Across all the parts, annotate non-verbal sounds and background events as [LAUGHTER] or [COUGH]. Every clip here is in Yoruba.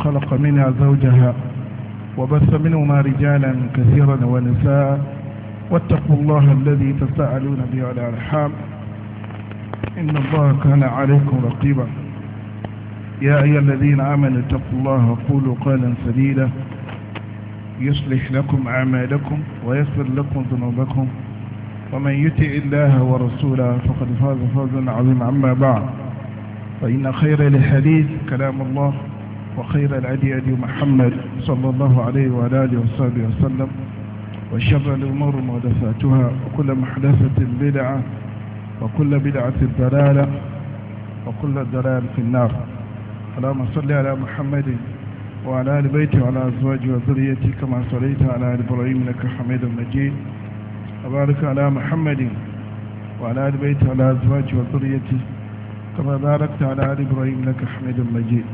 خلق منها زوجها وبث منهما رجالا كثيرا ونساء واتقوا الله الذي تساءلون به على الارحام ان الله كان عليكم رقيبا يا ايها الذين امنوا اتقوا الله وقولوا قولا سديدا يصلح لكم اعمالكم ويغفر لكم ذنوبكم ومن يطع الله ورسوله فقد فاز فوزا عظيما اما بعد فان خير الحديث كلام الله وخير العدي أدي محمد صلى الله عليه وعلى آله وصحبه وسلم وشر الأمور محدثاتها وكل محدثة بدعة وكل بدعة الضلالة وكل ضلال في النار اللهم صل على محمد وعلى آل بيته وعلى أزواجه وذريته كما صليت على آل إبراهيم إنك حميد مجيد وبارك على محمد وعلى آل بيته وعلى أزواجه وذريته كما باركت على آل إبراهيم إنك حميد مجيد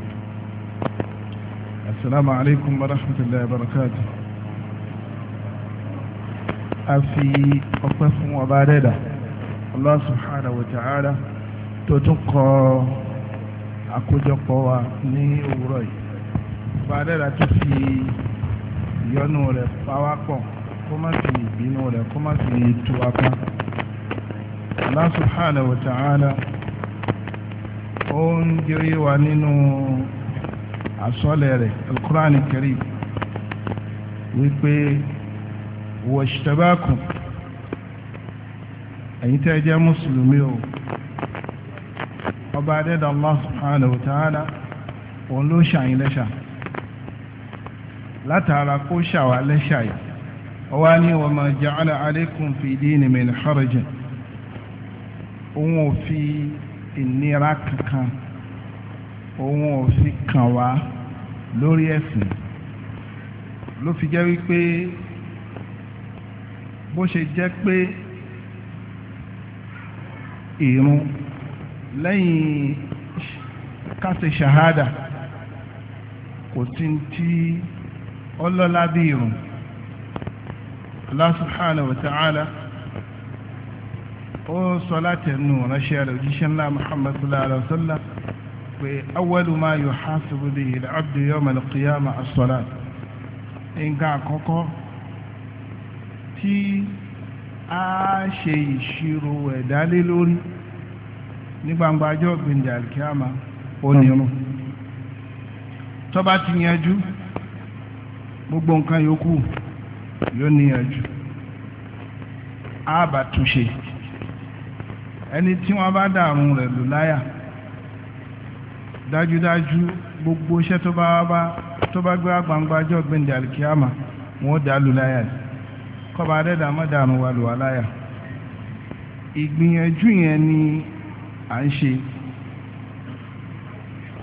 السلام عليكم ورحمة الله وبركاته أفي أقفهم وباردة الله سبحانه وتعالى تتقى àkójọpọ̀ wa ní òwúrọ̀ yìí fàdẹ́rà tó fi ìyọnu rẹ̀ pawápọ̀ kó má fi ìbínú rẹ̀ kó má fi tu apá Allah subhanahu wa ta'ala ó ń jẹ́rí wa nínú àsọ́lẹ̀ rẹ̀ alukur'an karim wípé wọ̀ṣtẹ́bákù ẹ̀yin tẹ́ jẹ́ mùsùlùmí o ọba adẹ́dàá Allah subhanahu wa ta'ala òun ló ṣàyìn lẹ́ṣà látara kó ṣàwà lẹ́ṣà yìí ọwá ní wa ma ja'ala alaykum fi dini min harajin òun ò fi ìnira kankan òun ò sì kàn wá lórí ẹ̀sìn ló fi jẹ́ wípé bó ṣe jẹ́ pé ìrun lẹ́yìn káṣe ṣàhádà kò tí tí ọlọ́lá bí ìrun Allah subhanahu wa ta'ala ó sọ látẹnu ránṣẹ́ rẹ̀ òjíṣẹ́ ńlá Muhammad sallallahu alaihi wa sallam pé awwalu ma yuhasabu bihi al-abdu yawm al-qiyamah as-salat nǹkan a ṣe ìṣirò ẹ̀dá lé lórí ní gbangba ajọ́ gbìndé alikiyama onírun gbogbo a ẹni tí bá dájúdájú gbogbo iṣẹ́ tó bá bá tó bá gbé agbangba jọ gbẹ̀ndẹ̀ alikiyama wọn ó dàlù láyà kọba adẹ́dà má dànù wà lù wá láyà ìgbìyànjú yẹn ni à ń ṣe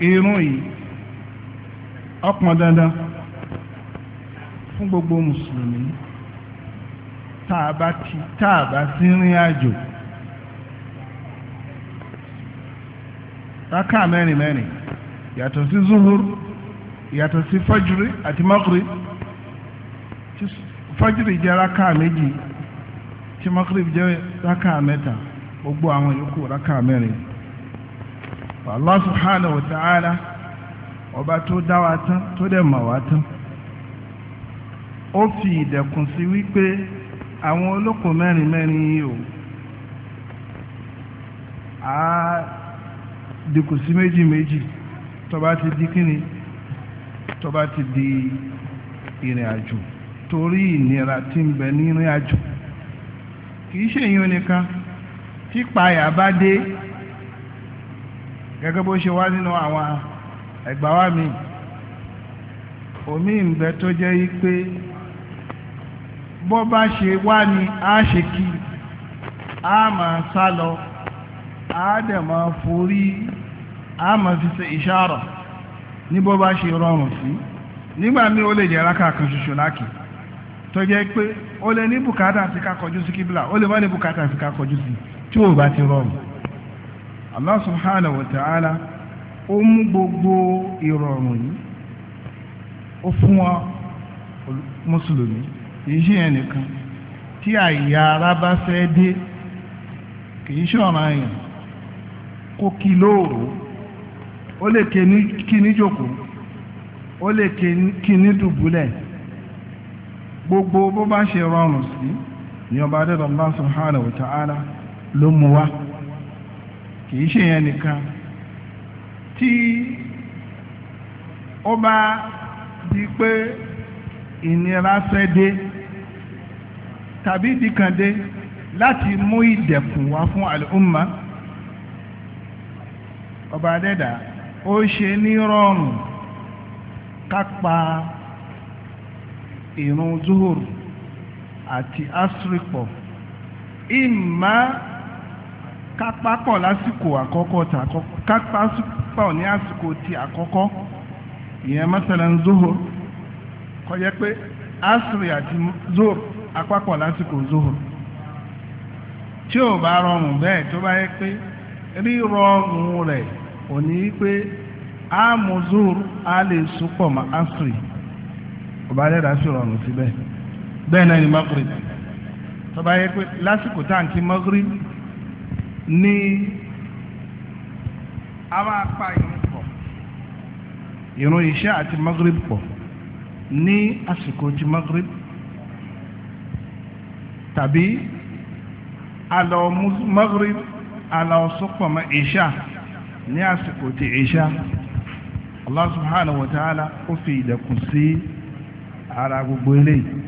irun yìí ọpọn dandan fún gbogbo mùsùlùmí tá a bá ti tá a bá sí rìn àjò rákà mẹ́rin mẹ́rin yàtọ̀ sí zuhur yàtọ̀ sí fajiri àti makri fajiri jẹ́ raka méjì tí makri jẹ́ raka mẹ́ta gbogbo àwọn yòókù raka mẹ́rin Allah subhanahu wa ta'ala ọba tó dá wa tán tó dẹ̀ mọ̀ wa tán ó fi ìdẹ̀kùn sí wípé àwọn olóko mẹ́rin mẹ́rin yìí o a dìkù sí méjì méjì. Tọba ti di kíni tó bá ti di ìrìn àjò torí ìnira t'i ń bẹ ní ìrìn àjò kìí ṣe èyí nìkan tí payà bá dé gẹ́gẹ́ bó ṣe wá nínú àwọn ẹ̀gbá wa mi omi ń bẹ tó jẹ́ yí pé bó bá ṣe wá ni a ṣe kí a máa sá lọ a dẹ̀ máa forí a máa fi ṣe ìṣàrọ̀ ní bó bá ṣe rọrùn sí nígbà míì ó lè jẹ́ rákà kan ṣoṣo láàkì tó jẹ́ pé ó lè ní bùkátà àti ká kọjú sí kíbla ó lè má ní bùkátà àti ká kọjú sí tí ò bá ti rọrùn Allah subhanahu wa ta'ala ó mú gbogbo ìrọ̀rùn yìí ó fún wa mùsùlùmí kìí yẹn nìkan tí àyà ara bá fẹ́ dé kìí ṣe ọ̀ràn yẹn kó kí lóòrò ó lè kí ní jòkó ó lè kí ní dùbúlẹ̀ gbogbo bó bá ṣe rọrùn sí ni ọba adẹ́dọ̀ Allah subhanahu wa ta'ala ló mú wá kìí ṣe yẹn nìkan tí ó bá di pé ìnira fẹ́ dé tàbí dìkàndé láti mú ìdẹ̀kùn wá fún al-umma ọba adẹ́dàá ó ṣe ní rọrùn kápá ìrun zuhur àti asripọ̀ ìmá kápápọ̀ lásìkò àkọ́kọ́ tà àkọ́kọ́ kápápọ̀ ní àsìkò ti àkọ́kọ́ ìyẹn mẹ́sàlẹ̀ ń zuhur kọjá pé asri àti zuhur apapọ̀ lásìkò zuhur tí ò bá rọrùn bẹ́ẹ̀ tó bá yẹ pé rírọrùn rẹ̀ òní wípé amuzur a lè sopọ̀ mọ́ asiri ọba dẹ́dà sí ọ̀run síbẹ̀ bẹ́ẹ̀ náà ni magrib tọ́ba yẹ pé lásìkò táǹkì magrib ní a máa pa irun pọ̀ irun iṣẹ́ àti magrib pọ̀ ní àsìkò ti magrib tàbí alọ́ magrib alọ́ sopọ̀ mọ́ iṣẹ́ ní àsìkò ti ìṣá Allah subhanahu wa ta'ala ó fi ìdẹ̀kùn sí ara gbogbo eléyìí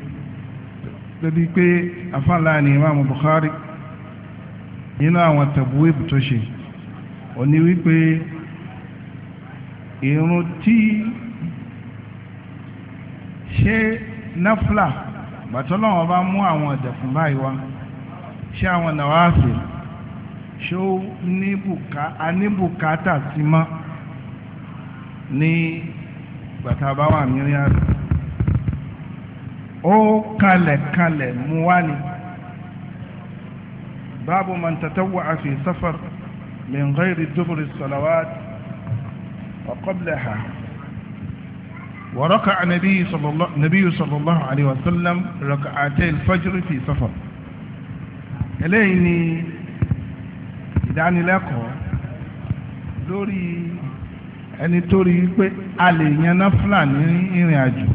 lóbi pé afáàlá ni imaamu Bukhari nínú àwọn tàbúwébù tó ṣe ó ní wípé irun tí ṣe náfìlà bàtọ́lọ́wọ́n bá mú àwọn ìdẹ̀kùn báyìí wá ṣé àwọn nàwáàfẹ́ ṣé ó ní bùká a ní bùkátà sí mọ́ ní bàtà bá wà ní rìn àjò ó kalẹ̀ kalẹ̀ mú wá ní báàbù man tatawwa'a fi safar min ghayri duburi salawat wa qablaha وركع النبي صلى الله النبي صلى الله عليه وسلم ركعتي الفجر في سفر إليني ìdánilẹ́kọ̀ọ́ lórí ẹni tó rí pé a lè yan náfìlà ní ìrìn àjò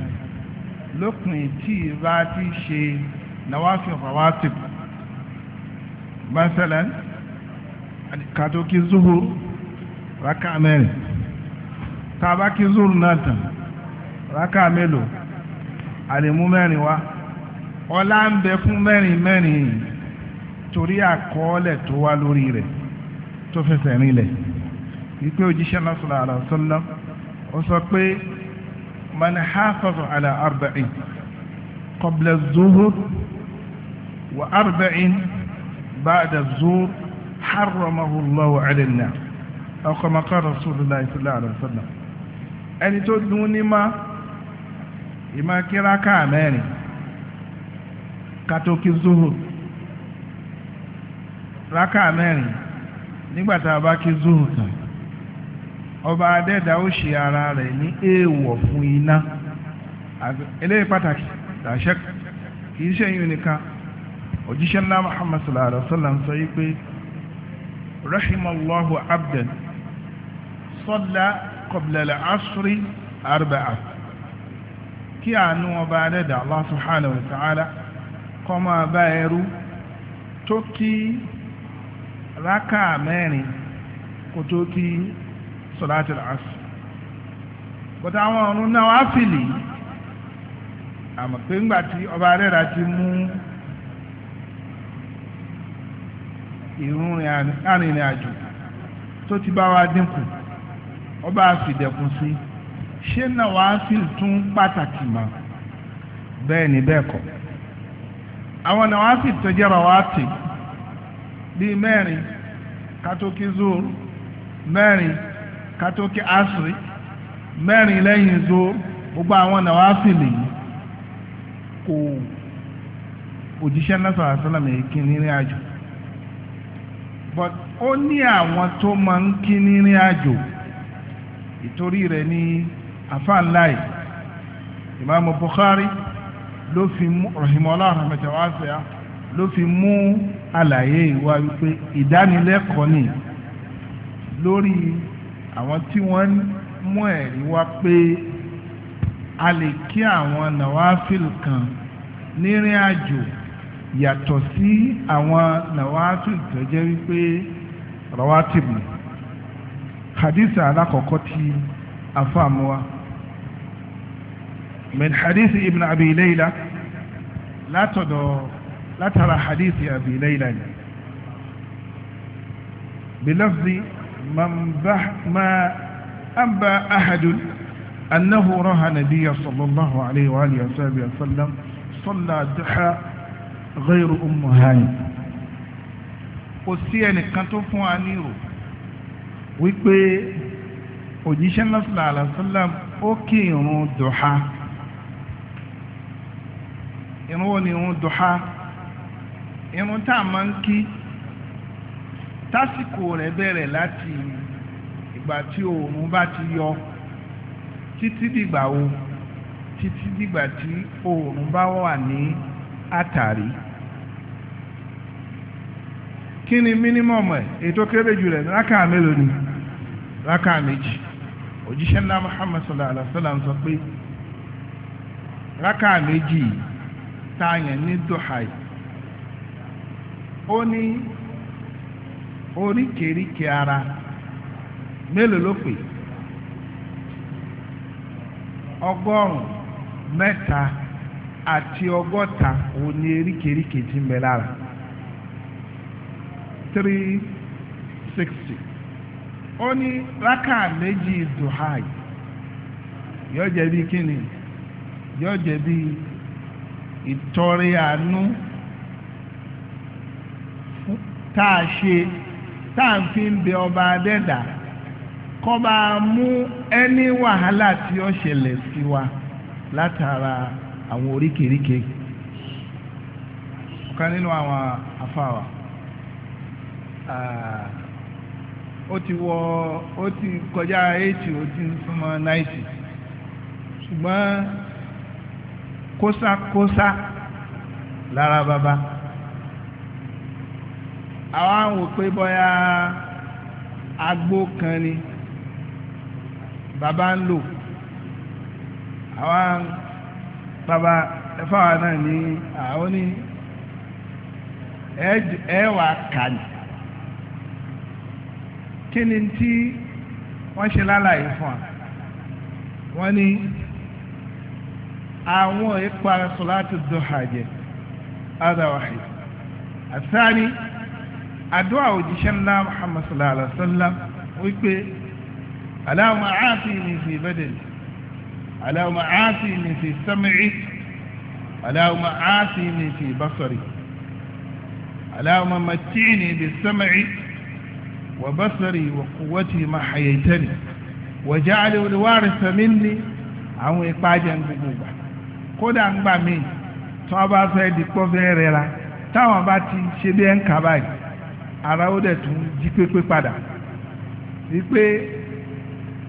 lópin tí ìbá ti ṣe nàwáfì fàwátìb masalan kàtókì zuhur rákà mẹ́rin tàbákì zuhur náà tán rákà mélòó àlèmú mẹ́rin wá ọlá ń bẹ fún mẹ́rin mẹ́rin torí àkọọ́lẹ̀ tó wá lórí rẹ̀ tó fẹsẹ̀ rinlẹ̀ wípé òjíṣẹ́ náà sallallahu alaihi wasallam ó sọ pé man hafaza ala arba'in qabla zuhur wa arba'in ba'da zuhur haramahu Allahu ala an-nar aw kama qala rasulullahi sallallahu alaihi wasallam ẹni tó dún ní ma ìmá kíráká mẹ́rin katoki zuhur ráká mẹ́rin nígbà tá a bá kí zuru tán ọba adẹ́dà ó ṣe ara rẹ̀ ní èèwọ̀ fún iná eléyìí pàtàkì làṣẹ kì í ṣe yín nìkan òjíṣẹ́ ńlá muhammad sallallahu alaihi wa sallam sọ yìí pé rahimallahu abdan salla qabla al arba'a kí àánú ọba adẹ́dà allah subhanahu wa ta'ala kó máa bá ẹrú tó kí raka mẹ́rin kò tó kí sọ̀láàtì làásì bọ́tà àwọn ọ̀run náà wá fìlì ọba rẹ̀ra ti mú ìrún arìnrìn àjò tó ti bá wa dínkù ọba fìdẹ̀kùn sí ṣé náà wá fìlì tún pàtàkì mọ́ bẹ́ẹ̀ ni bẹ́ẹ̀ kọ́ àwọn náà wá kátókí zoro mẹ́rin kátókí asiri mẹ́rin lẹ́yìn zoro gbogbo àwọn nàwáfìlì kò òjíṣẹ́ lọ́sọ̀ àṣálàmì kí nírìn àjò but ó ní àwọn tó máa ń kí nírìn àjò ìtorí rẹ̀ ní àfáàláì Imam Bukhari ló fi mú rahimola rahmatawasa ló fi mú àlàyé ìwà wípé ìdánilẹ́kọ̀ọ́ ni lórí àwọn tí wọ́n mú ẹ̀rí wá pé a lè kí àwọn nàwáfíìl kan nírìn àjò yàtọ̀ sí àwọn nàwáfíìl tó jẹ́ wípé rawatibni hadith alakọ̀kọ́ ti afáàmúwa min hadith ibn abi leila latodo látara hadithi Abi Layla ni bilafzi ma amba ahadun annahu raha nabiyya sallallahu alayhi wa alihi wa sallam salla duha ghayru ummu hani kò sí ẹnìkan tó fún wa ní ìrò wípé òjíṣẹ́ lọ́sọ̀lá àlàsọ́lá ó kí ìrun dùhá ìrun wo ni ìrun dùhá irun tá a máa ń kí tásìkò rẹ̀ bẹ̀rẹ̀ láti ìgbà tí oòrùn bá ti yọ títí dìgbà wo títí dìgbà tí oòrùn bá wà ní àtàrí kí ni mínímọ̀mù ẹ̀ ètò kéré jù rẹ̀ rákà mélòó ni rákà méjì òjíṣẹ́ ńlá Muhammad sallallahu alaihi wa sallam sọ pé rákà méjì táyà ní dùhàì ó ní oríkèéríkèé ara mélòó ló pè ọgọ́rùn-ún mẹ́ta àti ọgọ́ta òun ni eríkèéríkèé ti ń lára three sixty ó ní rákà méjì duhai bí kíni tá ṣe tá a fi ń bẹ ọba adẹ́dà kó bá mú ẹni wàhálà tí ó ṣẹlẹ̀ sí wa látara àwọn oríkèéríkèé ọ̀kan nínú àwọn afáwà ó ti wọ ó ti kọjá eighty ó ti súnmọ́ ninety ṣùgbọ́n kósákósá lára bàbá. àwa ń wò pé bóyá agbó kan ni bàbá ń lò àwa bàbá ẹfáwa náà ní àwọn ní ẹ wà kàní kí ni tí wọ́n ṣe lálàyé fún wa wọ́n ní àwọn ìpa sọ̀láàtì dùhà jẹ́ adàwáhì àtàní àdúrà òjíṣẹ́ ńlá muhammad sallallahu alaihi wa sallam wípé aláwọ̀ àáfì ní fi bẹ́dẹ̀lì aláwọ̀ àáfì ní fi sẹ́mìí aláwọ̀ àáfì ní fi basari aláwọ̀ màtí ní fi sẹ́mìí wa basari wa kúwàtì ma hayaitani wa jáde olùwárí sẹ́mìí àwọn ìpájẹ́ gbogbo gbà kódà ń gbà míì tí wọ́n bá fẹ́ di pọ́fẹ́ rẹ̀ la táwọn bá ti ṣe bí ẹ̀ ń kà báyìí ara ó dẹ̀ tún jí pépé padà wípé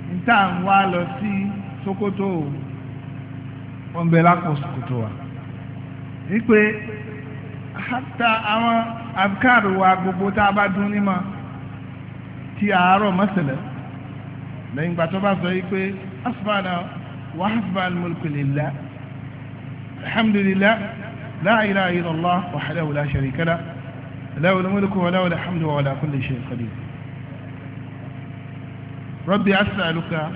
níta ń wá lọ sí Sokoto wọn bẹ lápò Sokoto wa wípé hata àwọn afkar wa gbogbo tá a bá dún ní ma ti àárọ̀ mọ́sẹ̀lẹ̀ lẹ́yìn gbàtọ́ bá sọ wípé asubana wa hasbal mulku lillah alhamdulillah la ilaha illallah wahdahu la له الملك وله الحمد وعلى كل شيء قدير ربي أسألك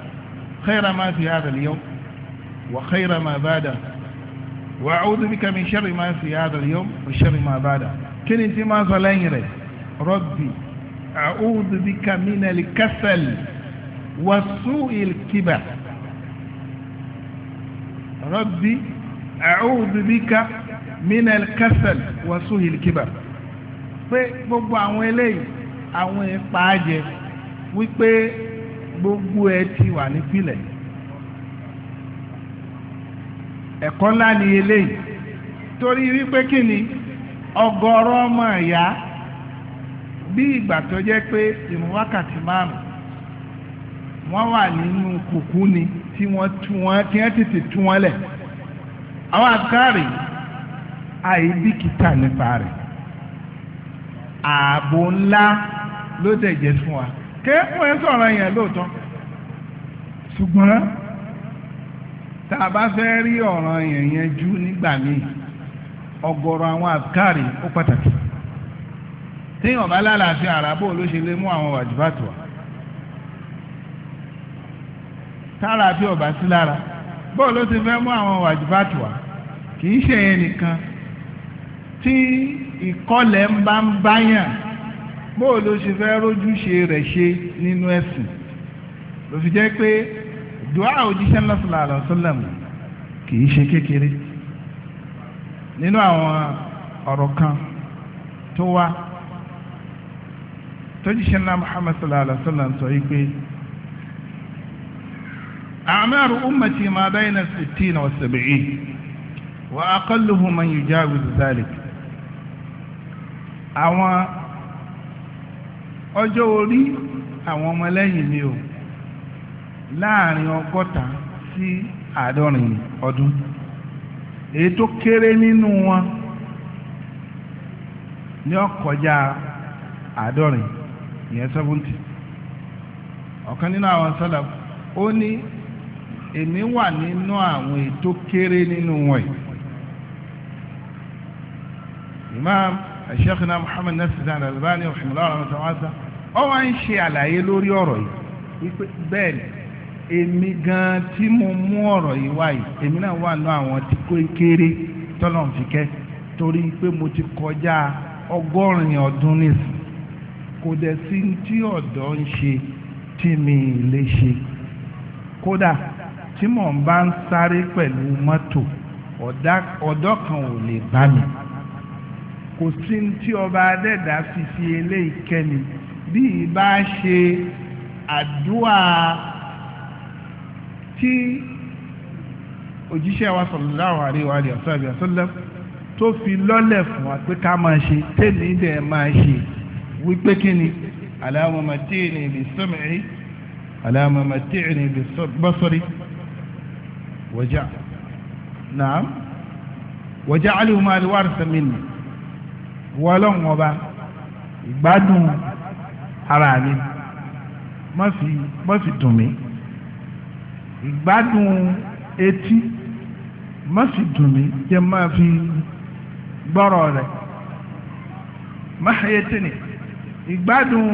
خير ما في هذا اليوم وخير ما بعده وأعوذ بك من شر ما في هذا اليوم وشر ما بعده انت ما ظليني ربي أعوذ بك من الكسل وسوء الكبر ربي أعوذ بك من الكسل وسوء الكبر pé gbogbo àwọn eléyìí àwọn ipa jẹ wípé gbogbo ẹ ti wà nípìlẹ̀ ẹ̀kọ́ ńlá ni eléyìí torí wípé kí ni ọ̀gọ̀rọ̀ ọmọ ẹ̀yà bí ìgbà tó jẹ́ pé ìrun wákàtí márùn wọ́n wà nínú kùkú ni tí wọ́n tú wọn kí wọ́n tètè tú wọn lẹ̀ àwọn àkárì àìbìkítà nípa rẹ̀ ààbò ńlá ló dẹ̀ jẹ́ fún wa kéèkùn ẹ sọ̀rọ̀ yẹn lóòótọ́ ṣùgbọ́n tá a bá fẹ́ rí ọ̀ràn yẹn yẹn jú nígbà míì ọ̀gọ̀rọ̀ àwọn àbíkárì ó pàtàkì téèyàn bá lálàáfíà ara bó ló ṣe lè mú àwọn wàjúbàtò wa tára bí ọba sí lára bó ló ti fẹ́ mú àwọn wàjúbàtò wa kì í ṣe yẹn nìkan tí ìkọlẹ̀ ń bá ń báyàn bóò ló ṣe fẹ́ rójúṣe rẹ̀ ṣe nínú ẹ̀sìn ló fi jẹ́ pé dùá òjíṣẹ́ lọ́sọ̀lá àlọ́sọ́lẹ̀mù kì í ṣe kékeré nínú àwọn ọ̀rọ̀ kan tó wá tójíṣẹ́ ńlá Muhammad sallallahu alaihi sọ yìí pé أعمار أمتي ما بين الستين والسبعين وأقلهم من يجاوز ذلك àwọn ọjọ́ orí àwọn ọmọlẹ́yìn mi ò láàrin ọgọ́ta sí àádọ́rin ọdún èyí tó kéré nínú wọn ní ọkọjá àádọ́rin ìyẹn seventy ọ̀kan nínú àwọn sọ́dà ó ní èmi wà nínú àwọn èyí tó kéré nínú wọn Sheikhna Muhammad Nasir Al-Albani rahimahullah rahmatan wasa ọ wá ń ṣe àlàyé lórí ọ̀rọ̀ yìí wípé bẹ́ẹ̀ ni èmi gan tí mo mú ọ̀rọ̀ yìí wá yìí èmi náà wà nù àwọn tí kò kéré tọ́lọ́n fi kẹ́ torí pé mo ti kọjá ọgọ́rin ọdún nìsín kò dẹ̀ sí tí ọ̀dọ́ ń ṣe tí mi lè ṣe kódà tí mò ń bá ń sáré pẹ̀lú mọ́tò ọ̀dọ́ kan ò lè bá mi kò sí tí ọba adẹ́dá fi fi eléyìí kẹ́ni bí ìbá ṣe àdúrà tí òjíṣẹ́ wa sallallahu alaihi wa alihi wasallam tó fi lọ́lẹ̀ fún wa pé ká máa ṣe tẹ́lẹ̀ dẹ̀ máa ṣe wípé kí ni Allahumma matti'ni bis-sam'i Allahumma matti'ni bis-basari waja'al na'am waja'alhuma al wọlọ́run ọba ìgbádùn ara mi mọ́fì mọ́fì dùn mí ìgbádùn etí mọ́fì dùn mí jẹ́ máa fi gbọ́rọ̀ rẹ̀ máhayetini ìgbádùn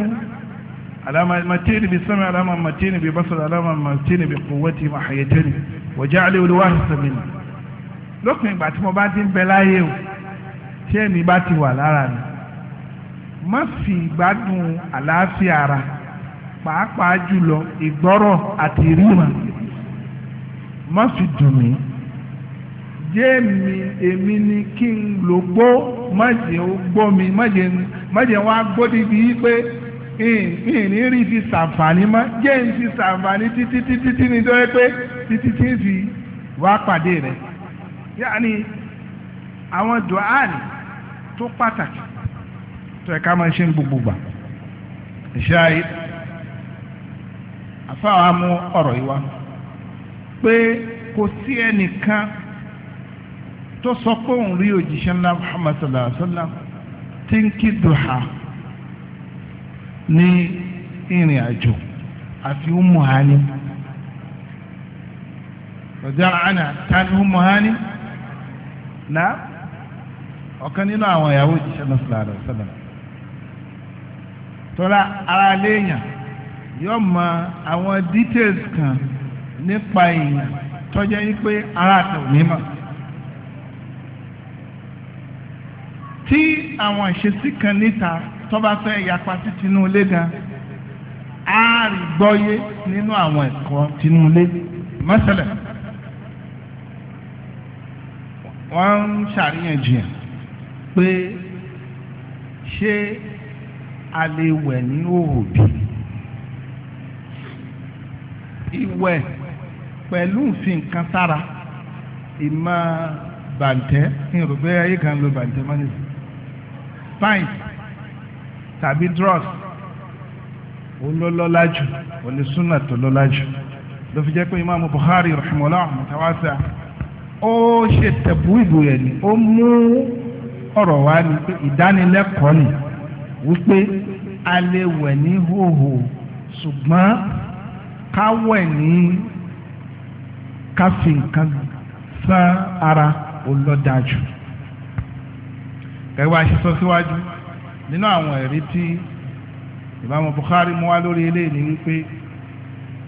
alamamatini bi sami alamamatini bi basar alamamatini bi kowati mahayetini wọ́n jẹ́ alẹ́ olúwa sàmìnà lópin ìgbà tí mo bá ti ń bẹ láyé o tí ẹ̀mí bá ti wà lára mi má fi ìgbádùn àlàáfíà ara pàápàá jùlọ ìgbọ́rọ̀ àti ríran má fi dùn mí jẹ́ mi èmi ni kí n lò gbó má jẹ́ ó gbọ́ mi má jẹ́ má jẹ́ wá gbó débi pé ìní rí fi ṣàǹfààní má jẹ́ n fi ṣàǹfààní títí títí tí ni tó yẹ pé títí tí n fi wá pàdé rẹ̀ yáà ni àwọn dùn áàlì. tó pàtàkì tó ẹ̀ka máa ṣe ń gbogbo gbà ìṣe ayé àfáà mú ọ̀rọ̀ yìí wá pé kò sí ẹnìkan tó sọ pé òun rí òjíṣẹ́ ńlá Muhammad sallallahu alaihi wa sallam tí ń kí duha ní ìrìn àjò àfi ọ̀kan nínú àwọn ìyàwó òjíṣẹ́ náà sallallahu alaihi wasallam tọ́lá ara léèyàn yóò mọ àwọn details kan nípa èèyàn tọ́jẹ́ yí pé ara àtàwọn mímọ́ tí àwọn ìṣesí kan níta tó fẹ́ yapa sí tinúlé gan á rí gbọ́yé nínú àwọn ẹ̀kọ́ tinúlé mọ́sálẹ̀ wọ́n ń ṣàríyànjiyàn pé ṣé a lè wẹ̀ ní òòbí ìwẹ̀ pẹ̀lú nfin kan sára ìmọ̀ bàǹtẹ́ ní òrùbẹ́ ayé kan ló bàǹtẹ́ mọ́ni pint tàbí dross olólọ́lá jù onísúnà tó lọ́lá jù ló fi jẹ́ pé imaamu Bukhari rahimahullah mutawasa ó ṣe tẹ̀bú ìbò yẹn ni ó mú ọ̀rọ̀ wa ni pé ìdánilẹ́kọ̀ọ́ ni wípé a lè wẹ̀ ní hòhò ṣùgbọ́n ká wẹ̀ ní ká fi nǹkan sán ara olọ́dájú. gẹ́gẹ́ bá a ṣe sọ síwájú nínú àwọn ẹ̀rí tí ìbámu Bukhari mú wá lórí eléyìí ni wípé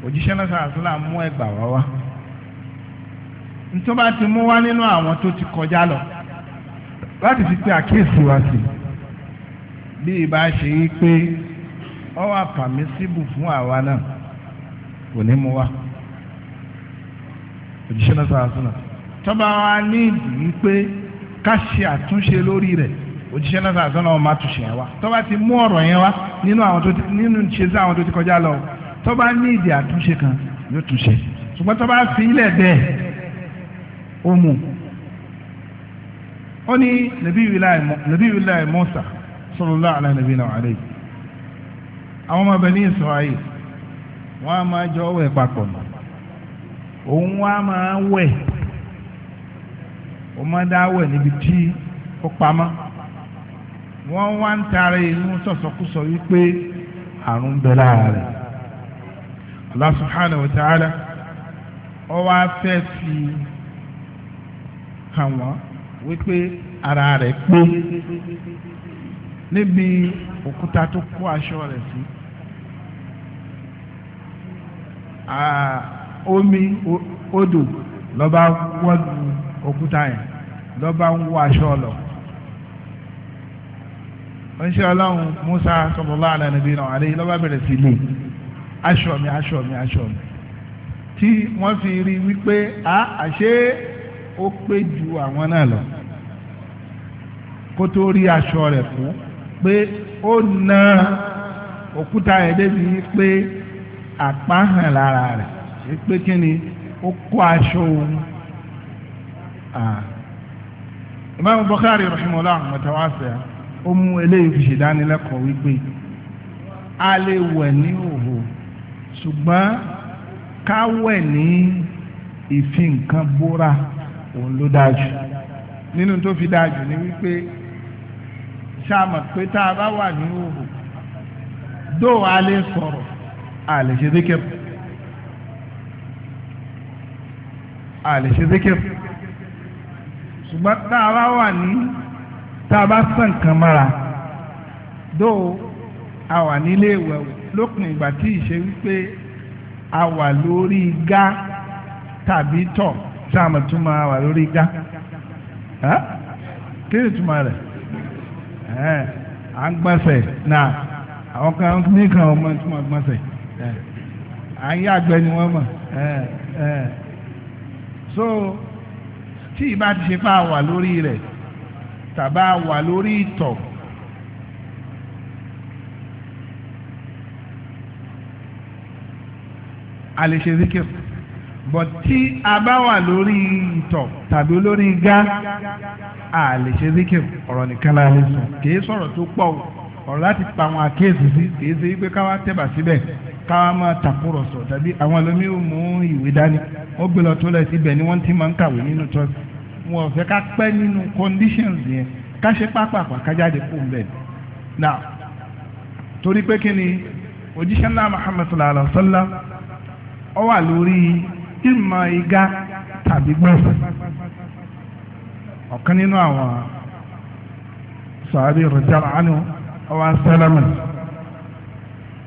òjíṣẹ́ náà sàásùlà mú ẹgbàá wá wá. ntọ́ ti mú wá nínú àwọn tó ti kọjá lọ láti fi pé àkíyèsí wa sí bí ibà ṣe yí pé ọ wà pàmísíbù fún àwa náà kò ní mú wa òjíṣẹ́ náà sọ̀rọ̀ sọ̀rọ̀ tọ́ba wa ní ìdí pé ká ṣe àtúnṣe lórí rẹ̀ òjíṣẹ́ náà sọ̀rọ̀ sọ̀rọ̀ máa túnṣe yẹn wa tọ́ba ti mú ọ̀rọ̀ yẹn wá nínú àwọn tó nínú ṣe sí àwọn tó ti kọjá lọ tọ́ba ní ìdí àtúnṣe kan yóò túnṣe ṣùgbọ́n tọ́ba fi ilẹ̀ bẹ́ẹ̀ ó mú un. ó ní nàbíwìláì Musa sallallahu ala nàbí náà àlẹ́ àwọn ma Bani Israil wọ́n á jọ wẹ̀ papọ̀ nù òun wá máa wẹ̀ ó máa dá wẹ̀ níbi tí ó pamọ́ wọn wá ń tara inú sọsọ wípé àrùn ń bẹ lára wa ta'ala ó wípé ara rẹ̀ pé níbi òkúta tó kó aṣọ rẹ̀ sí omi odò lọ́ba wọ́lu òkúta yẹn lọ́ba ń wọ aṣọ lọ oníṣẹ́ ọlọ́run Musa sọlọ́lá àlànàbí náà àlẹ́ lọ́ba bẹ̀rẹ̀ sí lè aṣọ mi aṣọ mi aṣọ mi tí wọ́n fi rí wípé a àṣé ó pé ju àwọn náà lọ kó tó rí aṣọ rẹ̀ fún pé ó na òkúta yẹn débi pé àpá hàn lára rẹ̀ pé kí ni ó kó aṣọ òun. Imam Bukhari rahimahullah mọ̀tàwáṣẹ́ ó mú eléyìí fi ṣèdánilẹ́kọ̀ọ́ wípé a lè wẹ̀ ní òhò ṣùgbọ́n ká wẹ̀ ní ìfi nǹkan bóra òun ló dájú nínú tó fi dájú ni wípé ṣáàmà pé tá a bá wà ní òhù dó a lè sọ̀rọ̀ a lè ṣe dékẹ́ a lè ṣe dékẹ́ ṣùgbọ́n tá a bá wà ní tá a bá sàn kan mára dó a wà nílé ìwẹ̀ lópin ìgbà tí ìṣe wípé a wà lórí gá tàbí tọ̀ ṣáàmà tún máa wà lórí gá kí ni túmọ̀ rẹ̀. à na gbọ̀nsẹ̀ náà àwọn kan ọmọ tí wọ́n gbọ̀nsẹ̀ à ń so tí ìbá ti ṣe pa wà lórí rẹ tàbá wà lórí a lè but tí a bá wà lórí ìtọ̀ tàbí lórí igá a lè ṣe zikir ọ̀rọ̀ nìkan la lè sọ kìí sọ̀rọ̀ tó pọ̀ ọ̀rọ̀ láti pa àwọn àkíyèsí sí kìí ṣe wípé káwá tẹ̀bà síbẹ̀ káwá máa tàkúrọ̀sọ tàbí àwọn ẹlòmíì ò mú ìwé dání wọ́n gbé lọ tó lẹ̀ síbẹ̀ ni wọ́n ti máa ń kàwé nínú tọ́ wọn ò fẹ́ ká pẹ́ nínú conditions yẹn ká ṣe pápákọ̀ kájáde kó ń bẹ̀ now torí pé kí ni òjíṣẹ́ náà Muhammad sallallahu alaihi wa sallam ọ wà lórí ìmọ̀ ìga tàbí gbẹ̀fẹ̀ ọ̀kan nínú àwọn sàbí rọjàlá ánú ọwọ́ sálámà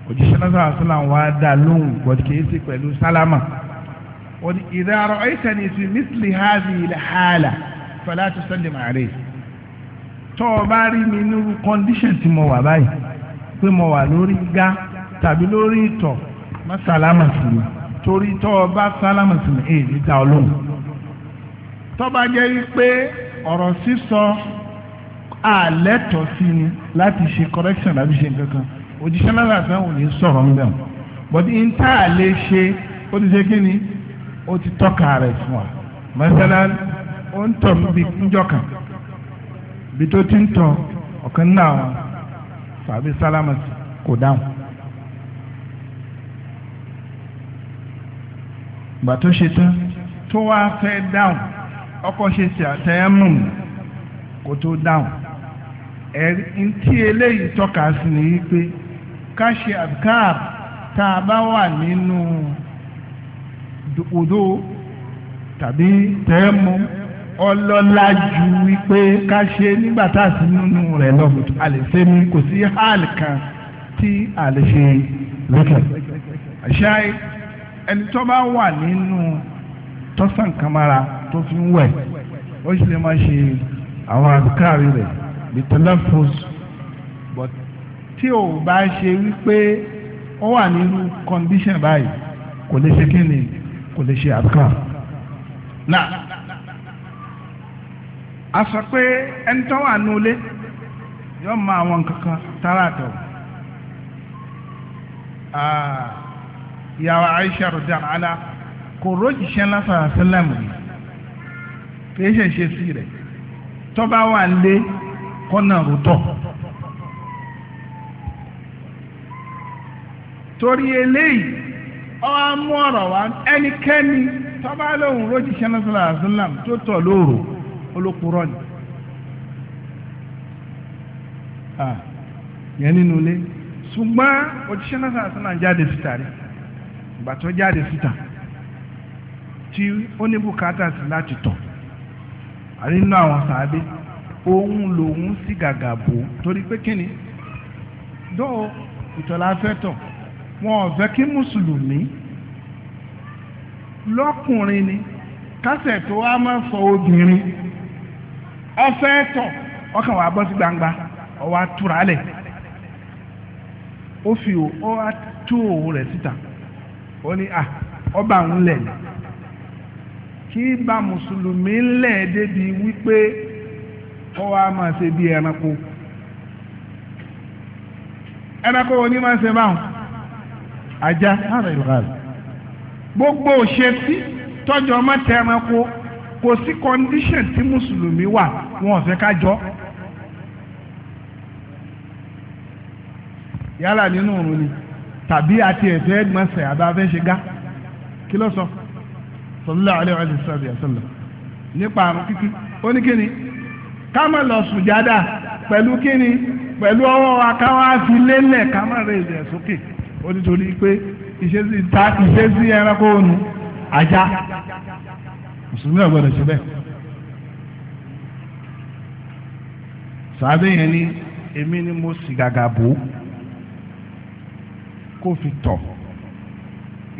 òjíṣẹ́ lọ́sọ̀ àṣìlá wa dá lóhùn bọ́dí kìí sí pẹ̀lú sálámà wọ́n ní ìdárọ̀ ẹ̀ṣẹ̀ ní ti mísìlì hábì ilẹ̀ hàlà fẹlẹ́ àti sẹ́ndì màrẹ́ tọ́ ọ bá rí mi nírú kọ́ndíṣàn tí mo wà báyìí pé mo wà lórí tàbí torí tọ́ ọ bá sálámù sí ní èyí níta ọlọ́run tọ́ba jẹ́ wípé ọ̀rọ̀ sísọ àlẹ́tọ̀ sí ni láti ṣe correction láti ṣe nǹkan kan òjíṣẹ́ náà àti àwọn òní sọ̀rọ̀ ń bẹ̀rù but n a lè ṣe ó ti ṣe kí ni ó ti tọ́ka rẹ̀ fún wa mọ́sálá ó ń tọ̀ níbi níjọ́ kan bí tó ti ń tọ̀ ọ̀kan náà fàbí sálámù kò dáhùn. gbà tó ṣe tán tó wá fẹ́ dáhùn ọkọ̀ ṣe ṣe àtẹ́yẹ́mù kó tó dáhùn ẹ̀rí tí eléyìí tọ́ka sí ni wípé ká ṣe àbíkáàb tá a bá wà nínú odó tàbí tẹ́ẹ̀mù ọlọ́lá ju wípé ká ṣe nígbà tá a sì nínú rẹ̀ lọ a kò sí hàl kan tí a ṣe lókè. àṣà yìí ẹni tó bá wà nínú tọ́sán kamara tó fi ń wẹ̀ ó sì lè má ṣe àwọn àbíkárì rẹ̀ bí tẹlẹfóòs but tí ò bá ṣe wípé ó wà nínú condition báyìí kò lè ṣe kí ni kò lè ṣe àbíkárì. na a sọ pé ẹni tó wà nulẹ̀ yóò mọ àwọn kankan tààrà ìyàwó Aisha rọ̀dí àlá kò rójìṣẹ́ lásán sílẹ̀mù yìí kìí ṣe ṣe sí rẹ̀ tọ́ba wà lé kọ́nà rútọ̀ torí eléyìí ọwọ́ mú ọ̀rọ̀ wá ẹnikẹ́ni tọ́ba lóhùn rójìṣẹ́ lásán sílẹ̀mù tó tọ̀ lóòrò olókùrọ̀ ni ah, yẹn nínú ilé ṣùgbọ́n òjíṣẹ́ lásán sílẹ̀mù jáde sí ìgbà tó jáde síta tí ó ní bùkátà sí láti tọ̀ àrínú àwọn sàábé òun lòun sí gàgà bò torí pé kíni dọ́ọ̀ ìtọ́lá fẹ́ tọ̀ wọn ò fẹ́ kí mùsùlùmí lọ́kùnrin ni kásẹ̀ tó wá máa sọ obìnrin ọfẹ́ tọ̀ ọkàn wà bọ́ sí gbangba ọwọ́ atúralẹ̀ ó fi ó wá tú rẹ̀ síta ó ní à ah, ọba ń lẹ̀ ní kí bá mùsùlùmí lẹ̀ débi wípé ó wá máa ṣe bí ẹranko ẹranko wo ni máa ṣe báwọn ajá hàrà ìlúkàlù gbogbo òṣèṣì tọjọ ọmọ tẹ ẹranko kò sí kọndíṣàn tí mùsùlùmí wà wọn ò fẹ́ ká jọ. yálà nínú òrùn ni tàbí àti ẹ̀fẹ́ ẹgbọ̀nsẹ̀ àbáfẹ́ ṣe gá kí ló sọ sallallahu alaihi wasallam nípa àrùn kíkí ó ní kíni ká má lọ sùjádà pẹ̀lú kíni pẹ̀lú ọwọ́ wa ká wá fi lélẹ̀ ká má rẹ̀ ilẹ̀ sókè ó nítorí pé ìṣesí ẹranko ònu ajá mùsùlùmí ọ̀gbọ́dọ̀ ṣe bẹ́ẹ̀. sàbẹ̀yẹn ni èmi ni mo sì gàgà bò ó kó fi tọ̀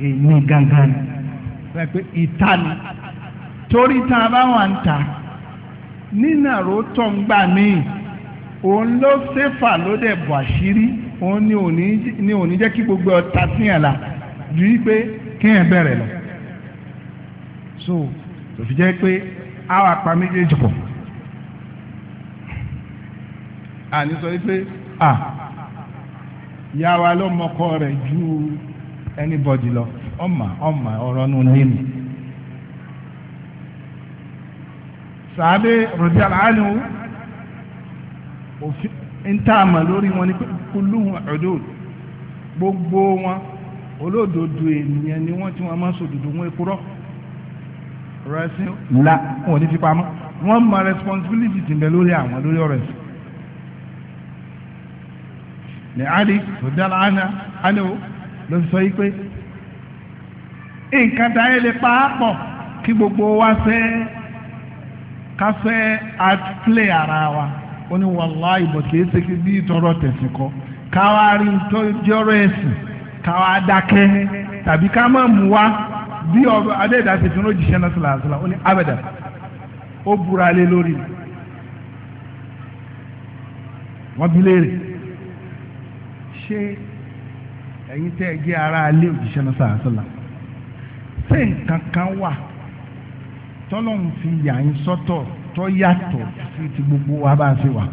èmi gangan ni pé ìta ni torí tá a bá wà ń ta nínà ró tọ̀ ń gbà míì òun ló ṣèfà ló bọ̀ àṣírí òun ni òní jẹ́ kí gbogbo ọ̀tá sí ẹ̀ la ju wípé kí bẹ̀rẹ̀ lọ so tó fi jẹ́ pé àwọn apá méjèèjì pọ̀ àní sọ wípé ah. ya wa ló mọkọ rẹ ju anybody lọ ọmọ ọmọ ọ̀rọ̀ nù nínú. sàábé rọ̀dí aláàánú òfin ntaama lórí wọn ni pé kulluhum gbogbo wọn olódodo ènìyàn ni wọn tí máa sòdodo wọn ekurọ́ rẹ̀ sí wọn ò ní fi pamọ́ wọn mọ responsibility ti bẹ ni Ali rọ̀dàlá àná àná o ló sọ yí pé nǹkan táyé lè pa á pọ̀ kí gbogbo wa fẹ́ ká fẹ́ àtúlẹ̀ ara wa ó ní wàláhì ìbọ̀ kìí ṣe kí bí ìtọ́rọ̀ tẹ̀sìn kọ́ ká wá rí tó ẹ̀sìn ká wá dákẹ́ tàbí ká má wa bí adéèdá ti fi sílá sílá ó ní abẹ́dà ó búra lé lórí wọ́n Se ẹyin tẹ ẹ ara alé òjíṣẹ́ náà sàásùlà ṣé nǹkan kan fi yà sọ́tọ̀ tó yàtọ̀ sí ti gbogbo wa bá a ṣe wà.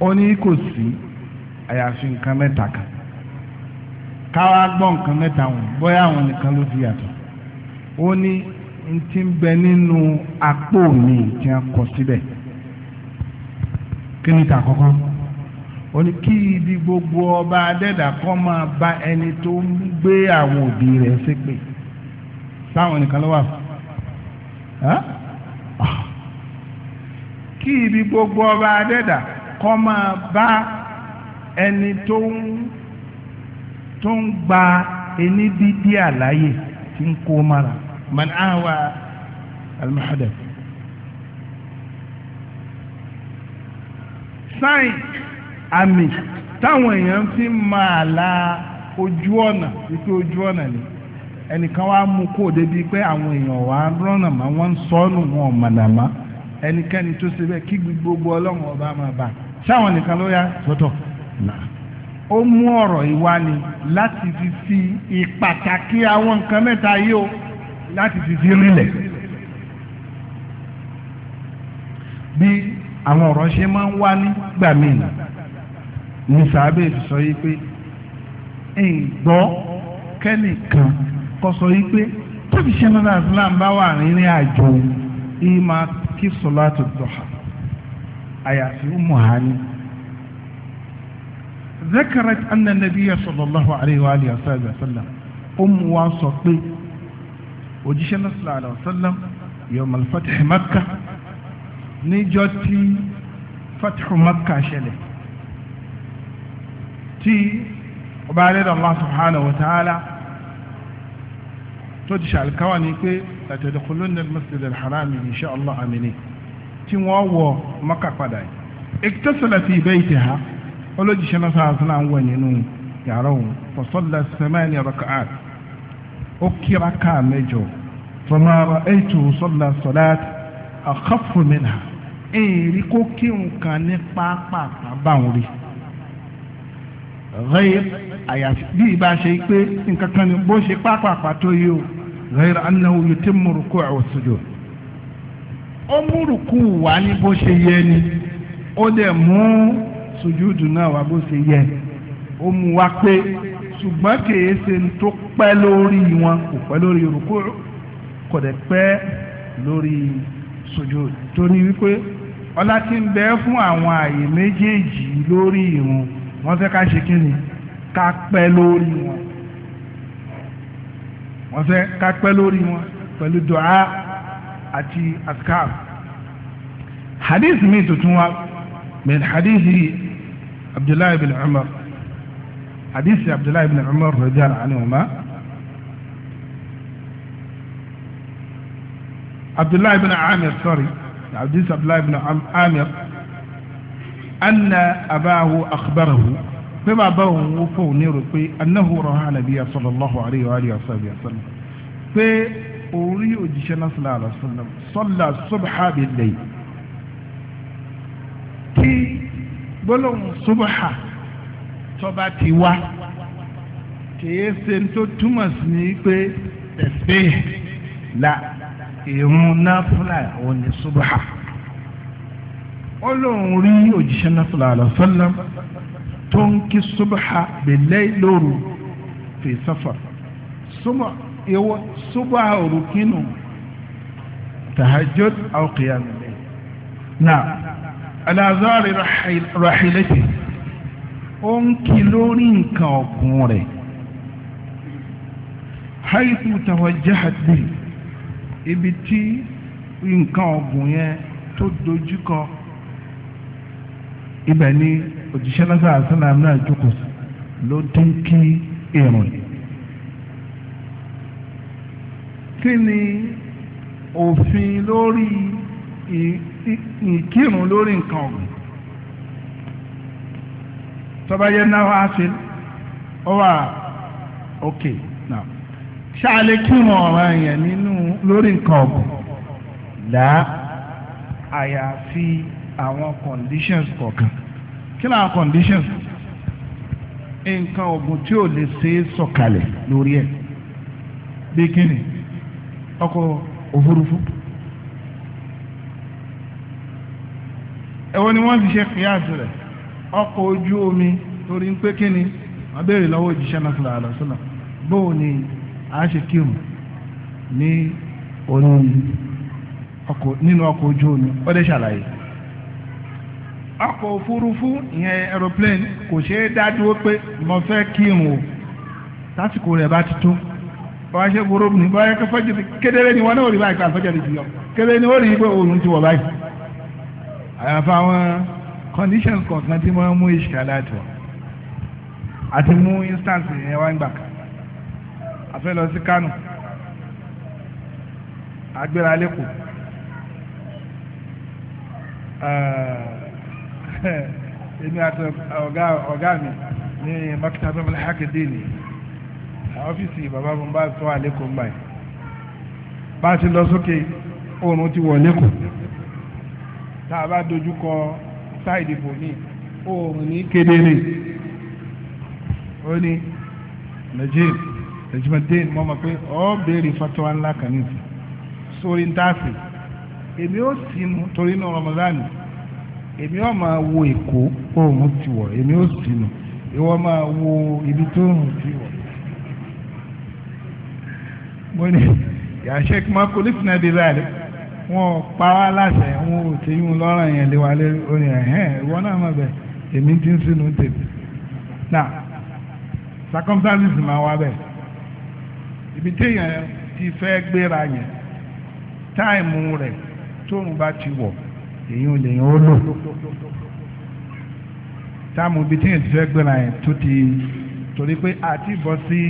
ó kò sí àyàfi nǹkan mẹ́ta kan káwa gbọ́ nǹkan mẹ́ta wọn bóyá àwọn nìkan ló yàtọ̀ ó n bẹ nínú apò mi tí kọ síbẹ̀. Si kíni tà kọ́kọ́ ó ní kí ibi gbogbo ọba adẹ́dà kọ́ máa bá ẹni tó ń gbé àwọn òbí rẹ̀ ṣépè sáwọn nìkan ló wà kí ibi gbogbo ọba adẹ́dà kọ́ máa bá ẹni tó ń tó ń gba ẹni dídí àlàyé tí ń kó mara man awa al sign àmì táwọn èèyàn fi ma la ojú ọ̀nà wípé ojú ọ̀nà ni ẹnìkan wá mú kó débi pé àwọn èèyàn wá rọ́nà mọ́ wọ́n ń wọn mọ̀nàmá ẹnikẹ́ni tó ṣe bẹ́ẹ̀ kí gbogbo ọlọ́run ọba máa bà ṣáwọn nìkan ló yá sọ́tọ̀ náà ó mú ọ̀rọ̀ ìwá ni láti fi fi ìpàtàkì àwọn nǹkan mẹ́ta yìí o láti fi fi rinlẹ̀ àwọn ọ̀rọ̀ ṣe máa ń wá nígbà míì ní sàábẹ̀ sọ yìí pé ìgbọ́ kẹ́nìkan kọ́ sọ yìí pé tóbi ṣe náà islam bá wà rìnrìn àjò yìí máa kí sọláàtù dọ̀hà àyàfi umuhani. ذكرت أن النبي صلى الله عليه وآله وسلم أم واصل وجيش النبي صلى الله عليه وسلم يوم الفتح مكة níjọ́ tí fathu Makkah ṣẹlẹ̀ tí ọba alẹ́dọ̀ Allah subhanahu wa ta'ala tó ti ṣàlùkáwà ní pé latadkhulunna al-masjid al-haram insha Allah amini tí wọ́n wọ Makkah padà yìí iktasala fi baytiha olójìṣẹ́ náà sáà sínú àwọn nínú yàrá òun fa salla samani raka'at ó kíra káà mẹ́jọ fa ma ra'aytu salla salat akhaffu minha èèrí kó kírun kan ní pápápá báwọn rí rẹ́yìn àyàfi bí ibà ṣe pé nǹkan kan ní bó ṣe pápápá tó yí o rẹ́yìn anáwó yìí tí mo rúkú ẹ̀ ó mú rúkú wá ní bó ṣe yẹ ni ó dẹ̀ mú sùjúdù náà wá bó ṣe yẹ ó mú wá pé ṣùgbọ́n kìí ṣe tó pẹ́ lórí wọn kò pẹ́ lórí rúkú kò dẹ̀ pẹ́ lórí sùjúdù torí wípé ọlá tí ń bẹ fún àwọn àyè méjèèjì lórí ìrun wọ́n fẹ́ ká ṣe kíni ká pẹ́ lórí wọn wọ́n fẹ́ ká pẹ́ lórí wọn pẹ̀lú dùá àti askar hadith mi tuntun wa min hadithi abdullahi bin umar hadithi abdullahi bin umar radiyallahu anhuma abdullahi bin amir sorry abdul abdullahi ibn amir anna abahu akhbarahu pé bàbá òun ó fò ní rò pé annahu rọha nàbí sallallahu alayhi wa alihi wa sallam pé orí òjíṣẹ́ náà sallallahu alayhi wa sallam salla subha bil layl kí gbólóhùn subha tọba ti wá kìí ṣe tó túmọ̀ sí ni pé tasbih la ìrún náfúlà òun ní subaha ó lóun rí òjíṣẹ́ náfúlà àlọ́sọ́lá tó ń kí subaha bẹ̀lẹ́ lóru fi sáfà subaha òru kínú tahajjud aw qiyam al-layl na alazari rahilati ó ń kí lórí nǹkan ọ̀gùn rẹ̀ haythu tawajjahat ibi tí nǹkan ọ̀gùn yẹn tó dojúkọ ibẹ̀ ni òjíṣẹ́ lọ́sọ̀ àṣàlám náà jókòó ló ti ń kí irun. kí ni òfin lórí ìkírun lórí nǹkan ọ̀gùn tọ́ba yẹn náà wá sí ọ wà òkè. Okay ṣáàlè kírun yẹn nínú lórí nǹkan ọ̀gbìn là àyàfi àwọn conditions kọ̀ọ̀kan kí làwọn conditions nǹkan ọ̀gbìn tí ò lè ṣe é sọ̀kalẹ̀ lórí ẹ̀ bí kíni ni wọ́n fi ṣe rẹ̀ omi torí ń pé kíni wọ́n béèrè lọ́wọ́ òjíṣẹ́ náà sọ̀rọ̀ ni. a ṣe kírun ní orí ọkọ̀ nínú ọkọ̀ ojú omi ó dé ṣàlàyé ọkọ̀ òfurufú ìyẹn aeroplane kò ṣeé dá dúró pé mo fẹ́ kírun o lásìkò rẹ̀ bá ti tó wọ́n ṣe gbòòrò ní báyìí kó fọ́jọ́ kedere ni wọ́n náà rí báyìí pé àfọ́jọ́ ti kedere ni ó rí pé oòrùn ti wọ̀ báyìí àyàfà àwọn conditions kọ̀ọ̀kan tí wọ́n mú ìṣìkà láti wọ̀ àti mú instance yẹn wá a fẹ́ lọ sí Kánò agbéra lẹ́kọ̀ọ́ eh, [LAUGHS] èmi àti ọ̀gá mi ní makita abẹ́ mọ́lá hákèdè ni ọ́fíìsì bàbá mi bá tọ́ àlékún báyìí bá ti lọ sókè oòrùn ti wọ̀ lẹ́kọ̀ọ́ tá a bá dojú kọ sáìdì bò ní oòrùn ní kedere ó ní nàìjíríà ẹ̀jùmọ̀ dẹ́n mọ́ mọ́ pé ọ́ béèrè fatuwa ńlá kan nìyí sórí ń tààsì èmi ó sì nu torí inú Ramadan èmi ó máa wo Èkó oòrùn ti wọ̀ èmi ó sì nu ìwọ máa wo ibi tó oòrùn ti wọ̀ mo ní yàṣẹ́ kí máa kó lífìnà dé láàrin wọn pa wá láṣẹ wọn ò tí yún lọ́rọ̀ yẹn lé wa lé orin ẹ̀hẹ́n ìwọ náà má bẹ̀ èmi ti ń sínú tèmi. now circumstances máa wá bẹ́ẹ̀. ibi téèyàn ti fẹ́ gbéra yẹn táìmù rẹ̀ tóun bá ti wọ̀ èyí ò lèyàn ó lò táàmù ibi ti fẹ́ gbéra yẹn tó ti torí pé àti bọ́ sí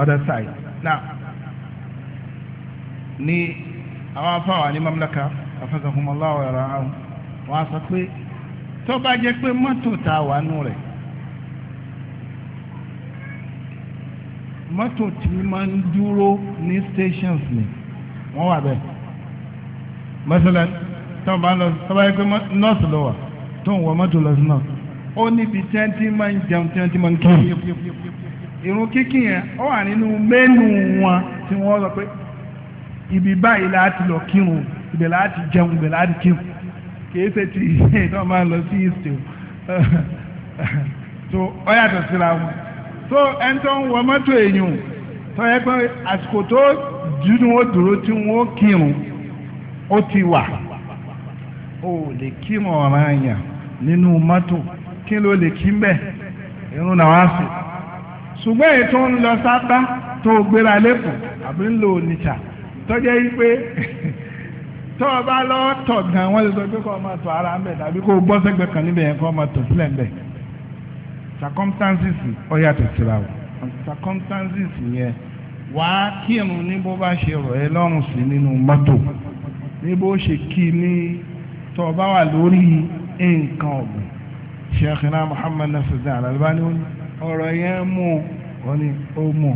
other side now ní àwọn afáwà ní mamlaka afẹ́sọ̀kùnmọ́láwọ̀ ẹ̀rọ àwọn sọ pé tó bá jẹ́ pé mọ́tò tá rẹ̀. mọ́tò tí máa ń dúró ní stations ni wọ́n wà bẹ́ẹ̀ mọ́sálà tó bá lọ tó bá yẹ pé nọ́ọ̀sì lọ wà tó ń wọ mọ́tò lọ sí náà ó níbi tí wọ́n ti máa ń jẹun tí wọ́n ti máa ń kí irun kíkì yẹn ó wà nínú mẹ́nu wọn tí wọ́n sọ pé ibi báyìí láti lọ kírun ibẹ̀ láti jẹun ibẹ̀ láti kírun kìí ṣe ti [LAUGHS] tó máa lọ sí ìṣe tó ọ yàtọ̀ síra wọn so ẹni tó ń wọ mọ́tò èèyàn tó yẹ pé àsìkò tó dúdú ó dúró tí wọ́n kírun ó ti wà ó lè kírun ọ̀ràn àyàn nínú mọ́tò kí ló lè kí mbẹ́ irun náà wá sí ṣùgbọ́n èyí ń lọ sábà tó gbéra lẹ́kọ̀ọ́ àbí ń lo oníṣà tọ́jẹ́ yí pé [LAUGHS] tọ́ ọ bá lọ́ọ́ tọ̀ gan wọ́n lè sọ pé kọ́ ọ máa tọ̀ ara ń bẹ̀ tàbí kó o bọ́ sẹ́gbẹ̀ẹ́ kan níbẹ̀ yẹn kọ́ ọ máa tọ̀ sílẹ̀ ń bẹ̀ circumstances ó yàtọ̀ síra o circumstances yẹn wàá kírun ní bó bá ṣe rọ̀ ẹ́ lọ́rùn sí nínú mọ́tò ní bó ṣe kí ní tó o bá wà lórí nǹkan ọ̀gbìn Sheikhina Muhammad Nasiruddin Al-Albani ọ̀rọ̀ yẹn mú ọ ní ó mú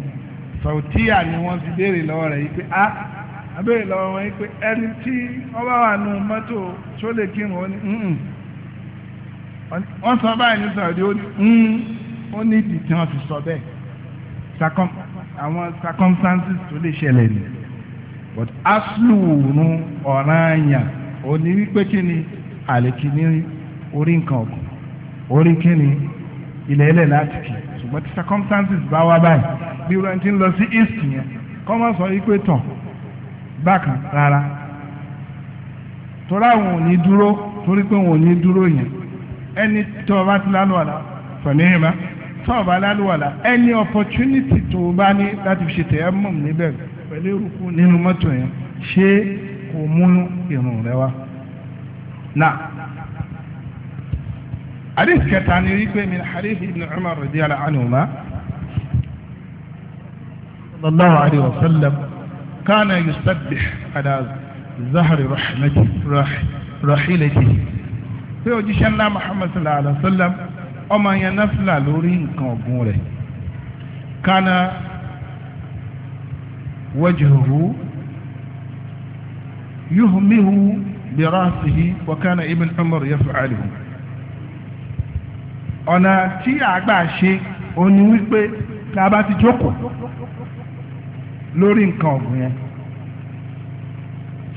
sọ̀tíyà ni wọ́n ti béèrè lọ́wọ́ rẹ̀ yìí pé ah! a abéèrè lọ́wọ́ wọn yìí pé ẹni tí ó bá wà nù mọ́tò tó lè kírun ó ní wọ́n sọ báyìí ní sọ̀rọ̀ ó ní hmm, ó ní ìdí tí wọ́n fi sọ bẹ́ẹ̀ àwọn circumstances tó lè ṣẹlẹ̀ ni but aslu òórùn ọ̀ràn àyàn ò ní wípé kí ni àlèkì ní orí nǹkan ọ̀gbìn orí kí ni ilẹ̀ ilẹ̀ láti kì ṣùgbọ́n tí circumstances bá wá báyìí bí wọ́n ti ń lọ sí east yẹn kọ́ máa sọ wípé tàn bákan rárá torí àwọn ò ní dúró torí pé wọn ò ní dúró yẹn ẹni tó o bá ti lálùwàlà fọ̀nìyàn tó o bá lálùwàlà ẹni opportunity tó o bá ní láti fi ṣe tẹ̀yẹ́ mọ̀ níbẹ̀ pẹ̀lú ìrùkù nínú mọ́tò yẹn ṣé kò mú irun rẹ wá. na hadith kẹta ni wípé min hadith ibn umar radiyallahu anhuma sallallahu alayhi wa sallam kana yusabbih ala zahri rahilatihi pé òjíṣẹ́ ńlá Muhammad sallallahu alayhi wa sallam ọmọ yẹn náfìlà lórí nǹkan ọ̀gbun rẹ̀ kana wajhuhu yuhmihu bi ra'sihi wa kana ibn Umar yaf'aluhu ọ̀nà tí àgbà ṣe òní wípé tá a bá ti jókòó lórí nǹkan ọ̀gbun yẹn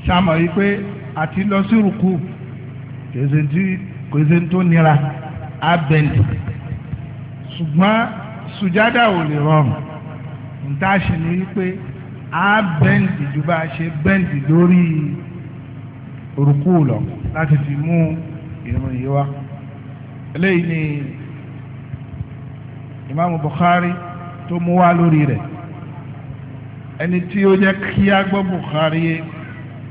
ṣàmọ̀ wípé àti lọ sí rúkú kèsè tí kèsè tó nira abẹ́ndì ṣùgbọ́n sùjádà ò lè rọrùn nta ṣe ni wípé a bẹ́ndì ju bá a ṣe bẹ́ndì lórí orúkú lọ láti fi mú ìrìn yìí wá eléyìí ni imaamu Bukhari tó mú wá lórí rẹ̀ ẹni tí ó jẹ́ kí a gbọ́ Bukhari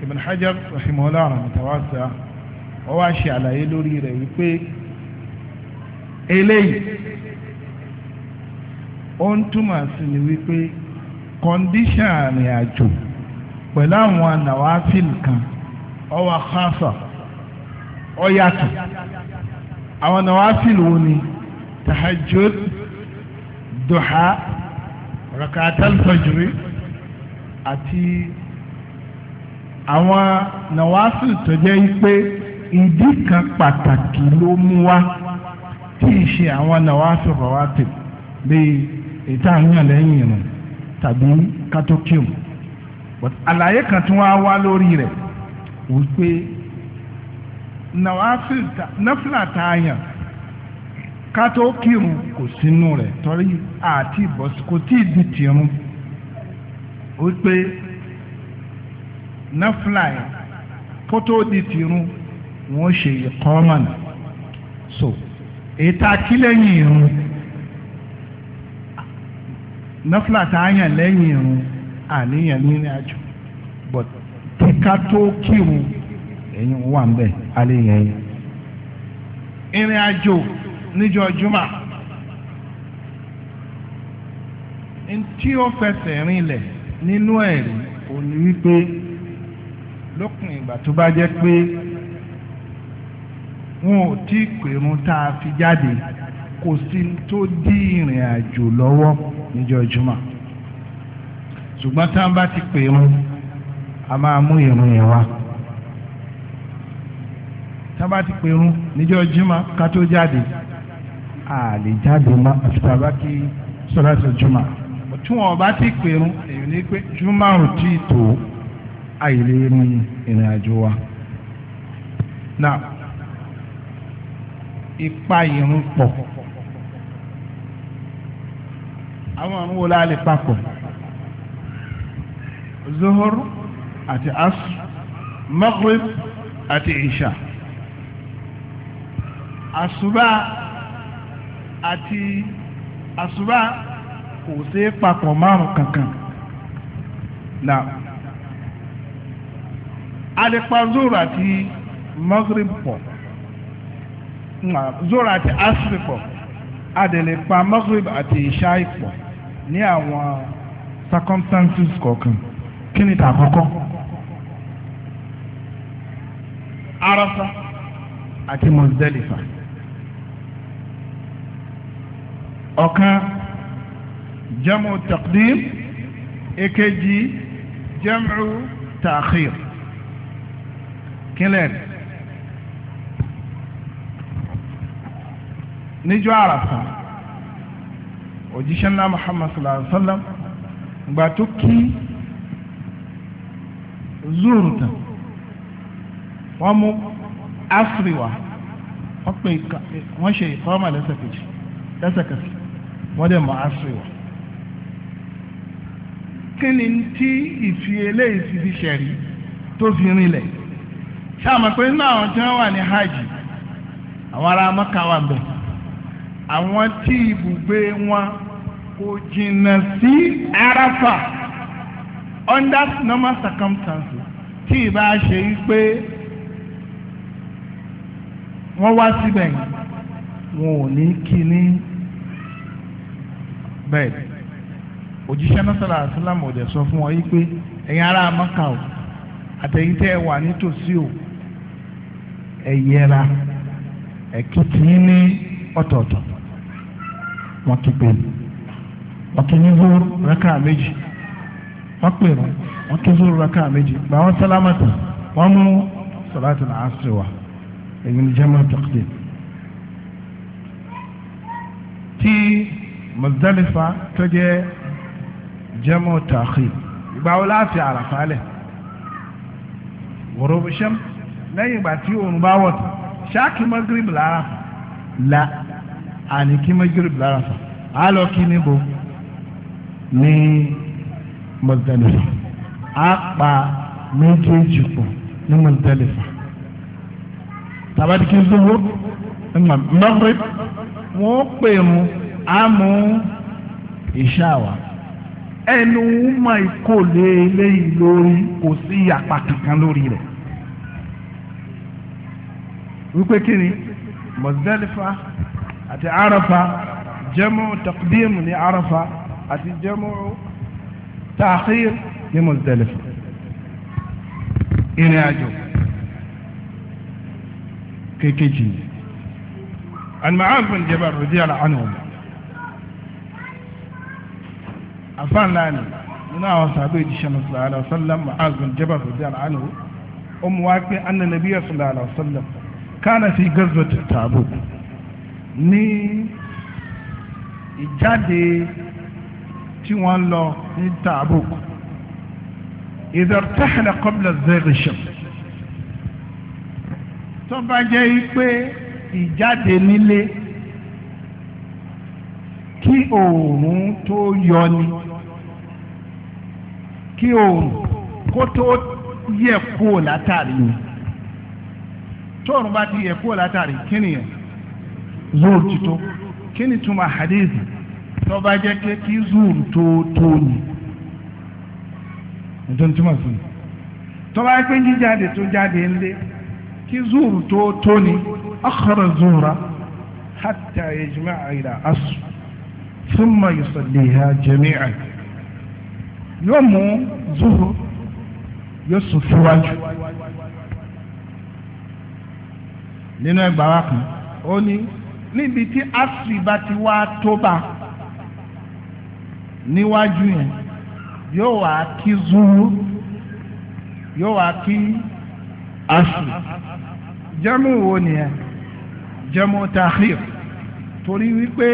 ibn Hajar rahimahullah rahmatawasa wọ́n wá ṣe àlàyé lórí rẹ̀ wípé eléyìí ó ń túmọ̀ sí ni wípé kọ́ndíṣàn àrìn àjò pẹ̀lú àwọn nàwáfíìl kan ọwọ́ kásà ó yàtọ̀ àwọn nàwáfíìl wo ni tahajjud duha rakatal fajri àti àwọn nàwáfíìl tó jẹ́ pé. ìdí kan pàtàkì ló mú wá tí ì ṣe àwọn nàwáfẹ́ rọ̀wátì bíi ìta àníyàn lẹ́yìn ìrìn tàbí katokium àlàyé kan tí wọ́n á wá lórí rẹ̀ wípé ta tààyàn katokium kò sínú rẹ̀ torí àti ìbọ̀sí kò tí ì di tìrún wípé náfìlà yẹn kó di tìrún. wọ́n ṣe ìkọ́mọ̀n so ètà kí lẹ́yìn irun nọ́fìlà tá a yàn lẹ́yìn irun àníyàn nínú àjò but kíká tó kírun ẹ̀yìn wà ń bẹ̀ aléyàn yẹn ìrìn àjò níjọ jùmọ̀ tí ó fẹsẹ̀ rinlẹ̀ nínú ẹ̀rí òní wípé lókun ìgbà tó bá jẹ́ pé wọn ò tí ì pèrún tá a fi jáde kò sí tó dí ìrìn àjò lọ́wọ́ níjọ́ jùmọ̀ ṣùgbọ́n tá a bá ti pèrún a máa mú ìrún yẹn wá tá a bá ti pèrún níjọ́ jùmọ̀ ká tó jáde a lè jáde mọ́ àfi tá a bá kí sọ́láṣọ jùmọ̀ tí wọn bá ti pèrún èyí ni pé jùmọ̀ ò tí ì tó àìlè rin ìrìn àjò wa. Now, ipa irun pọ̀ àwọn àrùn wo la lè papọ̀ zohor àti asr maghrib àti isha àsùbá àti àsùbá kò sí papọ̀ márùn kankan la a àti maghrib pọ̀ zoro àti asiri pọ̀ adèlè pa magrib àti isha ipò ní àwọn circumstances kọ̀ọ̀kan kí ni tà kọ́kọ́ arasa àti muzdalifa ọ̀kan jamu taqdim èkejì jamu ta'khir kílẹ̀ níjọ́ àràfà òjíṣẹ́ ńlá muhammad sallallahu alayhi wa sallam gbà tó kí zuru tán wọ́n mú asiri wá wọ́n pè wọ́n ṣe ìfọ́mà lẹ́sẹ̀kẹsì lẹ́sẹ̀kẹsì wọ́n dẹ̀ mú asiri wá. kí ni tí ìfi eléyìí ti fi ṣẹ̀rí tó fi rinlẹ̀ ṣáà mọ̀ pé nínú àwọn tí wọ́n wà ní hajj àwọn ará mọ́kà wà ń bẹ̀ àwọn tí ibùgbé wọn kò jìnnà sí Arafa under normal circumstances tí ìbá ṣe yí pé wọ́n wá síbẹ̀ wọn ò ní kí ní bẹ́ẹ̀ òjíṣẹ́ náà sọ̀rọ̀ àṣìlámù ọ̀dẹ̀ sọ fún wọn yí pé ẹ̀yin ará Maka o àtẹ̀yìn tẹ́ ẹ wà nítòsí o ẹ ẹ̀kìtì ní ọ̀tọ̀ọ̀tọ̀ wọ́n kí pé wọ́n kí ní zoro raka méjì wọ́n pè wọ́n wọ́n kí zoro raka méjì gba wọ́n sálámàtà wọ́n mú sọ̀láàtì náà àṣẹ wa èyí ni jẹ́mọ́ tọ́kítẹ́ tí Muzdalifa tó jẹ́ jẹ́mọ́ tààkì ìgbà wo láti àràfà lẹ̀ wòrò bìṣẹ́m lẹ́yìn ìgbà tí òun bá wọ̀ ṣáàkì Maghrib lára la àní kí mọ́júrìbì lára fà á lọ kí níbo ní Muzdalifa á pa méjèèjì pọ̀ ní Muzdalifa tàbátí kí n dúró Maghrib wọ́n pè mú àmú ìṣàwà ẹnu mọ ìkólé eléyìí lórí kò sí apá kankan lórí rẹ̀ wípé kí ni Muzdalifa. àti arafa jamu taqdim ní arafa àti jẹ́mú ta'khir ní Muzdalifa ìrìn àjò kékejì ni arafa ati jamu taakhir ni muzdalifa irin ajo kekeji ni al muadh bin Jabal radiyallahu anhu afáàláni nínú àwọn sàbẹ̀ ìjíṣẹ́ náà sallallahu alaihi wasallam Mu'adh bin Jabal radiyallahu anhu ó mú anna nabiyya sallallahu alaihi wasallam kana fi ghazwat Tabuk ní ìjáde tí wọ́n lọ ní Tabuk ìdọ̀tẹ́hìnà kọ́bílẹ̀ zẹ́rìṣẹ̀m tó bá jẹ́ pé ìjáde nílé kí oòrùn tó yọ ni kí oòrùn kó tó yẹ kúò látàrí ni tóòrùn bá ti yẹ kúò látàrí kí nìyẹn zuur ti tó kí ni túmọ̀ hadith tó bá jẹ́ pé kí zuur tó tó ni ẹjọ́ túmọ̀ sí i tó bá jẹ́ pé jíjáde tó jáde ńlé kí zuur tó tó ni akhara zuura hatta yajma'a ila asr thumma yusalliha jami'an yóò mú zuur yóò sùn síwájú nínú ẹgbàá wa kan ó ní níbi tí asiri bá ti wá tó bá níwájú yẹn yóò wá kí zuru yóò wá kí asiri jẹ́mu wo nìyẹn jẹ́mu tahir torí wípé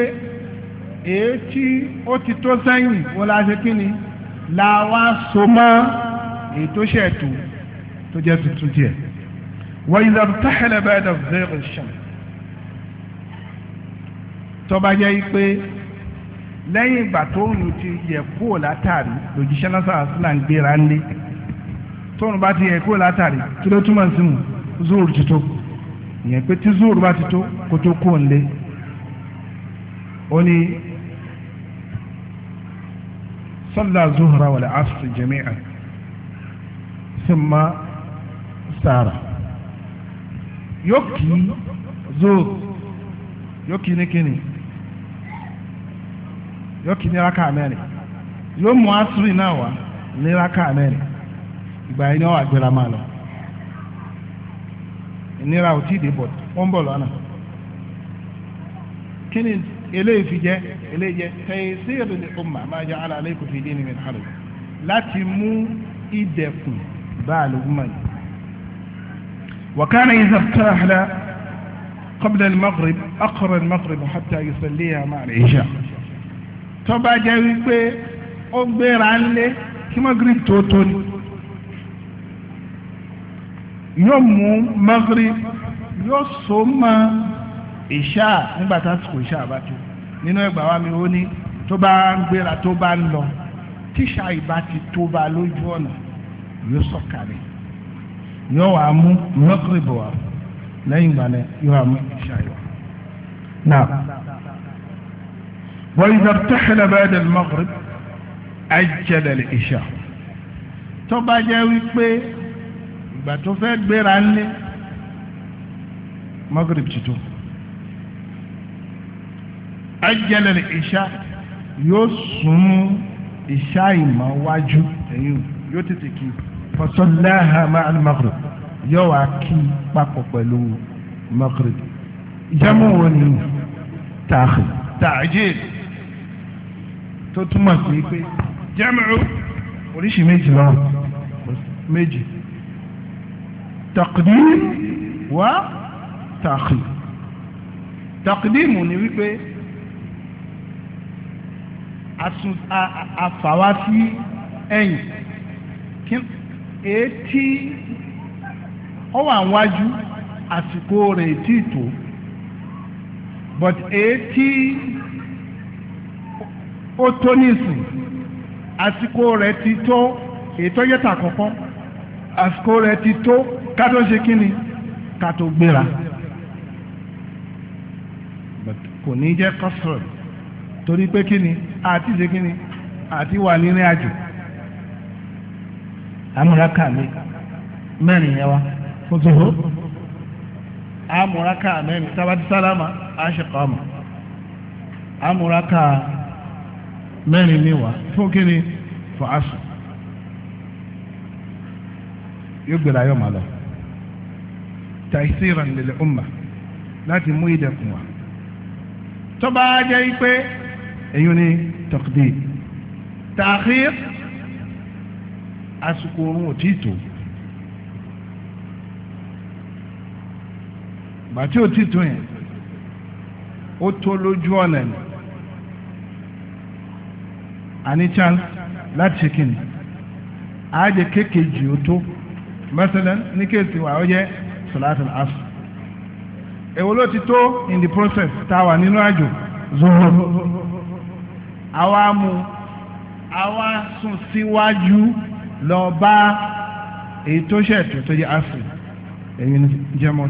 èyí tí ó ti tó sẹ́yìn wọ́n la ṣe kí ni la wá so mọ́ èyí tó ṣẹ̀ tó tó jẹ́ tuntun díẹ̀ wọ́n yìí lọ́dún táhẹ́lẹ́ bẹ́ẹ̀ dọ̀ ṣẹlẹ̀ tọ́ba jẹ́ pé lẹ́yìn ìgbà tóòrùn ti yẹ kúrò látàrí lòjíṣẹ́ lásàá sílà ń gbéra ńlé tóòrùn bá ti yẹ kúrò látàrí kí ló túmọ̀ sí mu zóòrù ti tó ìyẹn pé tí zóòrù bá ti tó kó tó kúrò ńlé ó ní sọ́lá zuhra wal asr jami'an sara yóò kì í zóòrù yóò kì í ní kíni. yoki ni wọ́n wà amene yo ò tí ì dé bọ̀ wọ́n ń bọ̀ lọ́nà kí ni raka amene igba ni won wa gbera maa ni ra o ti de bo on bo lo ana kini ele fi jẹ́ ele jẹ́ tẹ̀síìrì ní umma ma jẹ́ ala alaykum fi dini min haraj láti mú ìdẹ̀kùn bá àlùmọ̀ yìí. وكان إذا ارتحل قبل المغرب أقر المغرب حتى يصليها مع العشاء tọba bá jẹ́ wípé ó gbéra kí magrib ni yóò mú magrib yóò so mọ́ ìṣá nígbà tásìkò ìṣá bá tó nínú ẹgbàá wa mi ó ní tó bá ń gbéra tó bá ń lọ tíṣà ìbá ti tó bá lójú ọ̀nà yóò sọ̀kalẹ̀ yóò mú lẹ́yìn ìgbà náà yóò وإذا ارتحل بعد المغرب عجل العشاء tó bá jẹ́ wípé ìgbà tó fẹ́ gbéra ńlẹ̀ magrib ti tó عجل العشاء yóò sún ìṣá ìmọ̀ wájú ẹ̀yìn yóò tètè kí فصلاها مع المغرب yóò wá kí papọ̀ pẹ̀lú magrib jamu wo ni tààjìl tó túmọ̀ sí pé jẹ́mìíràn oríṣi méjì lọ́wọ́ méjì taqdim wa ta'khir taqdim ni wípé àfàwá sí ẹ̀yìn etí ó wà wájú àsìkò rẹ̀ tí tó but etí ó tó nísìn àsìkò rẹ̀ ti tó ètò yẹ́ta kọ̀ọ̀kan àsìkò rẹ̀ ti tó ká tó ṣe kí ni ká tó gbéra kò ní jẹ́ kọ́sọ̀rọ̀ torí pé kí ni àti ṣe kí ni àti wà nínú àjò amúraka mi mẹ́rin yẹn wa fòtòhó amúraka mẹ́rin sábàtì sálámà àṣekọ́ mẹ́rin ní wa fún kíni fún aṣọ yóò gbéra yóò máa lọ tàìsíra nílẹ̀ ọmọ láti mú ìdẹ̀kùn wa tọ́ba jẹ́ pé èyí ni tọ́kìdì tààkìr àsìkò oorun ò tí tó bàtí ò tí tó yẹn ó tó lójú ọ̀nà ni àní chan láti ṣe kìnnì àájẹ kékejì ó tó mẹsàlẹ ní kéèsì wà ó jẹ sọláàtì asù èwo ló ti tó in the process tá a wà nínú àjò zohor àwa mú àwa sùn síwájú lọ bá èyí tó ṣètò tó jẹ asù èyí ni jẹmọ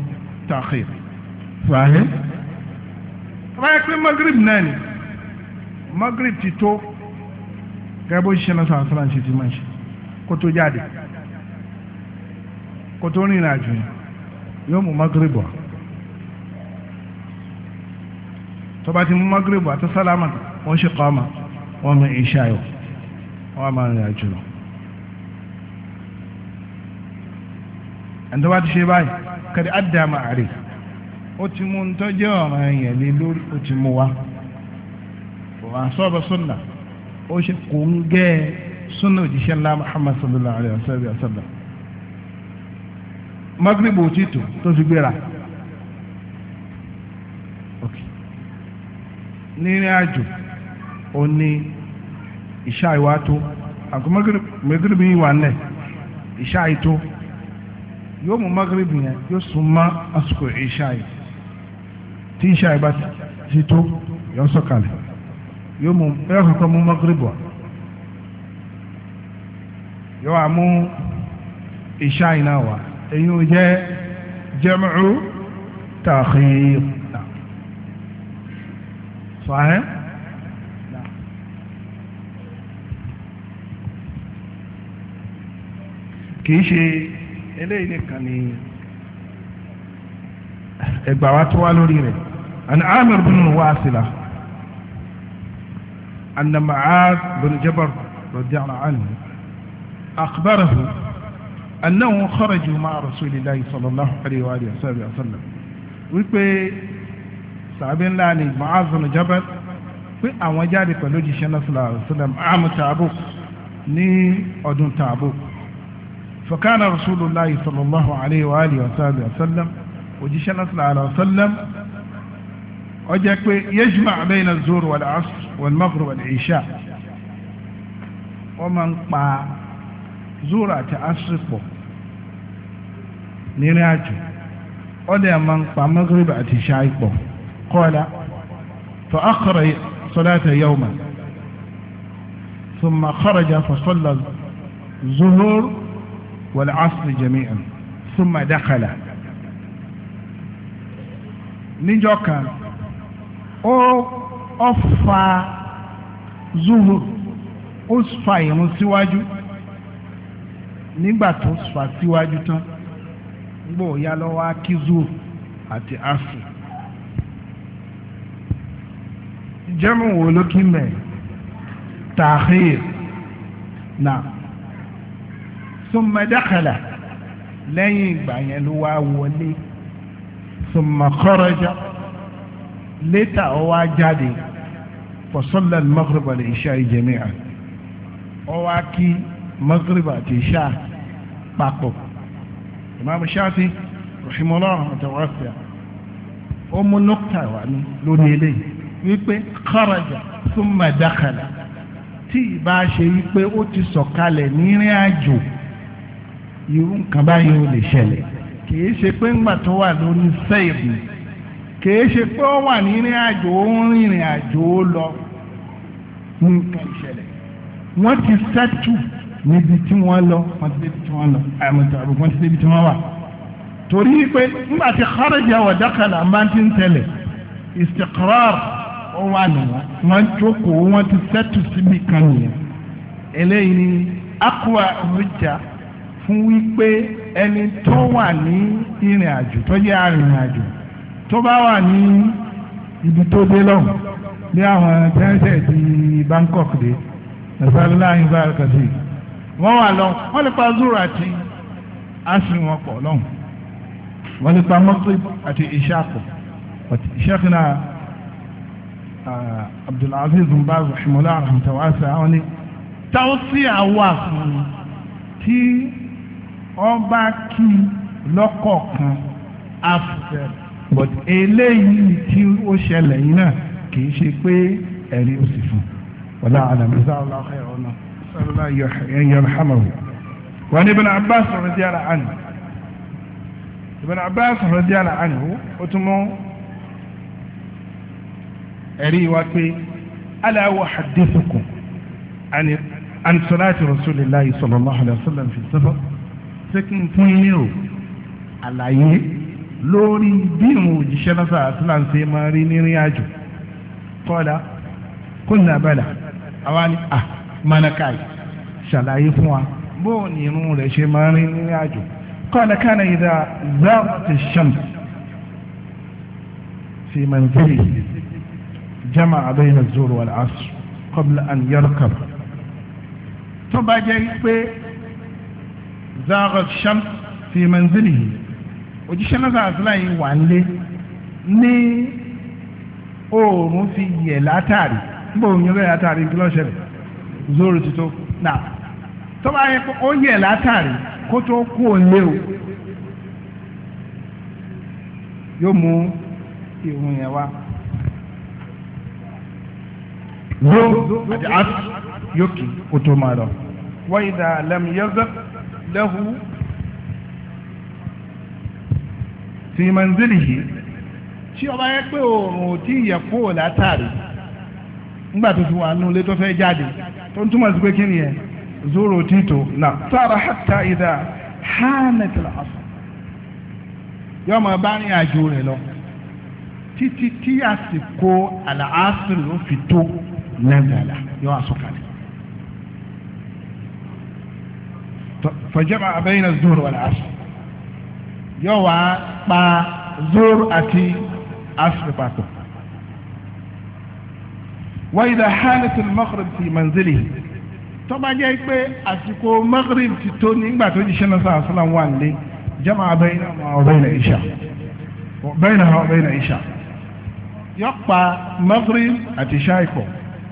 tàkìr fàáhẹ. wáyé pé magrib náà ni magrib ti tó gẹ́gẹ́ bó ṣiṣẹ́ lọ́sàn àṣàlà ṣe ti máa ṣe kó tó jáde kó tó rìnrìn àjò yẹn yóò mú magreb wá tó bá ti mú magreb wá tó sálámà wọ́n ṣe kọ́ ọmọ wọ́n mú iṣẹ́ ayọ̀ wọ́n máa rìnrìn àjò lọ. ẹni tó bá ti ṣe báyìí kàdí àdàmà àrè ó ti mú ń tọ́jú ọ̀ràn lé lórí ó ti mú wa wà á sọ́ọ̀bù sunnah. ó ṣe kò ń gẹ́ ẹ súnà òjíṣẹ́ ńlá Muhammad sallallahu alayhi wa sallam magrib ò tí tò tó fi gbéra nírìn àjò ó ní ìṣá ìwá tó àkó magrib yìí wà nílẹ̀ ìṣá yìí tó yóò mú magrib yẹn yóò sún mọ́ àsìkò yóò mú yóò kọ́kọ́ mú mọ́gírìbù wa yóò wá mú ìṣá iná wa èyí ò jẹ́ jẹ́mùú tàkìr fàáhẹ́. kìí ṣe eléyìí nìkan ni ẹgbàá wa tó wá lórí rẹ̀ àná amir bin wàásìlà. أن معاذ بن جبر رضي الله عنه أخبره أنه خرجوا مع رسول الله صلى الله عليه وآله وسلم wípé sàbí ńlá ni Mu'az bin Jabal pé àwọn jáde pẹ̀lú òjíṣẹ́ náà sallallahu alaihi wasallam àmì Tabuk ní ọdún Tabuk فكان رسول الله صلى الله عليه وآله وسلم òjíṣẹ́ náà sallallahu alaihi wasallam يجمع بين الزور والعصر والمغرب والعشاء ومن قا زورة أسرقه نراجه ولا من قا مغرب أتشايقه قال فأخر صلاة يوما ثم خرج فصلى الزهور والعصر جميعا ثم دخل نجوكا ó ó fa zuhur ó fa ìrun síwájú nígbà tó fa síwájú tán gbọ́ ya lọ́wọ́ kí zuhur àti asu jẹ́mu wo ló kí mẹ́ tàhír náà summa lẹ́yìn ìgbà yẹn ló wá wọlé summa kharaja létà ó wá jáde fọ̀sọ́lá maghrib àti ìṣá ìjẹ̀míà ó wá kí maghrib àti ìṣá papọ̀ ìmáàmù Ṣáfi rahimahullah àtàwọ́sẹ̀ ó mú nọ́kítà wá ní lórí eléyìí wípé kharaja thumma dakhala tí ìbá ṣe wípé ó ti sọ̀kalẹ̀ nírìn àjò irú nǹkan báyìí ó lè ṣẹlẹ̀ kì í ṣe pé ńgbà tó wà lórí sẹ́ẹ̀bù kìí ṣe pé ó wà ní ìrìn àjò ó ń rìnrìn àjò ó lọ nǹkan ìṣẹ̀lẹ̀ wọ́n ti sẹ́tù níbi tí lọ ti débi tí lọ àmọ̀tàrú wọ́n ti débi tí wọ́n wà torí pé nígbà tí wa dakhala máa ti ń tẹ̀lẹ̀ istiqrar ó wà nìyà wọ́n jókòó wọ́n ti síbi kan nìyà eléyìí ni akwa hujja fún wípé ẹni tó wà ní ìrìn àjò tó tó bá wà ní ibi tó dé lọ́hùn bí àwọn tẹ́ńtẹ̀ ti Bangkok dé nasaralahi barakasi wọ́n wà lọ wọ́n lè pa zuru àti asiri wọn pọ̀ lọ́hùn wọ́n lè pa mọ́tò àti ìṣàpọ̀ sheikh na uh, abdulaziz mbaz rahimola rahmatawasa àwọn ni tausia wà fún tí wọ́n bá kí lọ́kọ̀ọ̀kan after but eléyìí tí ó ṣẹlẹ̀ yìí náà kì í ṣe pé ẹ̀rí ó sì fún wàlá àlàmísà ọlọ́kẹ́ ọ̀nà sọlá yarhamahu. wọ́n ní ibn Abbas radiyallahu anhu ibn Abbas radiyallahu anhu ó tún mú ẹ̀rí wa pé ala uhaddithukum àni an salati rasulillahi sallallahu fi safar ṣé fún yín o àlàyé. lórí bí ìrùn òjíṣẹ́ lọ́sà àtúnláǹsì máa rí nírìn àjò kọ́lá kúnlẹ̀ abẹ́là àwa ni à manakai ṣàlàyé fún wa bóò ní irun rẹ̀ ṣe máa rí nírìn àjò kọ́lá kánà ìdá záàtì shams fi manzili jama abayna zoro wal asr qabla an yarkab tó bá jẹ́ pé záàtì shams fi manzili yìí òjíṣẹ́ lọ́sàn àṣìlá yìí wà ń lé ní oòrùn fi yẹ̀ látàrí nígbà òun yẹ̀ látàrí kí lọ́ṣẹ̀lẹ̀ zoro ti tó nà tó bá yẹ kó yẹ̀ látàrí kó tó kú òlé o yóò mú ìrùn yẹn wá yóò àti àti yóò kí tó máa lọ wáyé dà lẹ́mu yẹ́zẹ́ lẹ́hu. fi manzilihi tí ọba yẹ pé oòrùn ò tí yẹ kúrò látàrí nígbà tó ti wà nù lé tó fẹ́ jáde tó ń túmọ̀ sí pé kí ni yẹ zoro tito na sára hàtà ìdá hánàtìlá àfọ yọ ọmọ bá rìn àjò rẹ lọ títí tí àsìkò àlàáfíà ló fi tó lẹ́gbẹ̀ẹ́lá yọ àsọkalẹ̀. فجمع بين الظهر والعصر yóò wá pa zor àti asr papọ̀. wa idha halatul maghrib fi manzilihi tó bá jẹ́ pé àsìkò mọ́kìrì ti tó nígbà tó di sẹ́nà sáà sọ́nà wà nílé jama'a baynahuma wa bayna isha baynahuma wa bayna isha yóò pa mọ́kìrì àti isha ikọ̀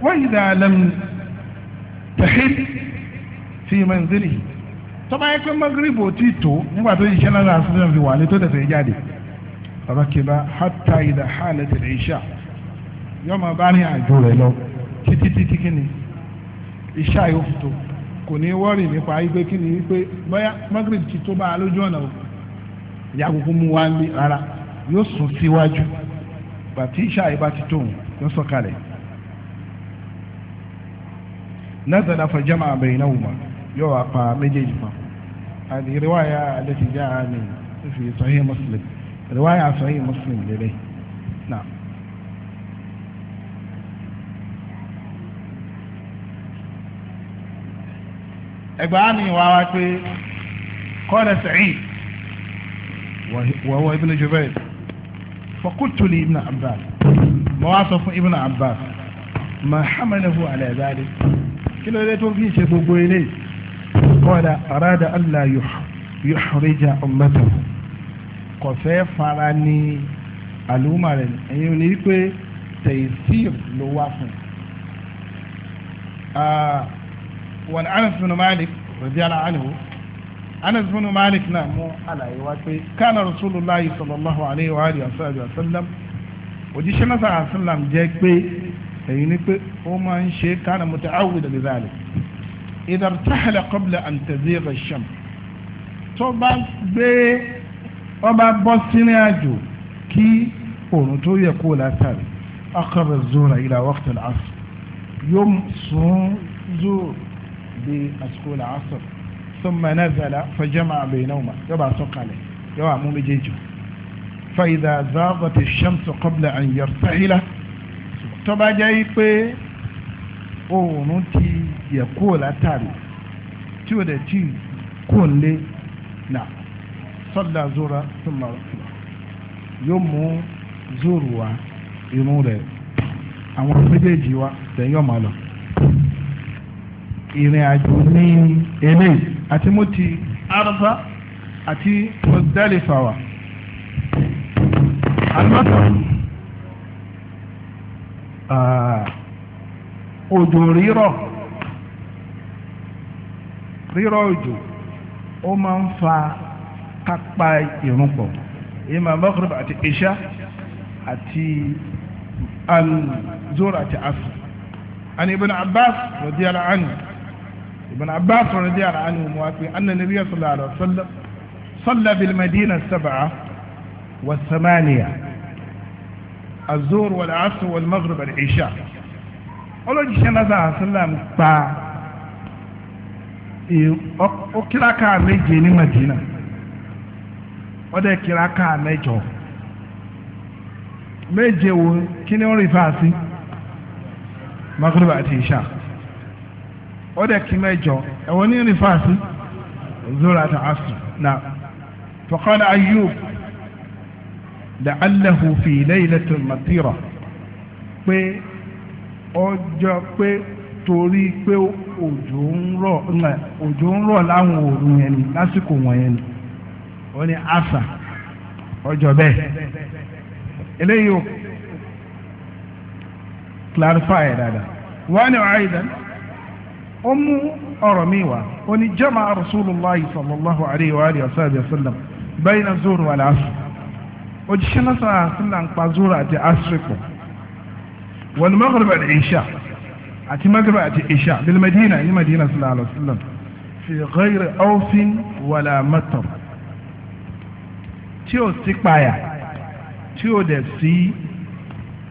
wa dà lam tẹ̀hìn ti manzilihi. tọ́ba yẹ pé mọ́gírìbù ò tí ì tó nígbà tó ṣiṣẹ́ náà láti ṣe fi wàlé tó tẹ̀sẹ̀ jáde bàbá kébà hátà ìdá hàlẹ̀ tẹ̀lé ìṣà yọmọ bá ní àjò rẹ̀ lọ títí títí kíni ìṣà yóò fi tó kò ní wọ́ọ̀rì nípa wípé kíni wípé bóyá mọ́gírìbù ti tó bá a lójú ọ̀nà ìyá kúkú mú wá ní rárá yóò sùn síwájú bàtí ìṣà yìí bá ti tóun yóò sọ kalẹ̀ nazala fajama bayinahuma yóò wá pa méjèèjì pa. هذه رواية التي جاء في صحيح مسلم رواية صحيح مسلم لديه نعم أقباني وواتي قال سعيد وهو ابن جبير فقلت لي ابن عباس مواصف ابن عباس ما حمله على ذلك كله ليتون فيه شفو kọ́dà àràdà allah yọ̀hùrẹ́jà ọ̀mọ́tò kò fẹ́ fara ní àlùmọ̀ rẹ̀ ẹ̀yìn ní pé tẹ̀síìr ló wá fún wọn Anas bin Malik radiyallahu anhu Anas bin Malik náà mú àlàyé wá pé kánà rasulullah sallallahu alayhi wa alihi wa sallam òjíṣẹ́ náà sallam jẹ́ pé ẹ̀yìn ní pé ó máa ń ṣe kánà muta'awwid li zalik. إذا ارتحل قبل أن تزيغ الشمس توبا بي أبا بصيني أجو كي أونتو يقول أثاري أقرب الزور إلى وقت العصر يوم صون زور بأسكول عصر ثم نزل فجمع بينهما يبا سوق عليه يبا مومي فإذا زاغت الشمس قبل أن يرتحل توبا جايبي أونتي tiẹ̀ kúrò látàrí tí o dẹ̀ tí kò lé nà sọ́dà zora tó ma yóò mú zoro wa inú rẹ̀ àwọn méjèèjì wa lẹ́yìn ọ̀ma lọ ìrìn àjò ní eléyìí àti mo arba àti Muzdalifa wa àlùbọ́sà ah, òjò rírọ̀. rírọ̀ òjò ó máa ń fa kápá ìrun pọ̀ ìmọ̀ maghrib àti isha àti al-zuhr àti asr ani ibn abbas radiyallahu anhu ibn abbas radiyallahu anhu mu wá pé anna nabiyya sallallahu alaihi wasallam صلى بالمدينة السبعة والثمانية الزور والعصر والمغرب العشاء ọlọ́jíṣẹ́ náà sàlám pa ó kira ka ní Madina ó dẹ̀ kíráka mẹ́jọ méje wo kí ni ó rí fàásì Maghrib àti Isha ó dẹ̀ kí mẹ́jọ ẹ̀wọ̀n ní rí fàásì zora ati asu na faqala da la'allahu fi laylatil matira pé ọjọ́ kpe. torí pé òjò ń rọ̀ òjò ń rọ̀ láwọn òru yẹn ni lásìkò wọ̀nyẹn ni ó ní àṣà ọjọ́ bẹ́ẹ̀ eléyìí ó clarify dada wọ́n ní ọ̀háìdá ó mú ọ̀rọ̀ mi wá ó ní jama rasulillah sallallahu alayhi wa alihi wa sallam bayna zuhur wal asr òjíṣẹ́ náà sọ̀rọ̀ àti náà ń pa zuhur àti asr pọ̀ wal maghrib wal isha àti magreba àti isha bil madina ní madina sallallahu alaihi wa sallam fi ghayri awfin wala matar tí ó sì payà tí ó dẹ̀ sí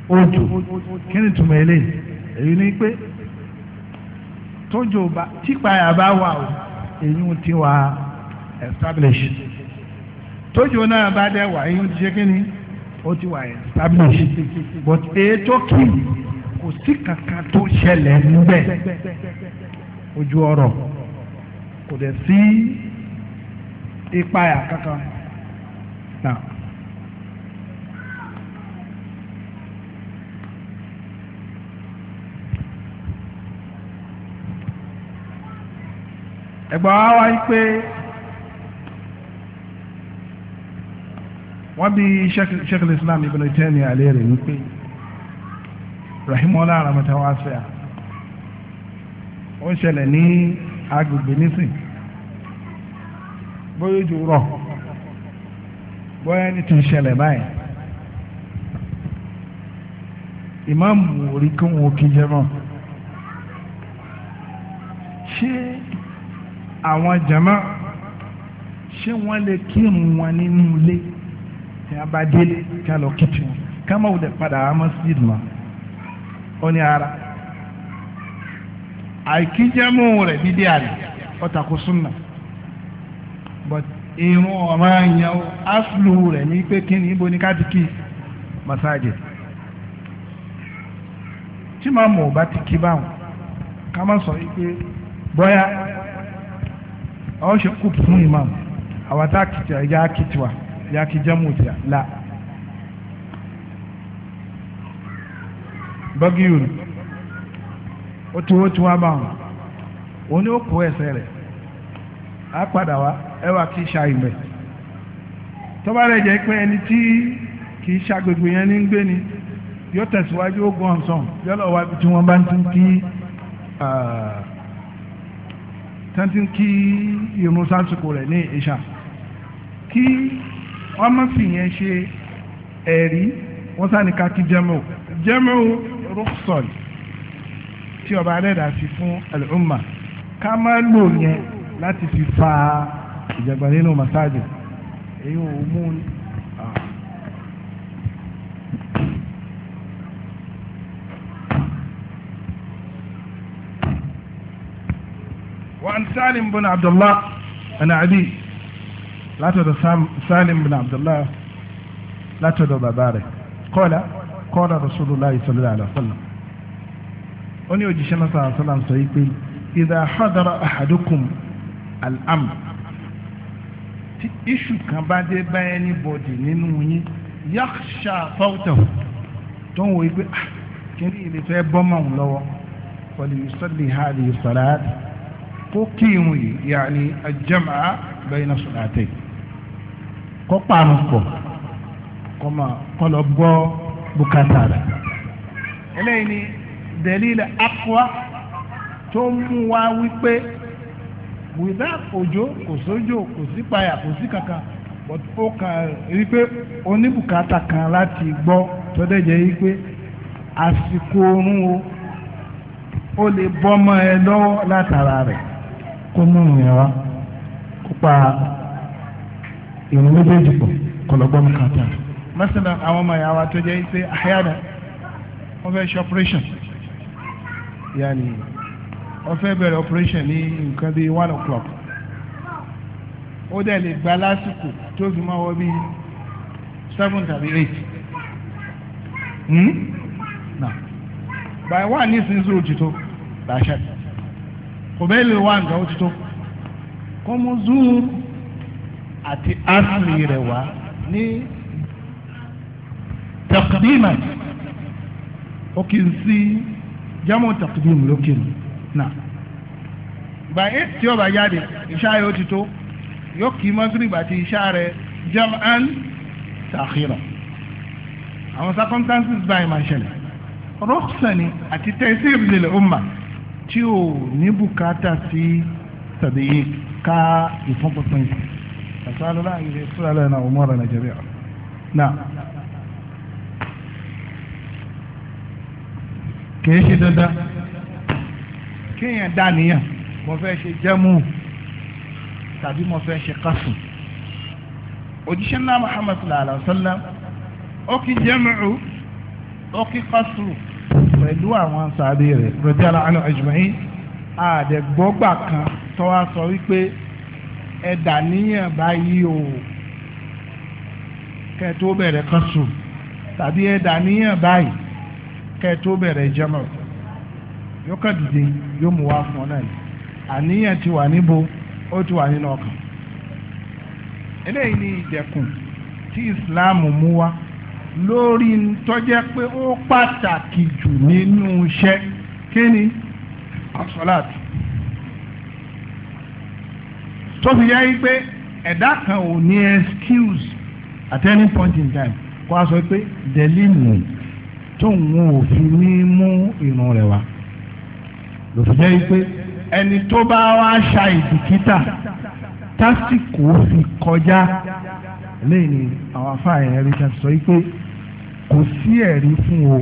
odò kí ni túmọ̀ eléyìí èyí ni pé tójò bá tí payà bá wà o èyí ti wà establish tójò náà bá dẹ̀ wà èyí ti ṣe kí ni ti wà establish but èyí tó kò sí kankan tó ṣẹlẹ̀ níbẹ̀ ojú ọ̀rọ̀ kò dẹ̀ sí ìpayà kankan. Now. ẹgbà wa wá pé wọ́n bí sheikh al-islam ibn taymiyyah àlẹ́ rẹ̀ wípé rahimola aramata wa sẹ́yà ó ṣẹlẹ̀ ní agbègbè nísìn bóyá ojú rọ̀ bóyá ní ti ṣẹlẹ̀ báyìí ìmáàmù orí kí wọn kí jẹmọ ṣé àwọn jama ṣé wọn lè kírun wọn nínú ilé tí a bá délé tí a lọ kí tiwọn ká má wulẹ̀ padà á mọ́ sí ó ní ara àìkíjẹ́mú rẹ̀ dídí àrè ọ̀tàkù súnà but irun ọ̀mọ àyàn áfìlù rẹ̀ ní pé kí ni ibo ní ká ti kí masáàjì tí màá mọ̀ bá ti kí báwọn ká má sọ wípé bóyá ọ̀ ṣe fún ìmáàmù àwọn tá a kìtì ẹ̀ yá kìtì tìyà la. bọ́gíyùn ó ti wọ́n ti wá bá wọn òun ni ó kó ẹsẹ̀ rẹ̀ á padà wá ẹ wá kí ṣá ìmẹ̀ tọ́ba rẹ̀ jẹ́ pé ẹni tí kì í ṣàgbègbè yẹn ní ni yóò tẹ̀síwájú ó gún ọ̀sán yọ́lọ̀ wá bí tí wọ́n bá ń tún kí tẹ́ntí kí irun sásìkò rẹ̀ ní ìṣà kí wọ́n má fi yẹn ṣe ẹ̀rí wọ́n sáà ní ká jẹ́mọ̀ọ́ rọ́sọ̀lì tí ọba adẹ́dà ti fún al-umma ká má lò yẹn láti fi fa ìjàgbá nínú masáàjì èyí ò mú un. وعن سالم بن عبد الله أنا عدي لا تدى سالم بن عبد الله لا تدى بابارك قال kọ́ọ̀dà rasulullah sallallahu alaihi wasallam ó ní òjíṣẹ́ náà sallallahu alaihi wasallam sọ yìí pé idha hadara ahadukum al-amr tí iṣu kan bá dé bá anybody nínú yín yakhsha fawtahu tó ń wò yí pé ah, kíní ilé fẹ́ bọ́ mọ́ òun lọ́wọ́ wal yusalli hadhihi salat kó kí irun yìí yàní al-jam'a bayna salatayn kó pààrọ̀ pọ̀ kọ́ Bukata. rẹ̀ eléyìí ni dẹ̀lílì akwa tó ń mú wa wípé wìdá òjò kò sójò kò sí payà kò sí kankan ó kàn rí pé oníbùkátà kan láti gbọ́ tó dẹ̀ jẹ́ wípé àsìkò oorun o ó lè bọ́mọ ẹ lọ́wọ́ látara rẹ̀ kó mú ìrìn wá kópa ìrìn méjèèjì pọ̀ kọlọ́gbọ́n kàtà rẹ̀ mẹ́sìnà àwọn ọmọ ìyá wa tó jẹ́ pé àyàdà wọ́n fẹ́ ṣe operation yàní wọ́n fẹ́ operation ní nǹkan bíi one o'clock ó dẹ̀ lè gba lásìkò tó fi máa wọ bíi seven tàbí eight hmm? by one ni sinzi òtítọ́ làṣẹ kò bẹ́ẹ̀ lè wá nǹkan òtítọ́ kọ́mú zuru àti asiri rẹ̀ wá ní taqdiman ó kì í sí jámọ́ taqdim lókè nù náà gbàyé tí ó bá jáde ìṣá yóò ti tó yóò kì í magrib àti ìṣá rẹ̀ jam'an ta'khira àwọn circumstances báyìí máa ṣẹlẹ̀ rọ́ọ̀sẹ̀ni àti tẹ̀síìrì lè ọmọ tí ò ní bùkátà sí tàbíyí ká ìfọ́npọ̀pọ̀ yìí. àṣà lọ́la ìrẹsùn alẹ́ náà ọmọ rẹ̀ nàìjíríà náà. kìí ṣe dandan kéèyàn dàníyàn mo fẹ́ ṣe jẹ́mú tàbí mo fẹ́ ṣe kásù òjíṣẹ́ ńlá Muhammad sallallahu alayhi wa sallam ó kí jẹ́mú ó kí kásù pẹ̀lú àwọn sàbí rẹ̀ radiyallahu anhu ajma'in àdẹ̀gbọ́gbà kan tó wá sọ wípé ẹ dàníyàn báyìí o kẹ́ bẹ̀rẹ̀ kásù tàbí ẹ dàníyàn báyìí kẹ́ ẹ tó bẹ̀rẹ̀ jẹ́mọ̀ yóò kàn dìde yóò mú wá fún ọ náà ni àníyàn ti wà níbo ó ti wà nínú ọkàn eléyìí ni ìdẹ̀kùn tí Islam mú wá lórí tọ́jẹ́ pé ó pàtàkì jù nínú iṣẹ́ kí ni asọ́láàtì tó fi pé ẹ̀dá kan ò ní excuse at any point in time kó a sọ pé delimu tóun ò fi ní mú irun rẹ̀ wá lòfin jẹ́ pé ẹni tó bá wá ṣa ìdìkítà tásìkò fi kọjá lẹ́yìn àwọn afáàyàn ẹ̀rí ta sọ pé kò sí ẹ̀rí fún o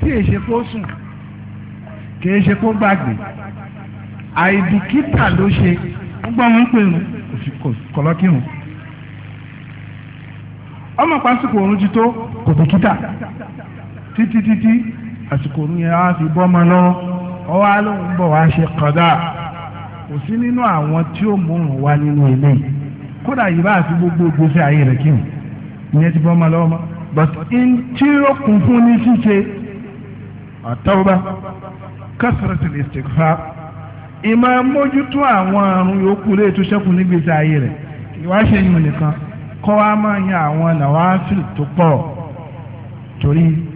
tí èṣe kó sùn kì í ṣe kó gbàgbé àìdìkítà ló ṣe ń gbọ́ wọn pé kọ̀lọ́kìrùn ọmọ pásítọ̀ òun ti tó kò bìkítà títí títí àsìkò ní a fi bọ́mọ lọ́wọ́ ọwọ́ alóhùn bọ̀ wá ṣe kọ̀dá kò sí nínú àwọn tí ó mú un wá nínú ilé kódà yìí bá àti gbogbo gbèsè ayé rẹ̀ kí n ìyẹn ti bọ́mọ lọ́wọ́ mọ́ but in tí ó kún fún ní ṣíṣe àtọ́wọ́bá kásìrìtìlì ìsìnkfà ìmọ̀ mójútó àwọn àrùn yòókù lè tó ṣẹ́kù ní gbèsè ayé rẹ̀ ìwáṣẹ́ yìí nìkan kọ́ wa máa yan àwọn nàwáfíì tó pọ̀ torí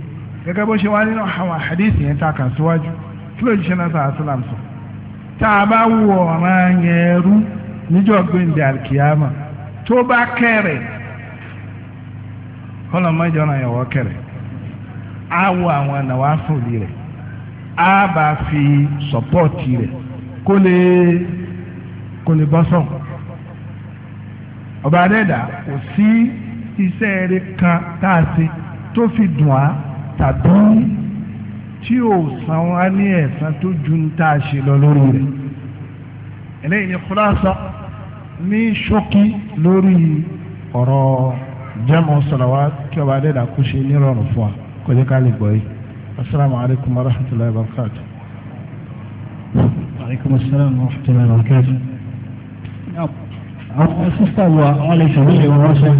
gẹ́gẹ́ bó ṣe wá nínú àwọn àdéhìsì yẹn tá a kà síwájú kí ló ṣiṣẹ́ náà sàá sílám sọ tá a bá wù ọ̀ràn yẹn rú níjọ́ gbẹ̀ǹdẹ̀ àlùkìyàmà tó bá kọ́nà náà wọ àwọn rẹ̀ á bá fi rẹ̀ kó lè kó lè bọ́ kan tá a ṣe tàbí tí ò san wá ní ẹ̀san tó ju ń tá a ṣe lọ lórí rẹ̀ eléyìí ni kúláṣà ní ṣókí lórí ọ̀rọ̀ jẹ́mọ̀ sọ̀làwá kí ọba adẹ́dà kú ṣe nírọ̀rùn fún wa kọjá ká lè gbọ́ yìí asalaamu alaykum wa rahmatulahi wa barakatu. aleykum asalaam wa rahmatulahi wa barakatu. àwọn sísá wa wọn lè ṣàlùyẹ̀ wọn ránṣẹ́.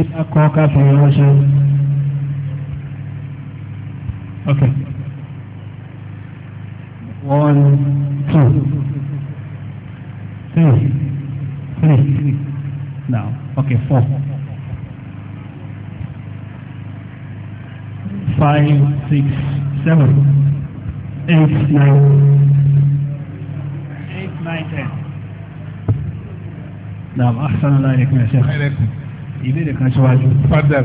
ìdá kọ́ ká fi ránṣẹ́. Okay. One, two, three, three. Now, okay, four, five, six, seven, eight, nine, eight, nine, ten. Now, أحسن الله إليكم يا شيخ. إليكم. إليكم شواجه. تفضل.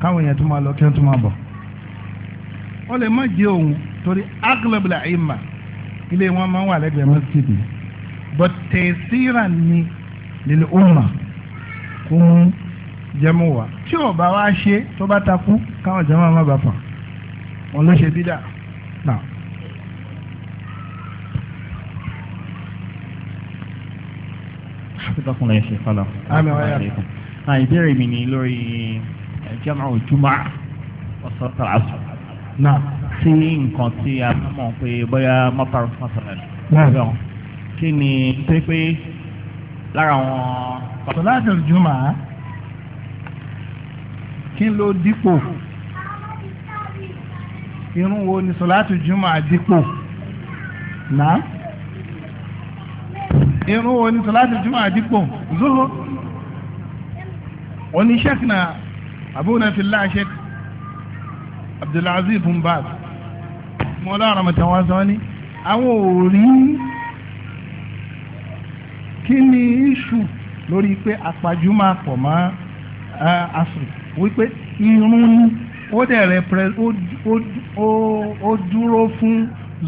káwọn yẹn tún máa lọ kí wọ́n tún máa bọ̀ ó lè má jẹ́ òun torí aglabla ima ilé wọn máa ń wà lẹ́gbẹ̀ẹ́ mọ́sídìí but tẹ̀síra ni lílé umma kún jẹ́mu wa tí ò bá wá ṣe tó bá takú káwọn jẹ́mu má bàa fà wọn ló ṣe bídà náà. Àmì ọ̀yà. Ìbéèrè mi ni lórí jam'u jumaa ọ̀sọ̀tọ̀ àṣọ. náà sí nǹkan tí a mọ̀ pé bóyá mọ́tàrún fọ́sọ̀rọ̀ náà kí ni pé pé lára wọn. sọláàtì jùmọ̀ á kí ló dípò irun wo ni sọláàtì jùmọ̀ á dípò náà irun wo ni sọláàtì jùmọ̀ á dípò zuhur oníṣẹ́kìnà abuna fillah sheikh abdulaziz bin baz mọ́lá ramatan wá sọ ní àwọn ò rí kí ni iṣu lórí pé àpàjù máa pọ̀ mọ́ asùn wípé irun ni ó dẹ̀ rẹpẹrẹ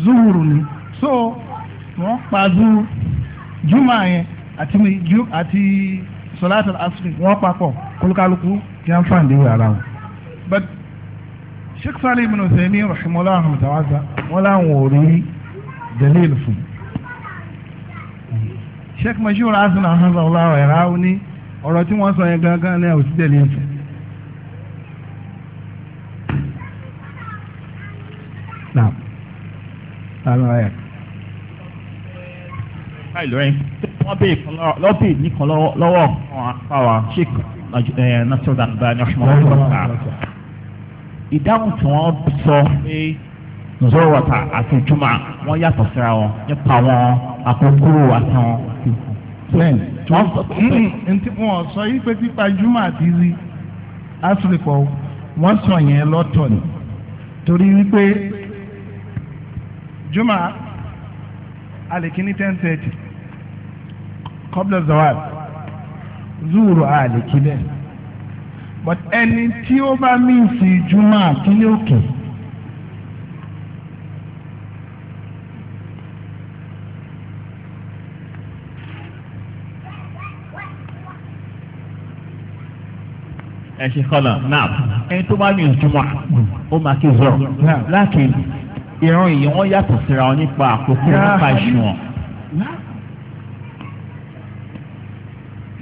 zuhuru ni so wọ́n pa zuhuru juma yẹn àti àti solatul asri wọ́n papọ̀ kólúkálukú kí wọ́n fàǹdé wà ara wọn. but sheikh sali ibn Uthaymin rahimahullah tawaza wọn làwọn ò rí dalil fún sheikh mashur asan ahanza ọláwà ẹ̀rá ó ní ọ̀rọ̀ tí wọ́n sọ yẹn gangan ní àwòsí dalil fún. Naam. Naam ayat báyìí lóyún wọ́n bèè nìkan lọ́wọ́ kan apá wa ṣèkà nasrudan bani ọ̀ṣunmọ́wọ́ wọ́ta ìdáhùn tí wọ́n sọ pé zọ́wọ́ta àti juma wọ́n yàtọ̀ síra wọn nípa wọn àkókòrò àti wọn. ntí wọn sọ yìí pé pípa juma àti asirikọ wọn sọ yẹn lọ́tọ̀ ni torí wípé juma alekini ten thirty kọ́bla zawal zúùrù àlè kí but ẹni tí ó bá míìsì juma, àkílé òkè ẹ ṣe kọlọ náà ẹni tó bá míìsì júmọ́ ó máa kí zọrọ láàkì ìran ìyẹn wọn yàtọ̀ síra wọn nípa àkókò nípa ìṣùwọ̀n.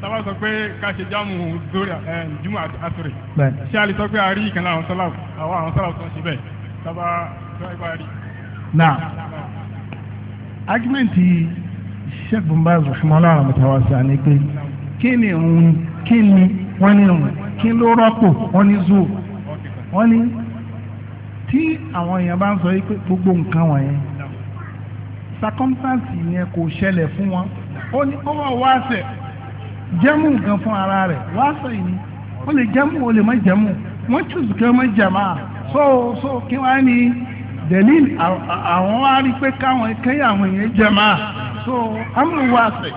sábà sọ pé ká ṣe jámù dórí jùmọ̀ àtúrè ṣé a lè sọ pé a rí ìkànnì àwọn sọ́làwù àwọn àwọn sọ́làwù tó ń ṣe bẹ́ẹ̀ na agimenti sheikh bumbaz rahmanulah rahmatawasa ni pé kí ni òun kí ni wọ́n ní òun kí ló rọ́pò wọ́n ní zoo wọ́n ní tí àwọn èèyàn bá ń sọ yìí pé gbogbo nǹkan wọ̀nyẹn circumstance yẹn kò ṣẹlẹ̀ fún wọn ó ní ó wà wá sẹ̀ jẹ́mú nǹkan fún ara rẹ̀ wáṣọ yìí ó lè jẹ́mú ó lè má jẹ́mú wọ́n túùsù kí wọ́n má jẹ̀má so so kí wọ́n á ní delil àwọn wá rí pé káwọn kẹ́yà àwọn èèyàn jẹ̀má so amúlò wáṣọ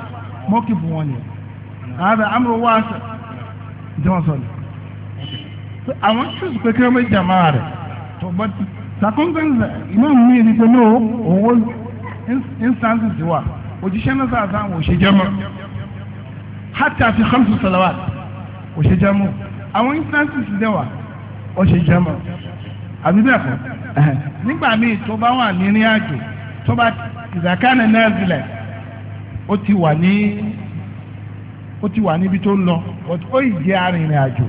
mọ́kì bù wọ́n ni ààrẹ amúlò wáṣọ jọ́nsọ̀n àwọn túùsù pé kí wọ́n má jẹ̀má rẹ̀ tó bọ́ circumstances imam mi ni pé ní owó instances wà òjíṣẹ́ náà sáà wò ṣe jẹ́mọ́ hata fi hamsu salawat ó ṣe jamu àwọn instances dẹ́wà ó ṣe jamu àbí bẹ́ẹ̀ kọ́ nígbà míì tó bá wà ní ìrìn àjò tó bá ìdàkánì náà zilẹ̀ ó ti wà ní ó ti wà níbi tó ń lọ but ó yìí jẹ́ arìnrìn àjò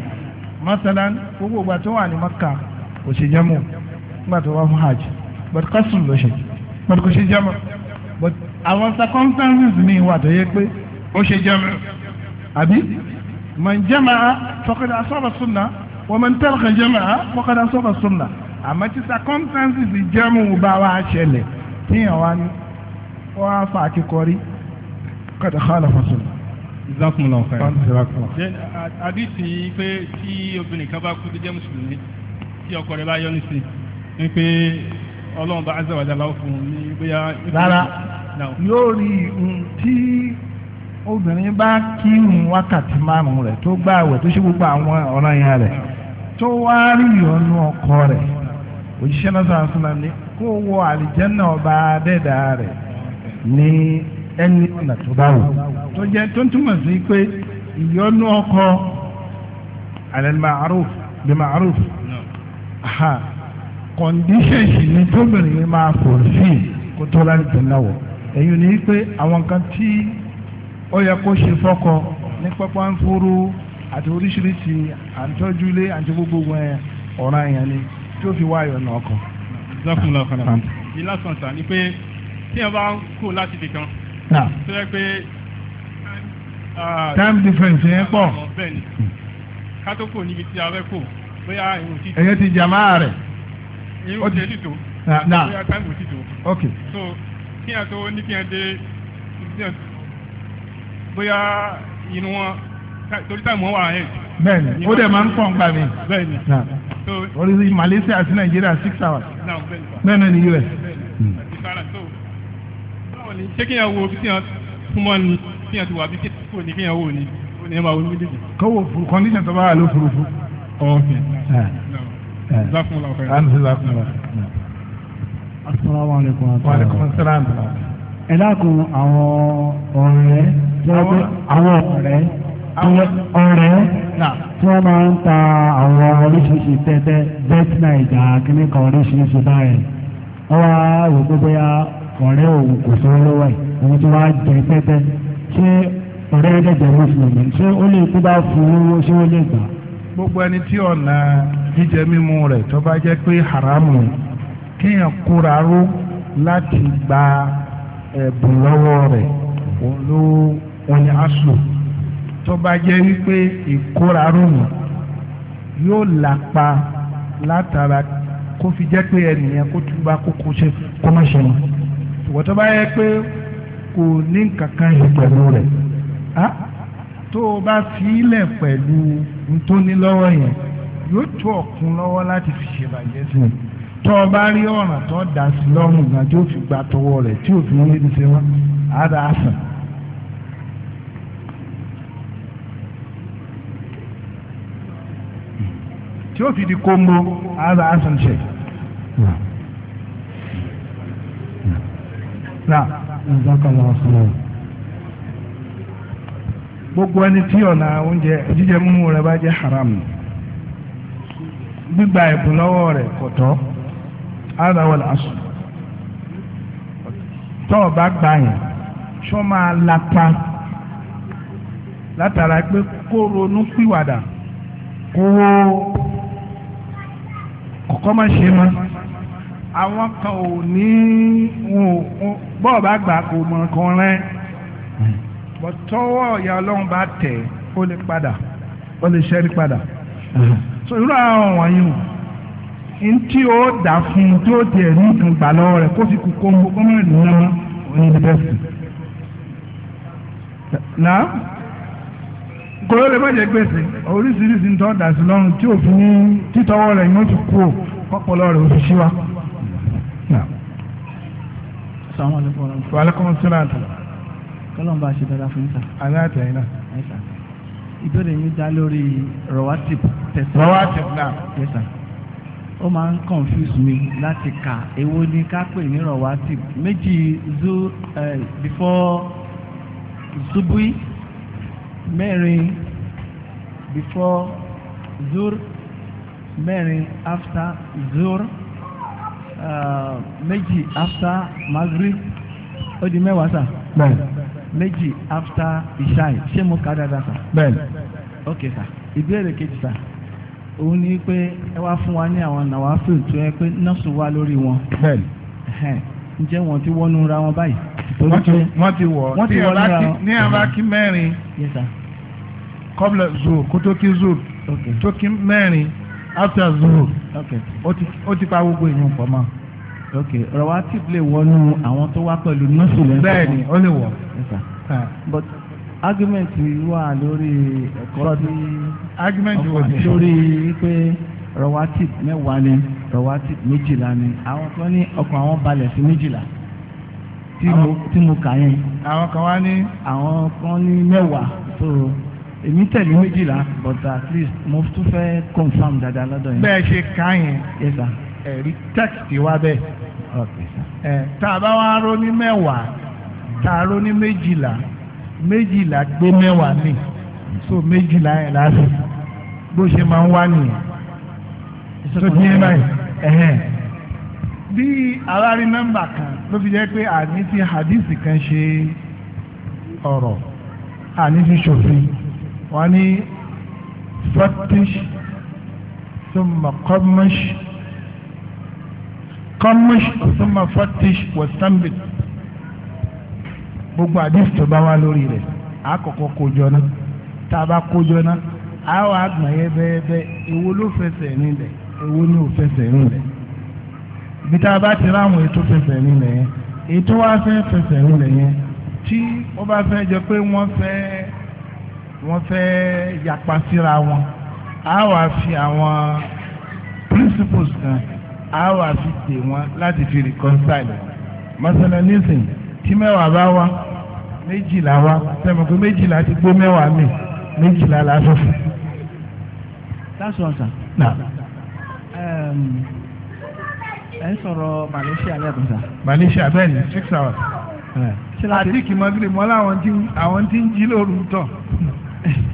masalan gbogbo ìgbà tó wà ní maka kò ṣe jamu nígbà tó wà fún hajj but custom ló ṣe but kò ṣe jamu but àwọn circumstances mi wà tó yẹ pé ó ṣe jamu. Abi, man jama'a faqad asaba sunnah wa man talaka jama'a faqad asaba sunnah àmọ́ tí circumstances jẹ́mu bá wa ṣẹlẹ̀ tíyàn wá ní wọ́n á fa àkíkọrí qad khalafa sunnah ìzákùnlọ ọ̀fẹ́ rẹ̀. àdìsí pé tí obìnrin kan bá kú tó jẹ́ mùsùlùmí tí ọkọ rẹ̀ bá yọ́nú sí ni pé ọlọ́run bá azẹ́wàjà láwọ́ fún un ní bóyá. rárá yóò rí ohun tí obìnrin bá kírun wákàtí márùn rẹ tó gbá àwẹ̀ tó ṣe gbogbo àwọn ọ̀ràn yẹn rẹ tó wá rí ìyọnu ọkọ rẹ̀ òjíṣẹ́ náà kó wọ àlìjẹ́nà ọba adẹ́dà ní ẹni ọ̀nà tó bá wù tó jẹ́ tó ń túmọ̀ sí pé ni tóbìnrin máa fò sí kó tó lálẹ́ jẹ́ náà wọ̀ ó yẹ kó ṣe fọ́kọ ní pẹ́pọ́n fúru àti oríṣiríṣi àtọ́júlé àti gbogbo wọn ọ̀ràn yẹn ni tí ó fi wá ayọ̀ náà kọ. ìlàkùnlá ọ̀kadà ìlà sọ̀tà ni pé tí ẹ bá ń kú láti ibì kan tó yẹ pé. Ah, ah, time difference yẹn pọ̀. bẹ́ẹ̀ni hmm. kò níbi tí a fẹ́ kò bóyá irun títò. ẹ̀yẹ́ ti jàmá rẹ̀. irun tẹ̀ títò. bóyá táìmù títò. ok so kí ẹ tó ní kí ẹ dé bóyá inú wọn torí táìmù wọn wà ẹ̀. bẹ́ẹ̀ni ó dẹ̀ máa ń pọ̀ nǹkan mi. bẹ́ẹ̀ni orí Malaysia àti Nàìjíríà six hours. bẹ́ẹ̀ni ní US. báwo ni ṣé kí n yà wo bí tí yàn ni kí n yà ti wà bí kí n yà wò ni ó ní ẹ máa wọlé méjèèjì. kọ́wọ́ furu condition tó bá wà ló furu furu. ọ̀ọ́kẹ́ zakunla ọ̀fẹ́. asalaamualeykum. wa aleykum salaam ẹ dákun àwọn ọ̀rẹ́ àwọn ọ̀rẹ́ ọ̀rẹ́ tí wọ́n máa ń ta àwọn oríṣiríṣi tẹ́tẹ́ vetnaija kìíní kan oríṣiríṣi báyìí wọ́n wá wò pé bóyá ọ̀rẹ́ òun kò sọ lọ́wọ́ ẹ̀ òun tí wọ́n á jẹ tẹ́tẹ́ ṣé ọ̀rẹ́ ẹ̀dẹ̀jẹ̀ mùsùlùmí ṣé ó lè kú bá fún un ṣé ó lè gbà. gbogbo ẹni tí ọ̀nà jíjẹ mímu rẹ̀ tó bá jẹ́ pé haramu kéèyàn kóra ró láti gba ẹ̀bùn lọ́wọ́ rẹ̀ òun ló wọn ni aṣọ tó bá jẹ́ wípé ìkóra ròmù yóò lápa látara kó fi jẹ́ pé ẹnìyẹn kó tún bá kókó ṣe kó má ṣe wọn ṣùgbọ́n tó bá yẹ pé kò ní nǹkan kan ṣe pẹ̀lú rẹ̀ tó o bá fi ilẹ̀ pẹ̀lú ntóni lọ́wọ́ yẹn yóò tó ọ̀kun lọ́wọ́ láti fi ṣèbàjẹ́ sí i tọ́ ọ bá rí ọ̀ràn tó dà sí lọ́rùn gan tí ó fi gba tọwọ́ rẹ̀ tí òfin ní ní ṣe wọ́n á dà á sàn. tí ó fi di kóńgó á dà á sàn ṣe. gbogbo ẹni tí ọ̀nà oúnjẹ jíjẹ mímú rẹ̀ bá jẹ́ haram gbígba ẹ̀bùn lọ́wọ́ rẹ̀ kò ara wọn làásù tọ́ọ̀ bá gbà yẹn ṣọ́ máa lapa látara pé kó ronú pìwàdà kó kọ́kọ́ má ṣe mọ́ àwọn kan ò ní bọ́ọ̀ bá gbà kò mọ̀ kan rẹ́ bọ́tọ́wọ́ ìyá ọlọ́run bá tẹ̀ ó lè padà ó lè ṣẹ́rí padà so irú àwọn wọ̀nyí wọ̀nyí. ntí ó dà fún un tó tiẹ̀ ní nǹkan gbà lọ́wọ́ rẹ̀ kó sì kú kó ń bọ́ kọ́mọ́ ìlú náà mọ́ si ní bẹ́ẹ̀ sùn. Nà kòló lè bàjẹ́ gbèsè oríṣiríṣi ń tọ́ dà sí lọ́rùn tí òfin títọ́wọ́ rẹ̀ yóò ti kú ò kọ́pọ̀lọ́ rẹ̀ òfin ṣíwá. Assalamu Wa alaikum salaam. bá ṣe dáadáa fún ìta. ìbéèrè dá lórí tẹ̀sán. náà. ó máa ń confuse mi láti kà èwo ni ká pè ní rọwátì méjì zu before zubui mẹ́rin before zur mẹ́rin after zur uh, méjì after maghrib ó di mẹ́wàá sà. bẹ́ẹ̀ méjì after ishai ṣé mo kà dáadáa sà. bẹ́ẹ̀ ok sà ìbéèrè kejì sà òun ni pé ẹ wá fún wa ní àwọn nàwáfíl tó yẹ pé nọ́ọ̀sì wà lórí wọn. bẹ́ẹ̀ni. ǹjẹ́ wọ́n ti wọ́nú ra wọn báyìí. wọ́n ti wọ̀ wọ́n ti wọ́nú ra wọn. ní abákí mẹ́rin kọ́bla zuhur kótó kí zuhur tó kí mẹ́rin after zuhur ó ti pa gbogbo ìyún pọ̀ mọ́. ok ọ̀rọ̀ wa ti lè wọnú àwọn tó wá pẹ̀lú nọ́ọ̀sì lẹ́sìn. bẹ́ẹ̀ni ó lè wọ̀. but argument wà lórí ẹ̀kọ́ tí lórí pé rawatib mẹ́wàá ni rawatib méjìlá ni àwọn kan ní ọkàn àwọn balẹ̀ sí méjìlá tí mo kà yẹn. àwọn kan wá ní. àwọn kan ní mẹ́wàá so èmi tẹ̀lé méjìlá but at least mo tún fẹ́ confam dáadáa lọ́dọ̀ yẹn. bẹ́ẹ̀ ṣe kà yẹn. yes sir. ẹ̀rí text wa bẹ́ẹ̀. ok sir. ẹ̀ tá a bá wá ró mẹ́wàá tá a ró ní méjìlá méjìlá gbé mẹ́wàá ní so méjìlá yẹn láti bó ṣe máa ń wá nìyẹn tó ti yẹn báyìí ẹ̀hẹ́n bí alárí nọ́mbà kan ló fi jẹ́ pé àní ti hadith kan ṣe ọ̀rọ̀ àní ti ṣòfin wọ́n ní fatish ثم قمش قمش ثم فتش واستنبت gbogbo àdìsí tó bá wá lórí rẹ̀ àkọ́kọ́ kójọ náà tá a bá kójọ náà a wà gbọ̀n yẹ bẹ́ẹ̀bẹ́ èwo ló fẹsẹ̀ nílẹ̀ èwo ni ò fẹsẹ̀ nílẹ̀ ibi tá a bá ti ráwọn ètò fẹsẹ̀ nílẹ̀ yẹn ètò wa fẹ́ fẹsẹ̀ nílẹ̀ yẹn tí wọ́n bá fẹ́ jọ pé wọ́n fẹ́ wọ́n fẹ́ yapa síra wọn a wà fi àwọn principles kan a wà fi dè wọn láti fi reconcile masalanisin tí mẹ́wàá bá wá méjìlá wá tẹ̀mọ̀ pé méjìlá ti gbó mẹ́wàá mi méjìlá la sọ fún. that's one sir. na. Um, ẹ ń sọ̀rọ̀ Malaysia lẹ́kùn sá. Malaysia bẹ́ẹ̀ ni six hours. àti kìmọ̀gìrì mọ́lá àwọn tí ń jí lóru tọ̀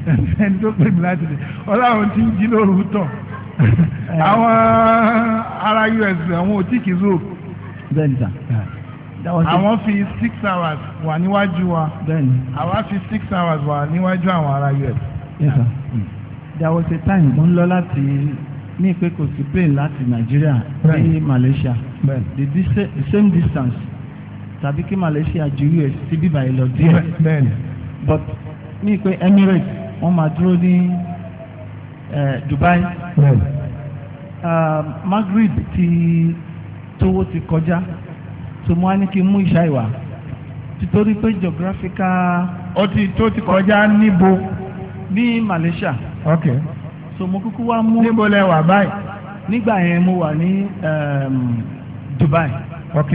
[LAUGHS] ẹni tó pè mí láti lè ọlọ́run ti ń jí lóru tọ̀ àwọn ará US àwọn ò tí kì í zò. bẹ́ẹ̀ ni sà àwọn fi six hours wà níwájú wa àwa fi six hours wà níwájú àwọn ará us. yes sir hmm. there was a time mo ń lọ láti ní pé kò sí plane láti Nigeria ní Malaysia the same distance tàbí kí Malaysia ju us sí bíbá yìí lọ díẹ̀ but ní pé Emirates wọ́n máa dúró ní Dubai ah, Maghrib ti tówó ti kọjá so mo wá ní kí n mú ìṣá ìwà títorí pé geographical. ó ti tó ti kọjá níbo. ní Malaysia. ok so mo kúkú wá mú. níbo lẹ wà báyìí. nígbà yẹn mo wà ní ehm, Dubai. ok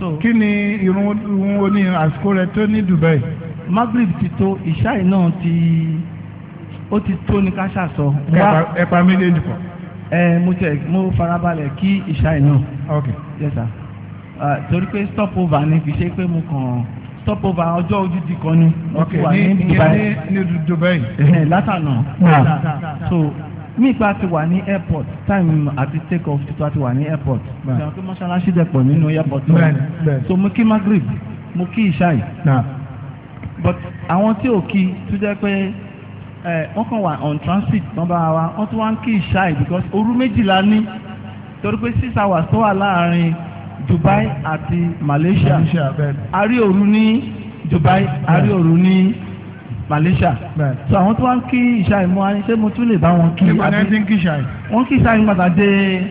so kí ni irun irun oní àsìkò rẹ tó ní Dubai. Maghrib ti tó ìṣá náà ti ó ti tó ní ká ṣàṣọ. ẹ̀pà méjèèjì pọ̀. ẹ eh, mo tẹ mo farabalẹ̀ kí ìṣá náà. ok yes Ah, torí pé stop over ni kì í ṣe pé mo kàn stop over ọjọ́ ojú ti kọ́ ni. ok ní ní ní Dubai. látànà ah. so mi ìgbà ti wà ní airport time àti take off títí wà ti wà ní airport. ìjọba ah. pé mọ́ṣáláṣí dẹ̀pọ̀ nínú airport náà so mo kí Maghrib mo kí ìṣáì. but àwọn tí ò kí tó jẹ́ pé wọ́n kàn wà on transit wọ́n bá wa wọ́n tún wá ń kí ìṣáì because òru méjìlá ní torí pé six hours tó wà láàárín. Dubai àti Malaysia Malaysia, àrí òru ní Dubai àrí òru ní Malaysia so àwọn tó wá ń kí ìṣáì mú ayé ṣé mo tún lè bá wọn kí ìgbà náà ti kí ìṣáì wọ́n kí ìṣáì nígbà dé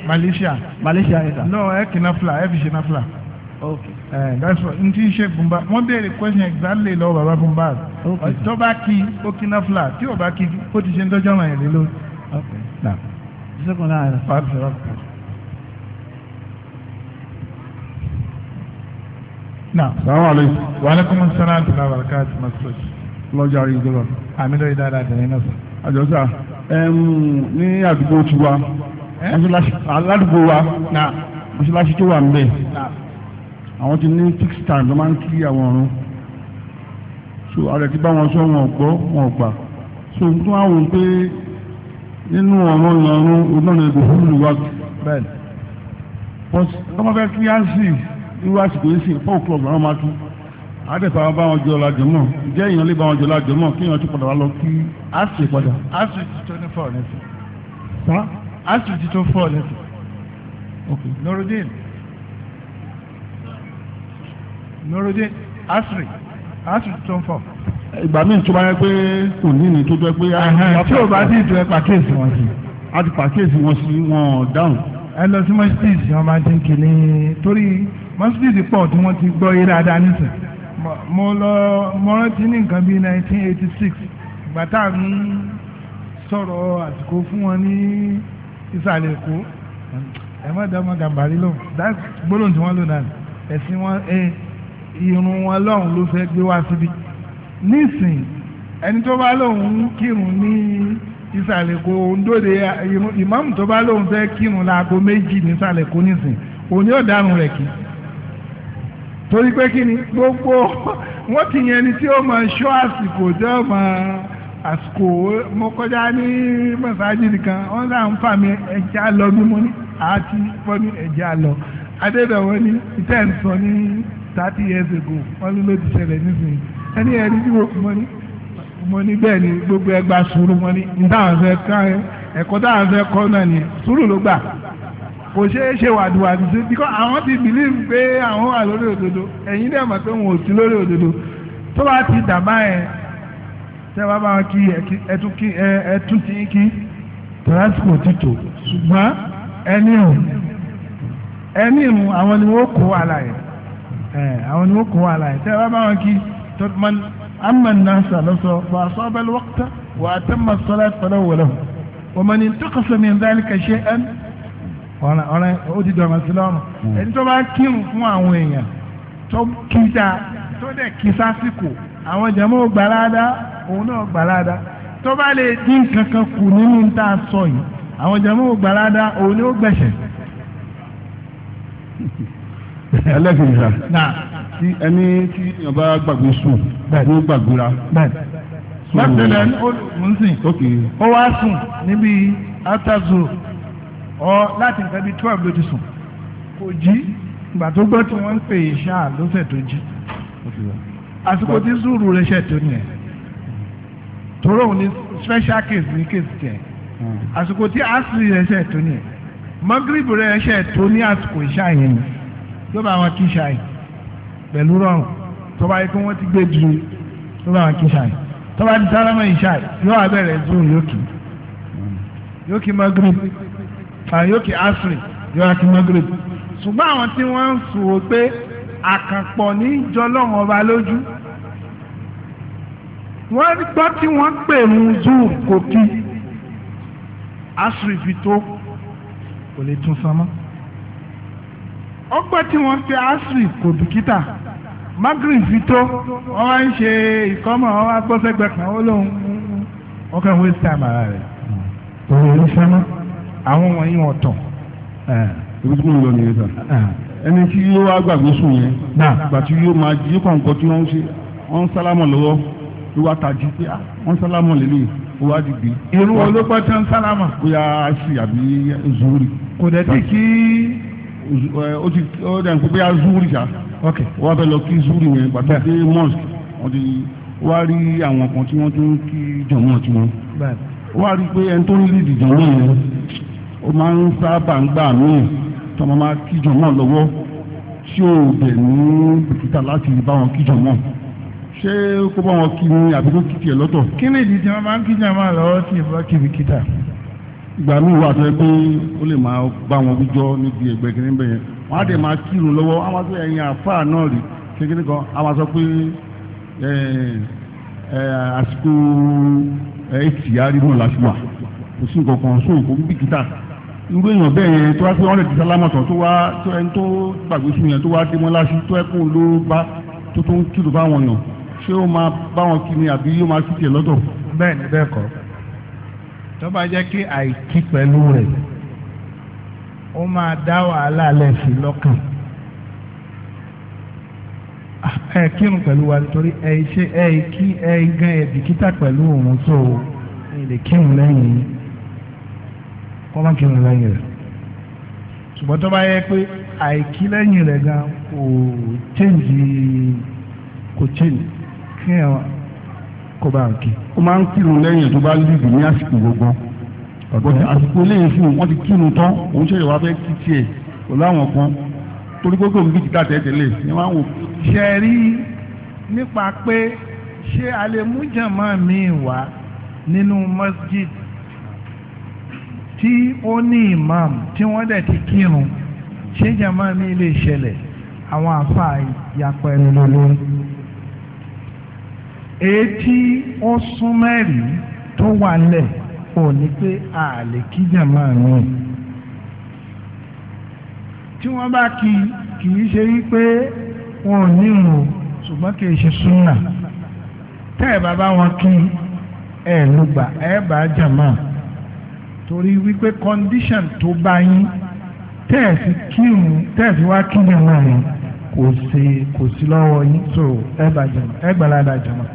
Malaysia Malaysia ẹ̀ka. no ẹ kì í náà fila ẹ fi ṣe náà fila. okay ẹ that's why n ti ṣe bùnbà wọ́n béèrè question exactly lọ́wọ́ bàbá bùnbà tó bá kí ó kí náà fila tí ò bá kí ó ti ṣe ń tọ́jú àwọn ẹ̀rẹ́ lórí. okay now. ṣé kò náà rẹ̀. náà sàwọn àlè. wàhálẹ́kùn sẹ́nà àti làbàràkà àti masoj. lọ́jọ́ àrí ìjọba. àmì lóye dáadáa dẹ̀yìn náà sọ. àjọsà ní àdúgbò tiwa aládùúgbò wa mọ́ṣáláṣí tó wà níbẹ̀ àwọn ti ní six times wọ́n máa ń kí àwọn ọ̀run so ààrẹ ti bá wọn sọ wọn gbọ́ wọn gbà so n tún àwọn pé nínú ọ̀rọ̀ ìrọ̀rùn onáà ìgbòho lùwà bẹ́ẹ̀ but wọ́n fẹ́ kí á sì irú àsìkò yìí sì four o'clock làwọn máa tú àdẹ̀fà bá wọn jọ lajọ mọ̀ jẹ́ èèyàn lè bá jọ lajọ mọ̀ kí èèyàn tún padà wá lọ kí á padà. á ti tó ní four lẹ́sìn. sá á ti tó four lẹ́sìn. ok norudin norudin asiri asiri tó ń fọ. ìgbà míì tó bá yẹ pé kò ní ní tó jẹ pé. tí o bá sì jọ pàkíyèsí wọn sí. a ti pàkíyèsí wọn sí wọn dáhùn. ẹ lọ sí mọ́sítìsì wọn máa dín kìíní mọ́sídìdì pọ̀ tí wọ́n ti gbọ́ yé dáadáa nísìn mo lọ mo rántí ní nǹkan bíi nineteen eighty six ìgbà tá à ń sọ̀rọ̀ àsìkò fún wọn ní ìsàlẹ̀ èkó ẹ má dá ọmọ gàmbàrí lọ gbólóhùn tí wọ́n lò náà ẹ̀sìn wọn irun wọn lọ́hùn ló fẹ́ gbé wá síbi nísìn ẹni tó bá lóun kírun ní ìsàlẹ̀ èkó ndóde ìmáàmù tó bá lóun fẹ́ kírun láago méjì ní ìsàlẹ̀ èkó nísìn òun yóò dárun rẹ̀ kí torí pé kí ni gbogbo wọ́n ti yẹn ni tí ó máa ṣọ́ àsìkò tí ó máa àsìkò mo kọjá ní mọ̀sáájì nìkan wọ́n sá ń fà mí ẹ̀jẹ̀ àlọ́ bí mo ní àti wọ́n ní ẹ̀jẹ̀ àlọ́ adédọ̀wọ́ ní ìtẹ́ ń sọ ní thirty years ago wọ́n ló ló ti ṣẹlẹ̀ nísìnyí ẹni ẹni tí mo ní mo ní bẹ́ẹ̀ ni gbogbo ẹgbàá sùúrù mo ní ní táwọn fẹ́ ẹ̀kọ́ táwọn fẹ́ kọ́ náà ni sùúrù ló gbà kò ṣeé ṣe wàdùwàdù sí bíkọ́ àwọn ti bìlíìfù pé àwọn wà lórí òdodo ẹ̀yin dẹ̀ mọ̀ pé wọn ò sí lórí òdodo tó bá ti dàbá ẹ̀ tẹ́ bá bá wọn kí ẹtún kí ẹtún ti kí tọ́lásìkò títò ṣùgbọ́n ẹni ìrùn ẹni ìrùn àwọn ni wọ́n kó wàhálà yẹn àwọn ni wọ́n kó wàhálà yẹn tẹ́ bá bá wọn kí tọ́tùmọ́n amman nasa lọ́sọ̀ wà sọ́bẹ̀ lọ́kítà wà á tẹ́ ọ̀ràn ọ̀ràn ó ti dọ̀rọ̀ sí lọ́rùn hmm. ẹni tó bá kírun fún àwọn èèyàn tó kí dáa tó dẹ̀ kí sásìkò àwọn jẹ̀mọ́ gbàládá òun náà gbàládá tó bá lè dín kankan kù nínú tá a sọ yìí àwọn jẹ̀mọ́ gbàládá òun ni ó gbẹ̀ṣẹ̀. [LAUGHS] ẹlẹ́sìn ìgbà tí ẹni tí èèyàn bá gbàgbé sùn ló gbàgbéra. bẹ́ẹ̀ ó lò ó ó wá sùn níbi after ọ láti nǹkan bíi twelve ló ti sùn kò jí ìgbà tó gbọ́ tí wọ́n ń pè é ṣáà ló fẹ̀ tó jí àsìkò tí zuru rẹ̀ ṣẹ̀ tó nìyẹn tóró òun ní special case ní case tiẹ̀ àsìkò tí asiri rẹ̀ ṣẹ̀ tó nìyẹn mọ́gírìbù rẹ̀ ṣẹ̀ tó ní àsìkò ìṣá yẹn ni tó bá wọn kí ṣáà yìí pẹ̀lú rọrùn tó bá yẹ kí wọ́n ti gbé ju tó bá wọn kí ṣáà yìí tó bá ti sálámà ìṣá yìí yóò wá zuru yóò kì mọ́gírìbù fàyókè asiri yọ̀ọ́kì magreth ṣùgbọ́n àwọn tí wọ́n ń sùn ó pé àkànpọ̀ ní jọlọ́wọ́n ọba lójú wọ́n gbọ́ tí wọ́n pè ń zúù kò kí asiri fi tó kò lè tún sanmọ́ ọgbọ́n tí wọ́n pè asiri kò bìkítà magreth fi tó wọ́n wá ń ṣe ìkọ́mọ̀ wọ́n wá gbọ́ sẹ́gbẹ̀ẹ́ kan ó lóun ọkàn waste time ara rẹ̀ kò lè rí sanmọ́ àwọn wọ̀nyí wọ́n tọ̀. ibi tí mo lọ nìyẹn sà ẹni tí yóò wá gbàgbé sùn yẹn gbàtí yóò máa jí yóò kàn kọ́ tí wọ́n ń ṣe wọ́n ń sálámọ̀ lọ́wọ́ ló wá pé ah, wọ́n ń sálámọ̀ lélẹ̀ ó dìgbì. irú olóko tán sálámọ̀. bóyá aṣì àbí zuri. kò dẹ̀ tí kí. ó ti ó dẹ̀ ń pẹ́ bóyá zuri sa. ok wọ́n fẹ́ lọ kí zuri yẹn gbàtí dé mosque wọ́n ti wá rí àwọn kan tí wọ́n tún kí jọ̀mọ́ tiwọn. wọ́n á rí pé ẹni tó ń lè dìjọ́ náà ó máa ń sábà ń gbà míì tọmọ máa kíjọ náà lọ́wọ́ tí ò dẹ̀ ní bìkítà láti bá wọn kíjọ náà ṣé kó bá wọn kí ni àbí kó kí tiẹ̀ lọ́tọ̀. kí ni ìdí tí wọ́n máa ń kíjọ máa lọ́wọ́ tí ìbá kí bìkítà. ìgbà míì wà tó yẹ pé ó lè máa bá wọn wíjọ níbi ẹgbẹ́ kìíní bẹ̀yẹn wọ́n á dẹ̀ máa kírun lọ́wọ́ á máa sọ ẹ̀yìn àfáà náà rí kékeré kan á máa sọ pé àsìkò ẹ̀ẹ́tì àríwọ̀ làṣùwà kò sí nǹkan kan sóòkò bìkítà irú èèyàn bẹ́ẹ̀ yẹn tó wá pé wọ́n lè ti sálámọ̀tọ̀ tó wá tó ẹni tó gbàgbé sí yẹn tó wá dé mọ́láṣí tó ẹkùn ló bá tó tó ń kìlọ̀ báwọn yàn ṣé ó máa báwọn kí ni àbí yóò máa kí tiẹ̀ lọ́tọ̀. bẹ́ẹ̀ ni bẹ́ẹ̀ kọ́ tó bá jẹ́ kí àìkí pẹ̀lú rẹ̀ ó máa dá wàhálà lẹ̀ sí lọ́kàn ẹ kírun pẹ̀lú wa nítorí ẹ ṣe ẹ kí ẹ gan ẹ bìkítà pẹ̀lú òun tó ilé kírun lẹ́yìn yìí kọ́ má kí n lẹ́yìn rẹ̀ ṣùgbọ́n tó bá yẹ pé àìkí lẹ́yìn rẹ̀ gan kò chẹ́ǹjì kò chẹ́ǹjì kí ẹ̀ kó bá kí. ó máa ń kírun lẹ́yìn tó bá lùdì ní àsìkò gbogbo ọ̀gbọ́n àsìkò lẹ́yìn fún wọn ti kírun tán òun ṣẹ̀yẹ̀ wá fẹ́ kí tiẹ̀ kò láwọn kan torí gbogbo òun bíi káàtẹ́ tẹ́lẹ̀ ni wọ́n á wò. ṣe rí nípa pé ṣé a lè mú jàmá mi wá nínú masjid tí ó ní imam tí wọ́n dẹ̀ ti kírun ṣé jama mi lè ṣẹlẹ̀ àwọn àfa ìyapẹ̀rẹ̀ lórí. etí ó súnmẹ́rì tó wà lẹ̀ ò ní pé a kí jama mi. tí wọ́n bá kí kì í ṣe wípé wọn ò ní ìrùn ṣùgbọ́n kì í ṣe súnà tẹ́ ẹ̀ bá bá wọn kí ẹ̀ ló ẹ̀ bá jama torí wípé condition tó bá yín tẹ́ẹ̀sì kírun tẹ́ẹ̀sì wá kírun náà yẹn kò sí kò sí lọ́wọ́ yín so ẹ bá jẹun ẹ gbàládà jẹun.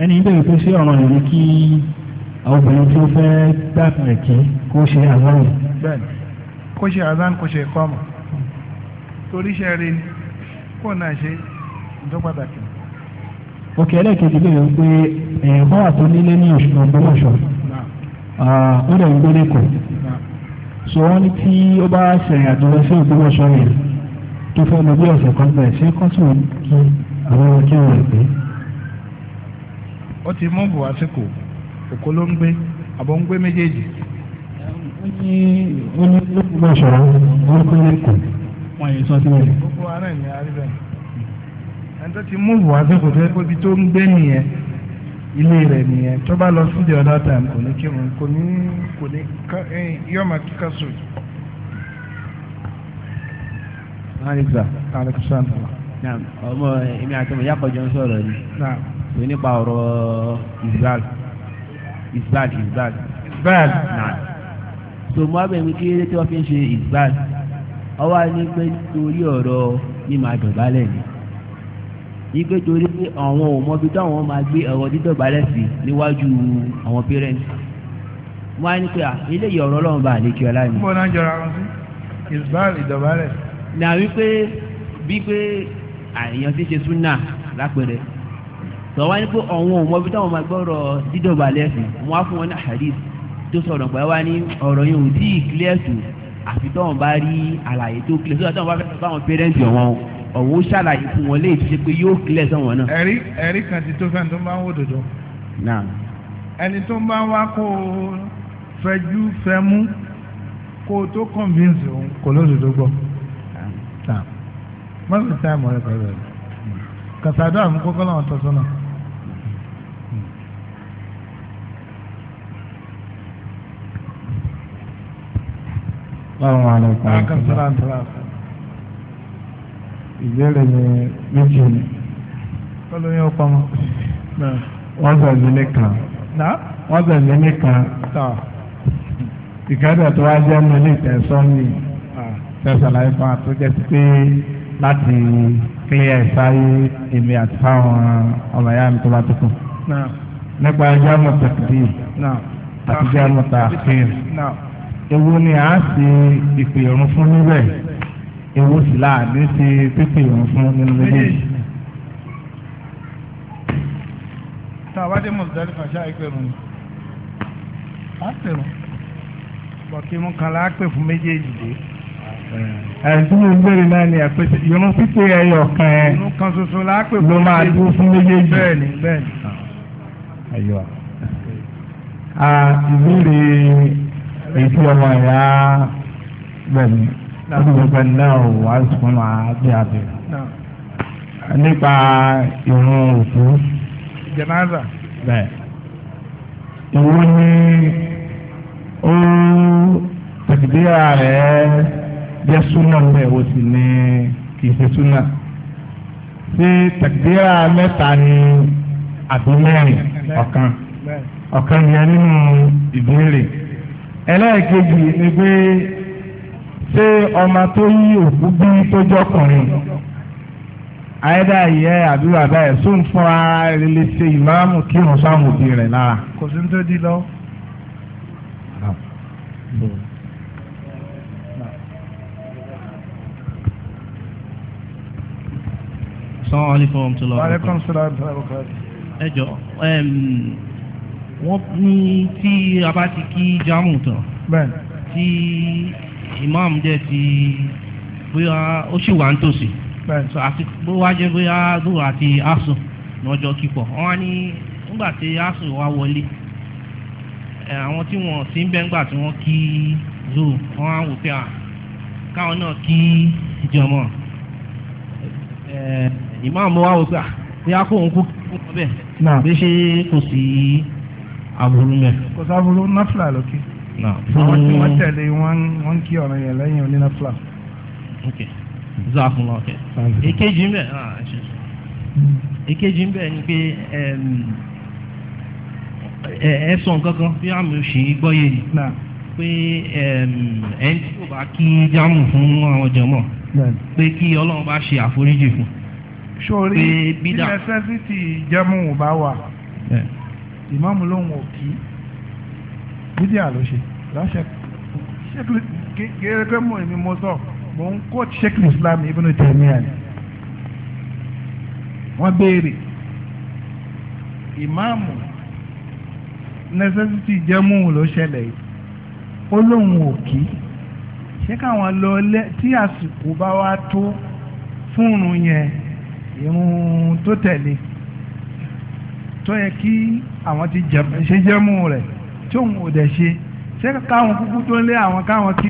ẹni ilé ìpín sí ọ̀rọ̀ ìlú kí obìnrin tó fẹ́ gbàgbẹ́ kí kó ṣe àwọn ọ̀rọ̀ kó ṣe azan kó ṣe ìkọ́mọ̀ toríṣẹ́ rẹ ni kó náà ṣe ìjọ pàtàkì. òkè ẹlẹ́kejì lè yọ pé ẹ̀ẹ́kọ́ àtọ́ nílé ní oṣù ọ̀gbọ́mọ̀ṣọ́ ah, ó dẹ̀ ń gbé lẹ́kọ̀ọ́ so wọ́n ní tí ó bá ṣẹ̀yìn àjọ lọ sí ọ̀gbọ́mọ̀ṣọ́ yẹn tó fẹ́ lọ bí ọ̀sẹ̀ kan bẹ̀ ṣé kọ́sùn kí àwọn ọmọ kí rẹ̀ pé. ó ti mú bùwá sí kò méjèèjì wọ́n ní lókùnbọ̀ ṣọ̀rọ̀ wọ́n kọ́ ní kò wọ́n yìí sọ sí wọn. gbogbo ara ẹ̀ ní aríbẹ̀ ẹni tó ti mú ìwà sókò tó yẹ ibi tó ń gbé nìyẹn ilé rẹ̀ nìyẹn tó bá lọ sí the other time kò ní kírun kò ní kò ní yọ máa kíkà sùn. alexa alexa ọmọ èmi àti ọmọ yàtọ̀ jọ ń sọ̀rọ̀ ni tó nípa ọ̀rọ̀ isbal isbal isbal. isbal so muhammed wí kéré tí wọ́n fi ń ṣe ìgbàd ọwọ́ ni pé torí ọ̀rọ̀ ní máa dọ̀bálẹ̀ ni yípe torí pé àwọn ò mọ ibi táwọn máa gbé ọ̀rọ̀ dídọ̀bálẹ̀ sí níwájú àwọn parents mo á ní pé ah, eléyìí ọ̀rọ̀ ọlọ́run bá àlékí ọlá ni. mo náà jọra wọn sí ìgbàd ìdọ̀bálẹ̀. nà wípé bí pé àyàn ti ṣe súnà lápẹẹrẹ sọ wá ní pé àwọn ò mọ ibi táwọn máa gbọ́rọ̀ tó sọ̀rọ̀ pẹ́ wá ní ọ̀rọ̀ yẹn ò tí ì clear tó àfi tọ́wọ́n bá rí àlàyé tó clear tó tọ́wọ́n bá fẹ́ sọ fáwọn parents wọn ọ̀wọ́ ṣàlàyé fún wọn léyìí tó ṣe pé yóò clear sọ̀wọ́n náà. ẹ̀rí ẹ̀rí kan ti tó fẹ́ni tó bá ń wò dòdò. ẹni tó bá wá kó fẹjú fẹ mú kó tó convince òun kò lóṣòṣò gbọ́. mọ́tò táìmù rẹ̀ pẹ̀lú ẹ̀ kàtàdọ́ àmúkọ́kọ́ làwọn tọ́sọ́nà. Báwo wà lọ́kọ̀? Bákan sọ́ra ń tọ́ra fún. Ìbéèrè mi méjì ni. Kọ́lọ́ yẹn ó pamọ́. Wọ́n sọ ìdílé kan. Wọ́n sọ ìdílé kan. Ìkádà tó wá jẹ́ mi ní ìtẹ̀sán ni. Tẹ̀sán láì fún àtúnjẹ́ sí pé láti kílíà ìsáyé èmi àti fáwọn ọmọ ìyá mi tó bá tó kù. Nípa ẹjọ́ mọ̀tàkìdì àti ẹjọ́ mọ̀tàkìdì èwo ni à ń ṣe ìpè ìrun fún níbẹ̀ èwo sì láàbí ṣe pípè ìrun fún nínú méjèèjì. tá a bá dé Muzdalifa ṣáà ìpè ìrun ni á pè ìrun bọ̀ kí mú kan láà pè fún méjèèjì dé. ẹ̀sùn mi gbére náà ni àpèsè ìrun pípè ẹyọ kan ẹ kan ṣoṣo láà pè fún méjèèjì ló máa dúró fún méjèèjì. bẹ́ẹ̀ ni bẹ́ẹ̀ ni. ìbéèrè èyí ọmọ ìyá bẹ̀rẹ̀ lọ́dún gbogbo ẹ̀dá ò wá sùn àbí àbí. nípa ìrun òkú. jẹnáza. bẹ́ẹ̀ ìwọ ni ó tẹ̀sídéyà rẹ̀ jẹ́ súnà bẹ́ẹ̀ o sì ní kì ṣe súnà. ṣé tẹ̀sídéyà mẹ́ta ni àbí mẹ́rin ọ̀kan ọ̀kan yẹn nínú ìbéèrè ẹlẹ́ẹ̀kejì ni pé ṣé ọmọ tó yí òkú bí tó jọkùnrin àyẹ́dá ìyẹ́ àbí bàbá ẹ̀ sóun fún ara rẹ̀ lè ṣe ìmáàmù kí wọ́n sáwọn òbí rẹ̀ lára. kò sí ní tó di lọ. sọ́wọ́n alẹ́ fún ọmọ tó lọ. wàhálà kọ́ńsọ̀lá ẹ̀ jọ wọ́n ní tí a bá ti kí jámù tán tí imam jẹ́ ti bóyá ó sì wà nítòsí àti bó wá jẹ́ bóyá gbòòrò àti asùn lọ́jọ́ kíkọ̀ wọ́n á ní nígbà tí asùn wá wọlé àwọn tí wọ́n sì ń bẹ́ ńgbà tí wọ́n kí zoo wọ́n á wò pé à káwọn náà kí jọmọ imam wá wò pé à bóyá kóun kú kí wọ́n bẹ̀ bí ṣe kò sí aburú mẹ́. kò sáburú náfìlà lókè. àwọn tí wọ́n tẹ̀lé wọ́n kí ọ̀ràn yẹn lẹ́yìn oní náfìlà. ok zaafun náà kẹ. èkejì mbẹ èkejì mbẹ ni pé ẹ sọ nǹkan kan bí àmì òsì gbọ́yé yìí pé ẹni tí kò bá kí jámù fún àwọn jọmọ pé kí ọlọ́run bá ṣe àforíjì fún. sori bí necessity jámù bá wà ìmáàmù lòun ò kí bídí àlóṣe láṣẹ gẹ́gẹ́ mọ̀ èmi mo sọ mò ń kó sheikh islam ibn Taymiyyah ni wọ́n béèrè ìmáàmù necessity jẹ́mú ló ṣẹlẹ̀ yìí ó lóun ò kí ṣé káwọn lọ lẹ tí àsìkò bá wá tó fún un yẹn irun tó tẹ̀lé tó yẹ kí àwọn ti ṣe jẹ́mú rẹ̀ tí òun ò dẹ̀ ṣe ṣé káwọn kúkú tó lé àwọn káwọn kí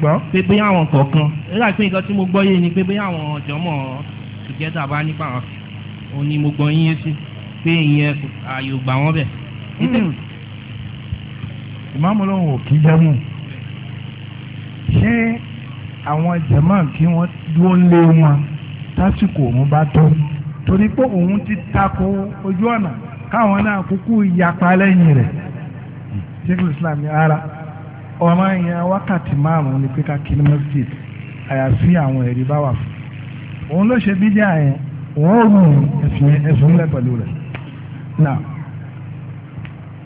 gbọ́. pé bóyá àwọn kọ̀ọ̀kan nígbà tí nǹkan tí mo gbọ́ yé ni pé bóyá àwọn jọmọ tùgẹ́tà bá nípa àwọn òun ni mo gbọ́ yín yé sí pé ìyẹn ààyò gbà wọ́n bẹ̀. Hmm. ìmáàmù lóhùn ò kí jẹ́mú ṣé àwọn jẹ̀mọ́ kí wọ́n dúró lé wọn tásìkò òun bá tó torí pé òun ti tako ojú ọ̀nà káwọn náà kúkú yapa lẹ́yìn rẹ̀ ṣé kí ló Islam ní ara. ọmọ yẹn wakati márùn ni pé ká masjid ayasi àwọn eri bá wà fún òun ló ṣe bídí àyẹn òun ò rùn ẹ̀sùn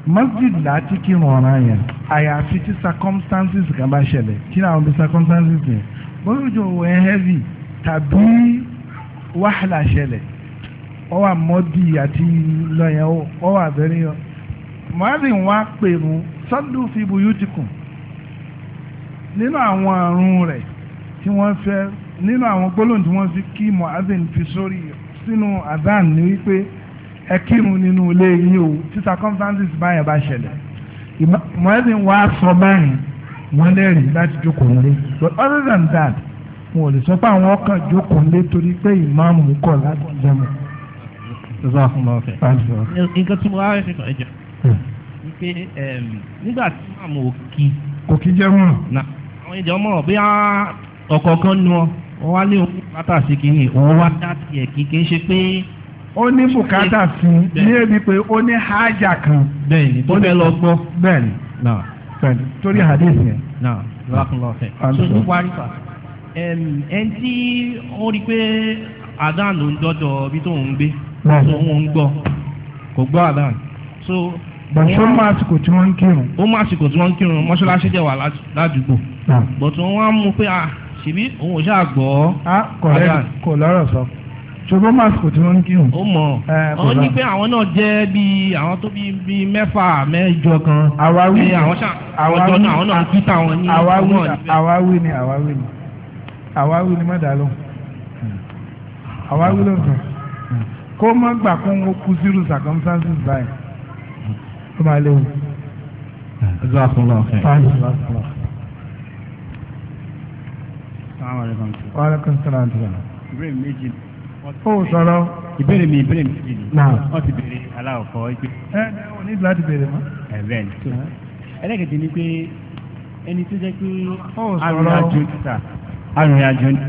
masjid láti kírun ọ̀ràn yẹn àyàfi tí circumstances kan bá ṣẹlẹ̀ kí ni àwọn bí circumstances yẹn bóyá ojú òwò ẹ̀ heavy tàbí wàhálà ṣẹlẹ̀ àti yọ fi nínú àwọn àrùn rẹ̀ tí wọ́n fẹ́ nínú àwọn gbólóhùn tí wọ́n fi kí muhammed fi sórí sínú azan ni wípé ẹ kírun nínú ilé yín o tí circumstances báyẹn bá ṣẹlẹ̀ muhammed wá sọ báyìí wọ́n lẹ́rìí láti jókòó nílé but other than that wọn ò lè sọ pé àwọn ọkàn jókòó nílé torí pé ìmáàmù kọ̀ láti jẹun nǹkan tí mo wá fẹ́ kàn ẹ jẹ́ hmm. wípé nígbà tí màmú òkì. òkì jẹ́ wọn. àwọn ìjọ mọ̀ bí ọ̀kọ̀ọ̀kan nu ọ wá ní òun bùkátà sí kìíní òun wá kí ṣe pé. ó ní bùkátà sí ní pé ó ní hájà kan. tó lọ gbọ́. bẹ́ẹ̀ni torí àdé lọ́kùn lọ́fẹ̀ẹ́. ẹn tí ó rí pé ló ń dọ́dọ̀ bí gbé. gbọ́ kò gbọ́ bọ̀tún ó máa àsìkò tí wọ́n ń kírun. ó máa àsìkò tí wọ́n ń kírun mọ́ṣáláṣí jẹ́ wà ládùúgbò. Ah. bọ̀tún wọn á mú pé à ṣèbí òun ò ṣáà gbọ́. a ah, kò lẹ́rọ̀ kò lọ́rọ̀ sọ ṣùgbọ́n máa sùkò tí wọ́n ń kírun. ó mọ̀ eh, ọ́ ní pé àwọn náà jẹ́ bíi àwọn tó bíi mẹ́fà mẹ́jọ kan. àwáwí eh, ni àwáwí ni àwọn náà kí táwọn ní. àwáwí ni àwáwí ni àwáwí ni má dàá àwáwí ló ń sọ hmm. kó má gbà kó ń kú sírù circumstances báyìí ó máa léwu. ẹjọ́ àfúnlọ ọ̀fẹ́. wàhálàkùn sọ̀rọ̀ àdúrà. ìbéèrè méjì. ó sọ̀rọ̀. ìbéèrè mi ìbéèrè méjì ni. wọ́n ti béèrè aláwọ̀kọ́ ẹgbẹ́. ẹ ẹ o ní láti béèrè mọ́. ẹ bẹ́ẹ̀ ni. ẹlẹ́gẹ̀dẹ̀ ni pé ẹni tó jẹ́ pé arìnrìnàjò níta arìnrìnàjò níta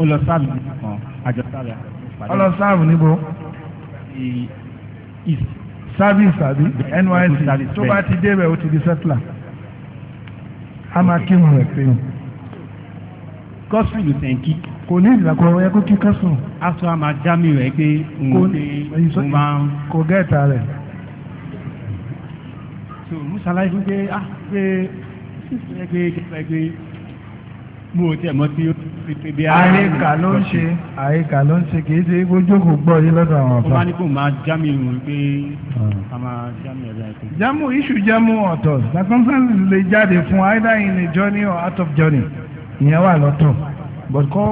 ó lọ sáàbù kan àjọ sáàbù. ó lọ sáàbù níbo service àbí NYSC tó bá ti débẹ̀ ó ti di settler a máa kí wọn rẹ̀ pé wọn. gospel tẹ̀ǹkì. kò ní ìdàkọ̀ ẹ kó kí kẹ́sùn. aṣọ a máa já mi rẹ̀ pé mo máa ń. kò gẹ́ẹ̀ta rẹ̀. so musa láì pé ah pé pé pé pé mo tiẹ̀ mọ́ tí ó ti pé bí a. àyíká ló ń ṣe àyíká ló ń ṣe kì í ṣe ojókòó gbọ́ yé lọ́dọ̀ àwọn ọ̀fà. ó bá ní kó máa jámì ìrùn pé ah. a máa jámì ẹ̀rọ ẹ̀kọ́. jámù iṣu jámù ọ̀tọ̀ circumstances lè jáde fún either in a journey or out of journey ìyẹn wà lọ́tọ̀ but kó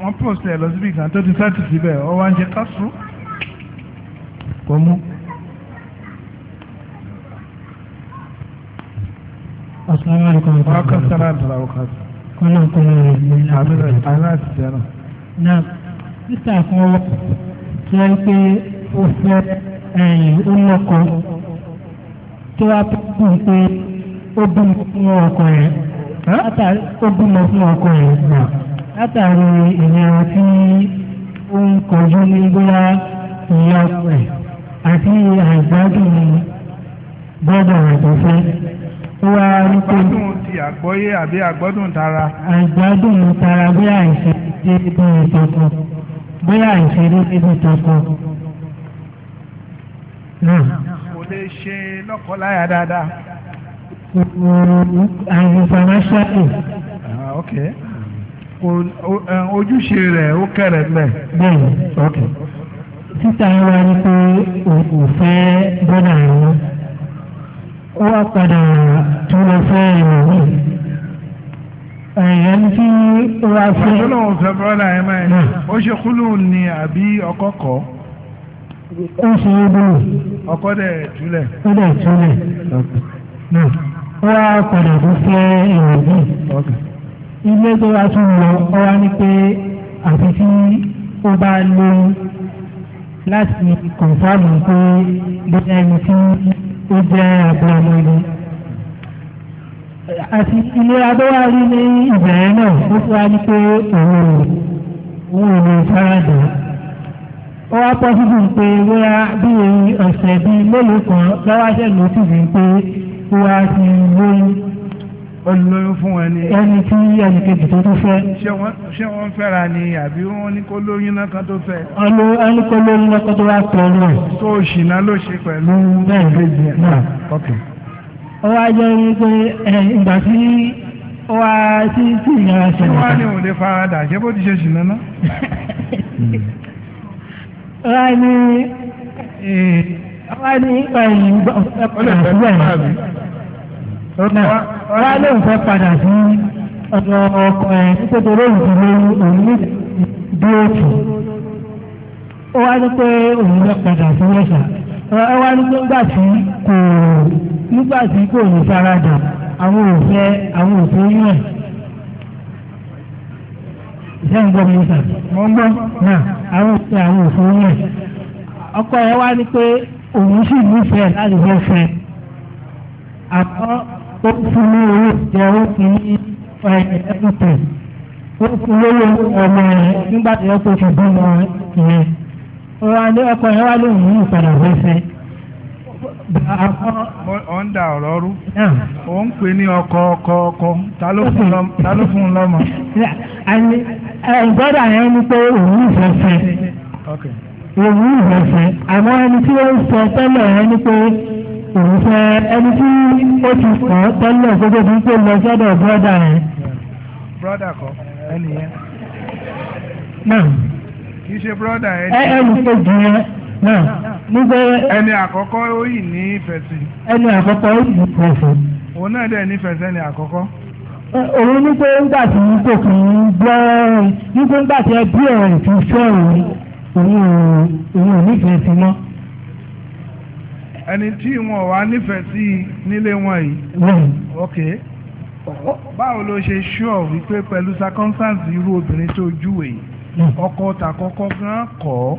wọ́n post ẹ̀ lọ síbi kan tó ti sáà ti síbẹ̀ ọ wá ń ṣe kásù kò mú. asalaamualeykum. wa rahmatulahi wa barakatuh kọ́lá nǹkan rẹ̀ ní àbúrò rẹ̀. náà títà fún ọ tí wọ́n pé ó fẹ́ ẹ̀yìn ó lọ́kọ tí wọ́n á tó pé ó bímọ fún ọkọ rẹ̀ ó bímọ fún ọkọ rẹ̀ gbà wá rí pé. àgbádùn ti àgbọ́yé àbí àgbọ́dùn tara. àgbádùn tara bí àìṣe débi ìtọ́kọ bí àìṣe débi ìtọ́kọ. kò lè ṣe lọ́kọ̀láyà dáadáa. àìsànmáṣáì. Ah, ojúṣe rẹ̀ ó kéré mẹ́. bẹ́ẹ̀ni ok. títa wa ni fẹ́ bọ́dà rẹ̀ ó wá padà tó lọ fẹ́ ìlú ẹ̀yẹn tí ó wá fẹ́. ọlọ́run fẹ́ bọ́lá ẹ̀ máa ẹ̀ ó ṣe kúlù ní àbí ọkọ kọ́. ó ṣe é bọ̀. ọkọ dẹ̀ túlẹ̀. ó dẹ̀ túlẹ̀. ó wá padà tó fẹ́ ìlú ilé tó wá tún lọ ọ wá ní pé àfi tí ó bá lóyún láti kọ̀ǹfàmù pé bóyá ẹni tí ó jẹ́ àpòlọmọ ilé àti ìlera tó wà rí ní ìbẹ̀rẹ̀ náà ó fún wa ní pé òun ò òun ò lè faradà ó wá pọ́ síbi pé wíwá bí ọ̀sẹ̀ bíi mélòó kan lọ́wọ́ àṣẹ lòókù sí pé wíwá ti lóyún olóyún fún wọn ni. ẹni tí ẹni kejì tó tó fẹ́. ṣé wọ́n fẹ́ra ni àbí wọ́n ní kó lóyún náà kan tó fẹ́. ọlọ ẹni kó lóyún náà kan tó wá pọ̀ náà. tó o ṣì náà ló ṣe pẹ̀lú bẹ́ẹ̀ kejì ẹ̀ náà. ó wá jẹ́ rí pé ìgbà tí ó wá sí sí ìyára ṣẹlẹ̀. wọ́n á ní òde faradà ṣé bó ti ṣe ṣì náà. ó wá ní ó wá ní ẹ̀yìn ọ̀pọ̀ àbúrò ẹ̀ ọ̀rá ló ń fẹ́ padà sí ọ̀dọ̀ ọkọ ẹ̀ nítorí ìdílé òun ní dúróòtù ó wá ní pé òun fẹ́ padà sí wẹ̀sà ó wá ní pé nígbà tí kò nígbà tí kò ní faradà àwọn òfẹ́ àwọn ọkọ ẹ̀ ní ó fún ní owó jẹ ó fún ní ẹkùtù fún ọmọ rẹ nígbà tí ó kóṣù bímọ yẹn ó wá ní ọkọ̀ yẹn wá lóhùn ìpadà ń ọ̀rọ̀ rú ó ń pè ní ọkọ ọkọ ta ló fún un lọ́mọ. ìgbọ́dọ̀ pé òun òun ẹni tí wọ́n ń sọ tẹ́lẹ̀ pé. ìrúfẹ́ ẹni tí ó ti kọ́ tẹ́lẹ̀ gbogbo bí tó lọ sọ́dọ̀ bọ́dà yẹn. bọ́dà kọ́ ẹni yẹn. náà. kì í ṣe bọ́dà ẹni. ẹ ẹni tó jù yẹn náà. nígbà. ẹni àkọ́kọ́ ó yìí ní ìfẹ́ sí. ẹni àkọ́kọ́ ó yìí ní ìfẹ́ sí. òun náà dẹ̀ nífẹ̀ẹ́ sẹ́ni àkọ́kọ́ òun ní pé ńgbà tí kò kì í gbọ́ ní pé ńgbà tí ẹbí ẹ̀ ti fẹ́ òun òun ò ẹni tí wọn wà nífẹ̀ẹ́ sí nílé wọn yìí ok báwo ló ṣe ṣúọ̀ wípé pẹ̀lú circumstance irú obìnrin tó júwe hmm. ọkọ tàkọ́kọ́ gan kọ́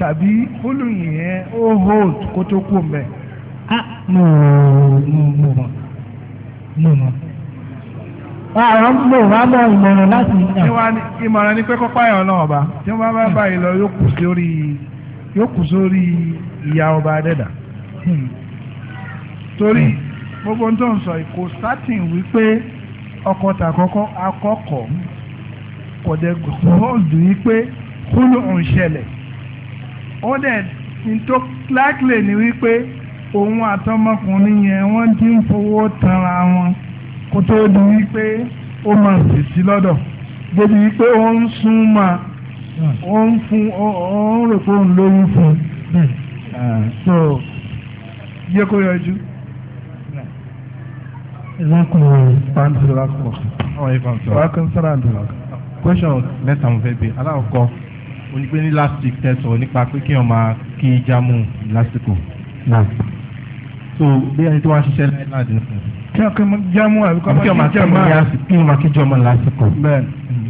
tàbí fúlùyìn yẹn ó hold kó tó kú mẹ́. mo mo mo mo mo àwọn gbò wá bọ̀ ìmọ̀ràn láti ìyàn. ìwà ìmọ̀ràn ni pé kọ́pá ẹ̀rọ náà ọba tí wọ́n bá bá hmm. báyìí lọ yóò kù sórí ìyá ọba adẹ́dà torí gbogbo tó ń sọ kò sátìn wípé ọkọ tàkọ́kọ́ akọ́kọ́ kò dẹ̀ gbọ́dọ̀ wípé kúlù ń ṣẹlẹ̀ ó dẹ̀ tó lákìlẹ̀ ni wípé òun àtọmọkùnrin yẹn wọ́n ti ń fowó tanra wọn kó tó di wípé ó máa fèsì lọ́dọ̀ débi wípé ó ń sún máa ó ń fún ó ń rò pé òun lóyún fún un hmm. so jẹ́ kó yọjú. question mẹ́ta mo fẹ́ bi aláwọ̀kọ́ onígbé ní last week tẹ̀sọ̀ nípa pé kí wọ́n máa kí jámù lásìkò. so bí ẹni tó wá ṣiṣẹ́ láìláàdì kí wọ́n máa kí jámù lásìkò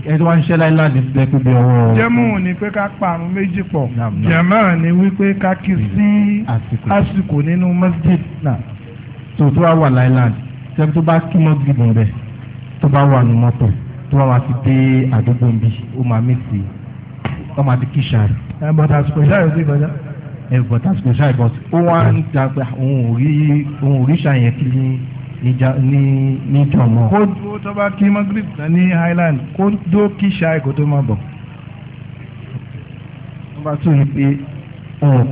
ẹni tó wá ń ṣe láìláà ní pé kó bí ọwọ́. jẹ́mú ni pé ká parun méjì pọ̀ jàmá ni wípé ká kí sí àsìkò nínú masjid. tó tó wá wà láìláà sẹ́ni tó bá kí masjid níbẹ̀ tó bá wà ní mọ́tò tó bá wà ti dé àdúgbò nbí ó máa mí sí ó máa ti kí sàrì. ẹ bọ̀dà àsìkò sáré sí ìgbàjá. ẹ bọ̀dà àsìkò sáré bọ̀dà ó wá ń dàgbà òun ò rí òun ò rí sàyẹn kí ní ní ní jọmọ. kó dúró tó bá kí magrib tán ní highland kó dúró kí ṣáà kó tó má bọ̀. wọ́n bá tún yí pé ọ̀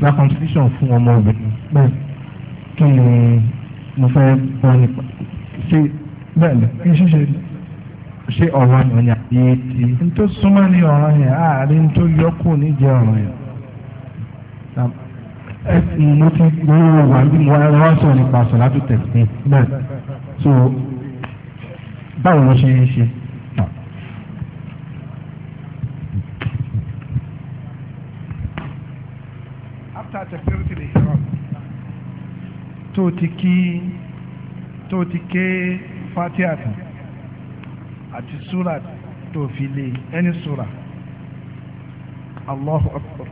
circumcision fún ọmọ obìnrin bẹ́ẹ̀ kí ni mo fẹ́ bọ́ nípa ṣé bẹ́ẹ̀ lẹ́ kí ṣíṣe ṣé ọ̀rọ̀ yẹn ni àbí ti. n tó súnmọ́ ní ọ̀rọ̀ yẹn àárín tó yọ kù níjẹ́ ọ̀rọ̀ yẹn mo ti mo wà ní mo ẹ wá sọ nípa sọ̀látù tẹ̀sí náà so báwo ló ṣe ń ṣe. tó ti tó ti ké fatia tán àti sura tó fi lé ẹni e. sura Allahu Akbar.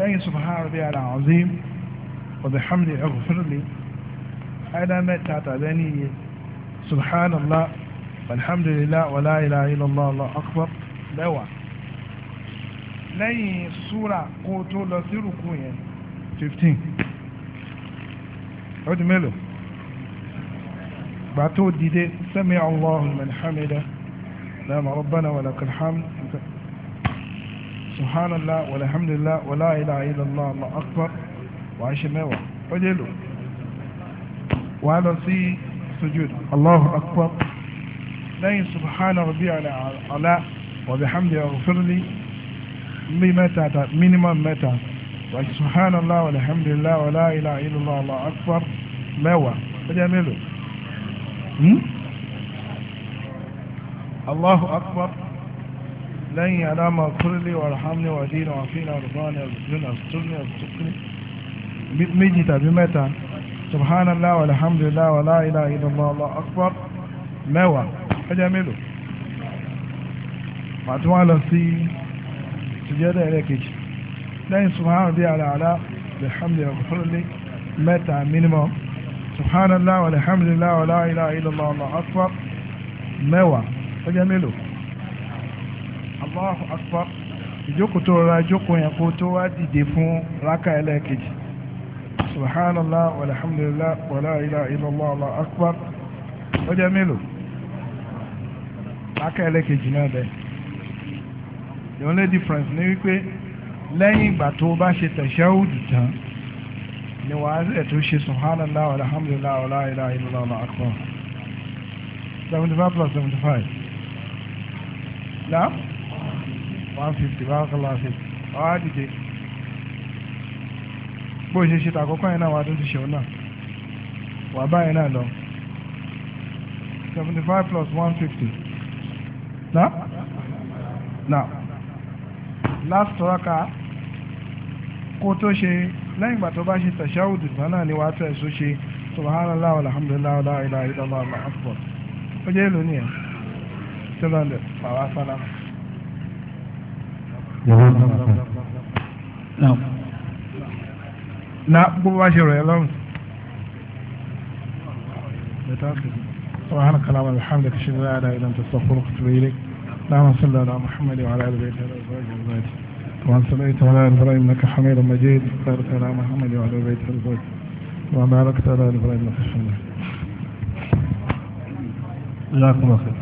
أي سبحان ربي العظيم وبحمد اغفر لي أنا متى تدني سبحان الله والحمد لله ولا إله إلا الله الله أكبر lẹ́wà lẹ́yìn súra kó tó lọ sí rùkú yẹn fifteen ó di mélòó gbà tó dìde sami Allahu liman hamida lama rabbana wa lakal hamd subhanallah walhamdulillah wala ilaha illallah allahu akbar wà á ṣe mẹ́wàá ó dé lò wà á lọ sí sujud allahu akbar lẹ́yìn subhana rabbiyal ala wa bihamdihi ighfirli bí mẹ́ta ta minimum mẹ́ta wà á subhana allah walhamdulillah wala ilaha illallah allahu akbar mẹ́wàá ó dé mélòó hmm? allahu akbar lẹ́yìn aláma kúrẹ́lẹ̀ wàhámlẹ̀ wàdínà wàfínà rùbáni àbùdún àtúnmí àtúnmí méjì tàbí mẹ́ta subhanallah walhamdulillah wàlá ilaha illallah wallahu akbar mẹ́wàá ọjọ́ mélòó màtún wà lọ sí sùjẹ́dẹ̀ ẹlẹ́kejì lẹ́yìn subhanallah bí àlàálá alhamdulillah kúrẹ́lẹ̀ mẹ́ta minimum subhanallah walhamdulillah wàlá ilaha illallah wallahu akbar mẹ́wàá ọjọ́ mélòó. Allahu Akbar ìjókòó tó rọra jókòó yẹn kó tó wá dìde fún rákà ẹlẹ́ẹ̀kejì subhanallah walhamdulillah wala ilaha illallah Allahu Akbar ó jẹ́ mélòó rákà ẹlẹ́ẹ̀kejì náà bẹ́ẹ̀ the only difference ni wípé lẹ́yìn ìgbà tó bá ṣe tẹ̀síáwùdù tán ni wàá rẹ̀ tó ṣe subhanallah walhamdulillah wala ilaha illallah Allahu Akbar seventy five plus seventy five one fifty bá kọ́ lọ́wọ́ fifty wọ́n á dìde bó ṣe ṣe tàkọ́kọ́ yẹn náà wà á tó ti ṣe òun náà wà á báyìí náà lọ seventy five plus one fifty na na last raka kó tó ṣe lẹ́yìn ìgbà tó bá ṣe tẹ̀síáwùdù tán náà ni wà á tẹ̀ ẹ̀sùn ṣe subhanallah alhamdulilah la ilaha illallah allahu akbar ó jẹ́ èlò nìyẹn seven hundred bàbá sálámù. جزاك الله خير نعم لا مباشرة يا لون سبحانك اللهم وبحمدك اشهد ان لا اله الا انت استغفرك واتوب اليك اللهم صل على محمد وعلى ال بيته وازواجه وذريته كما صليت على ابراهيم انك حميد مجيد بارك على محمد وعلى ال بيته وازواجه وباركت على ابراهيم انك حميد جزاكم الله خير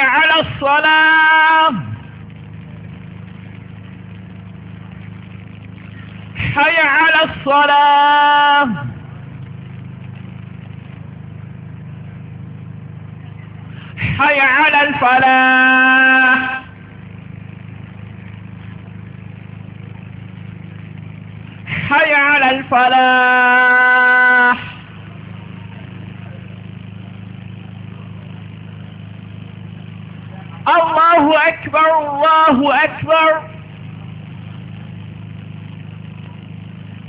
على الصلاة حي على الصلاة حي على الفلاح حي على الفلاح أكبر الله أكبر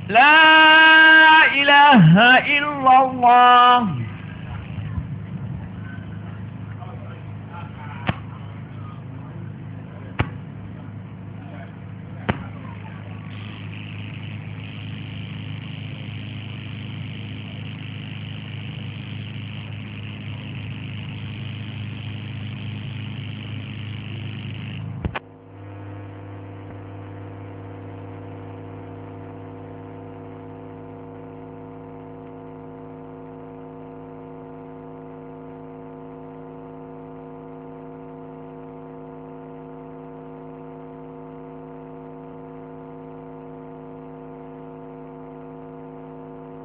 لا إله إلا الله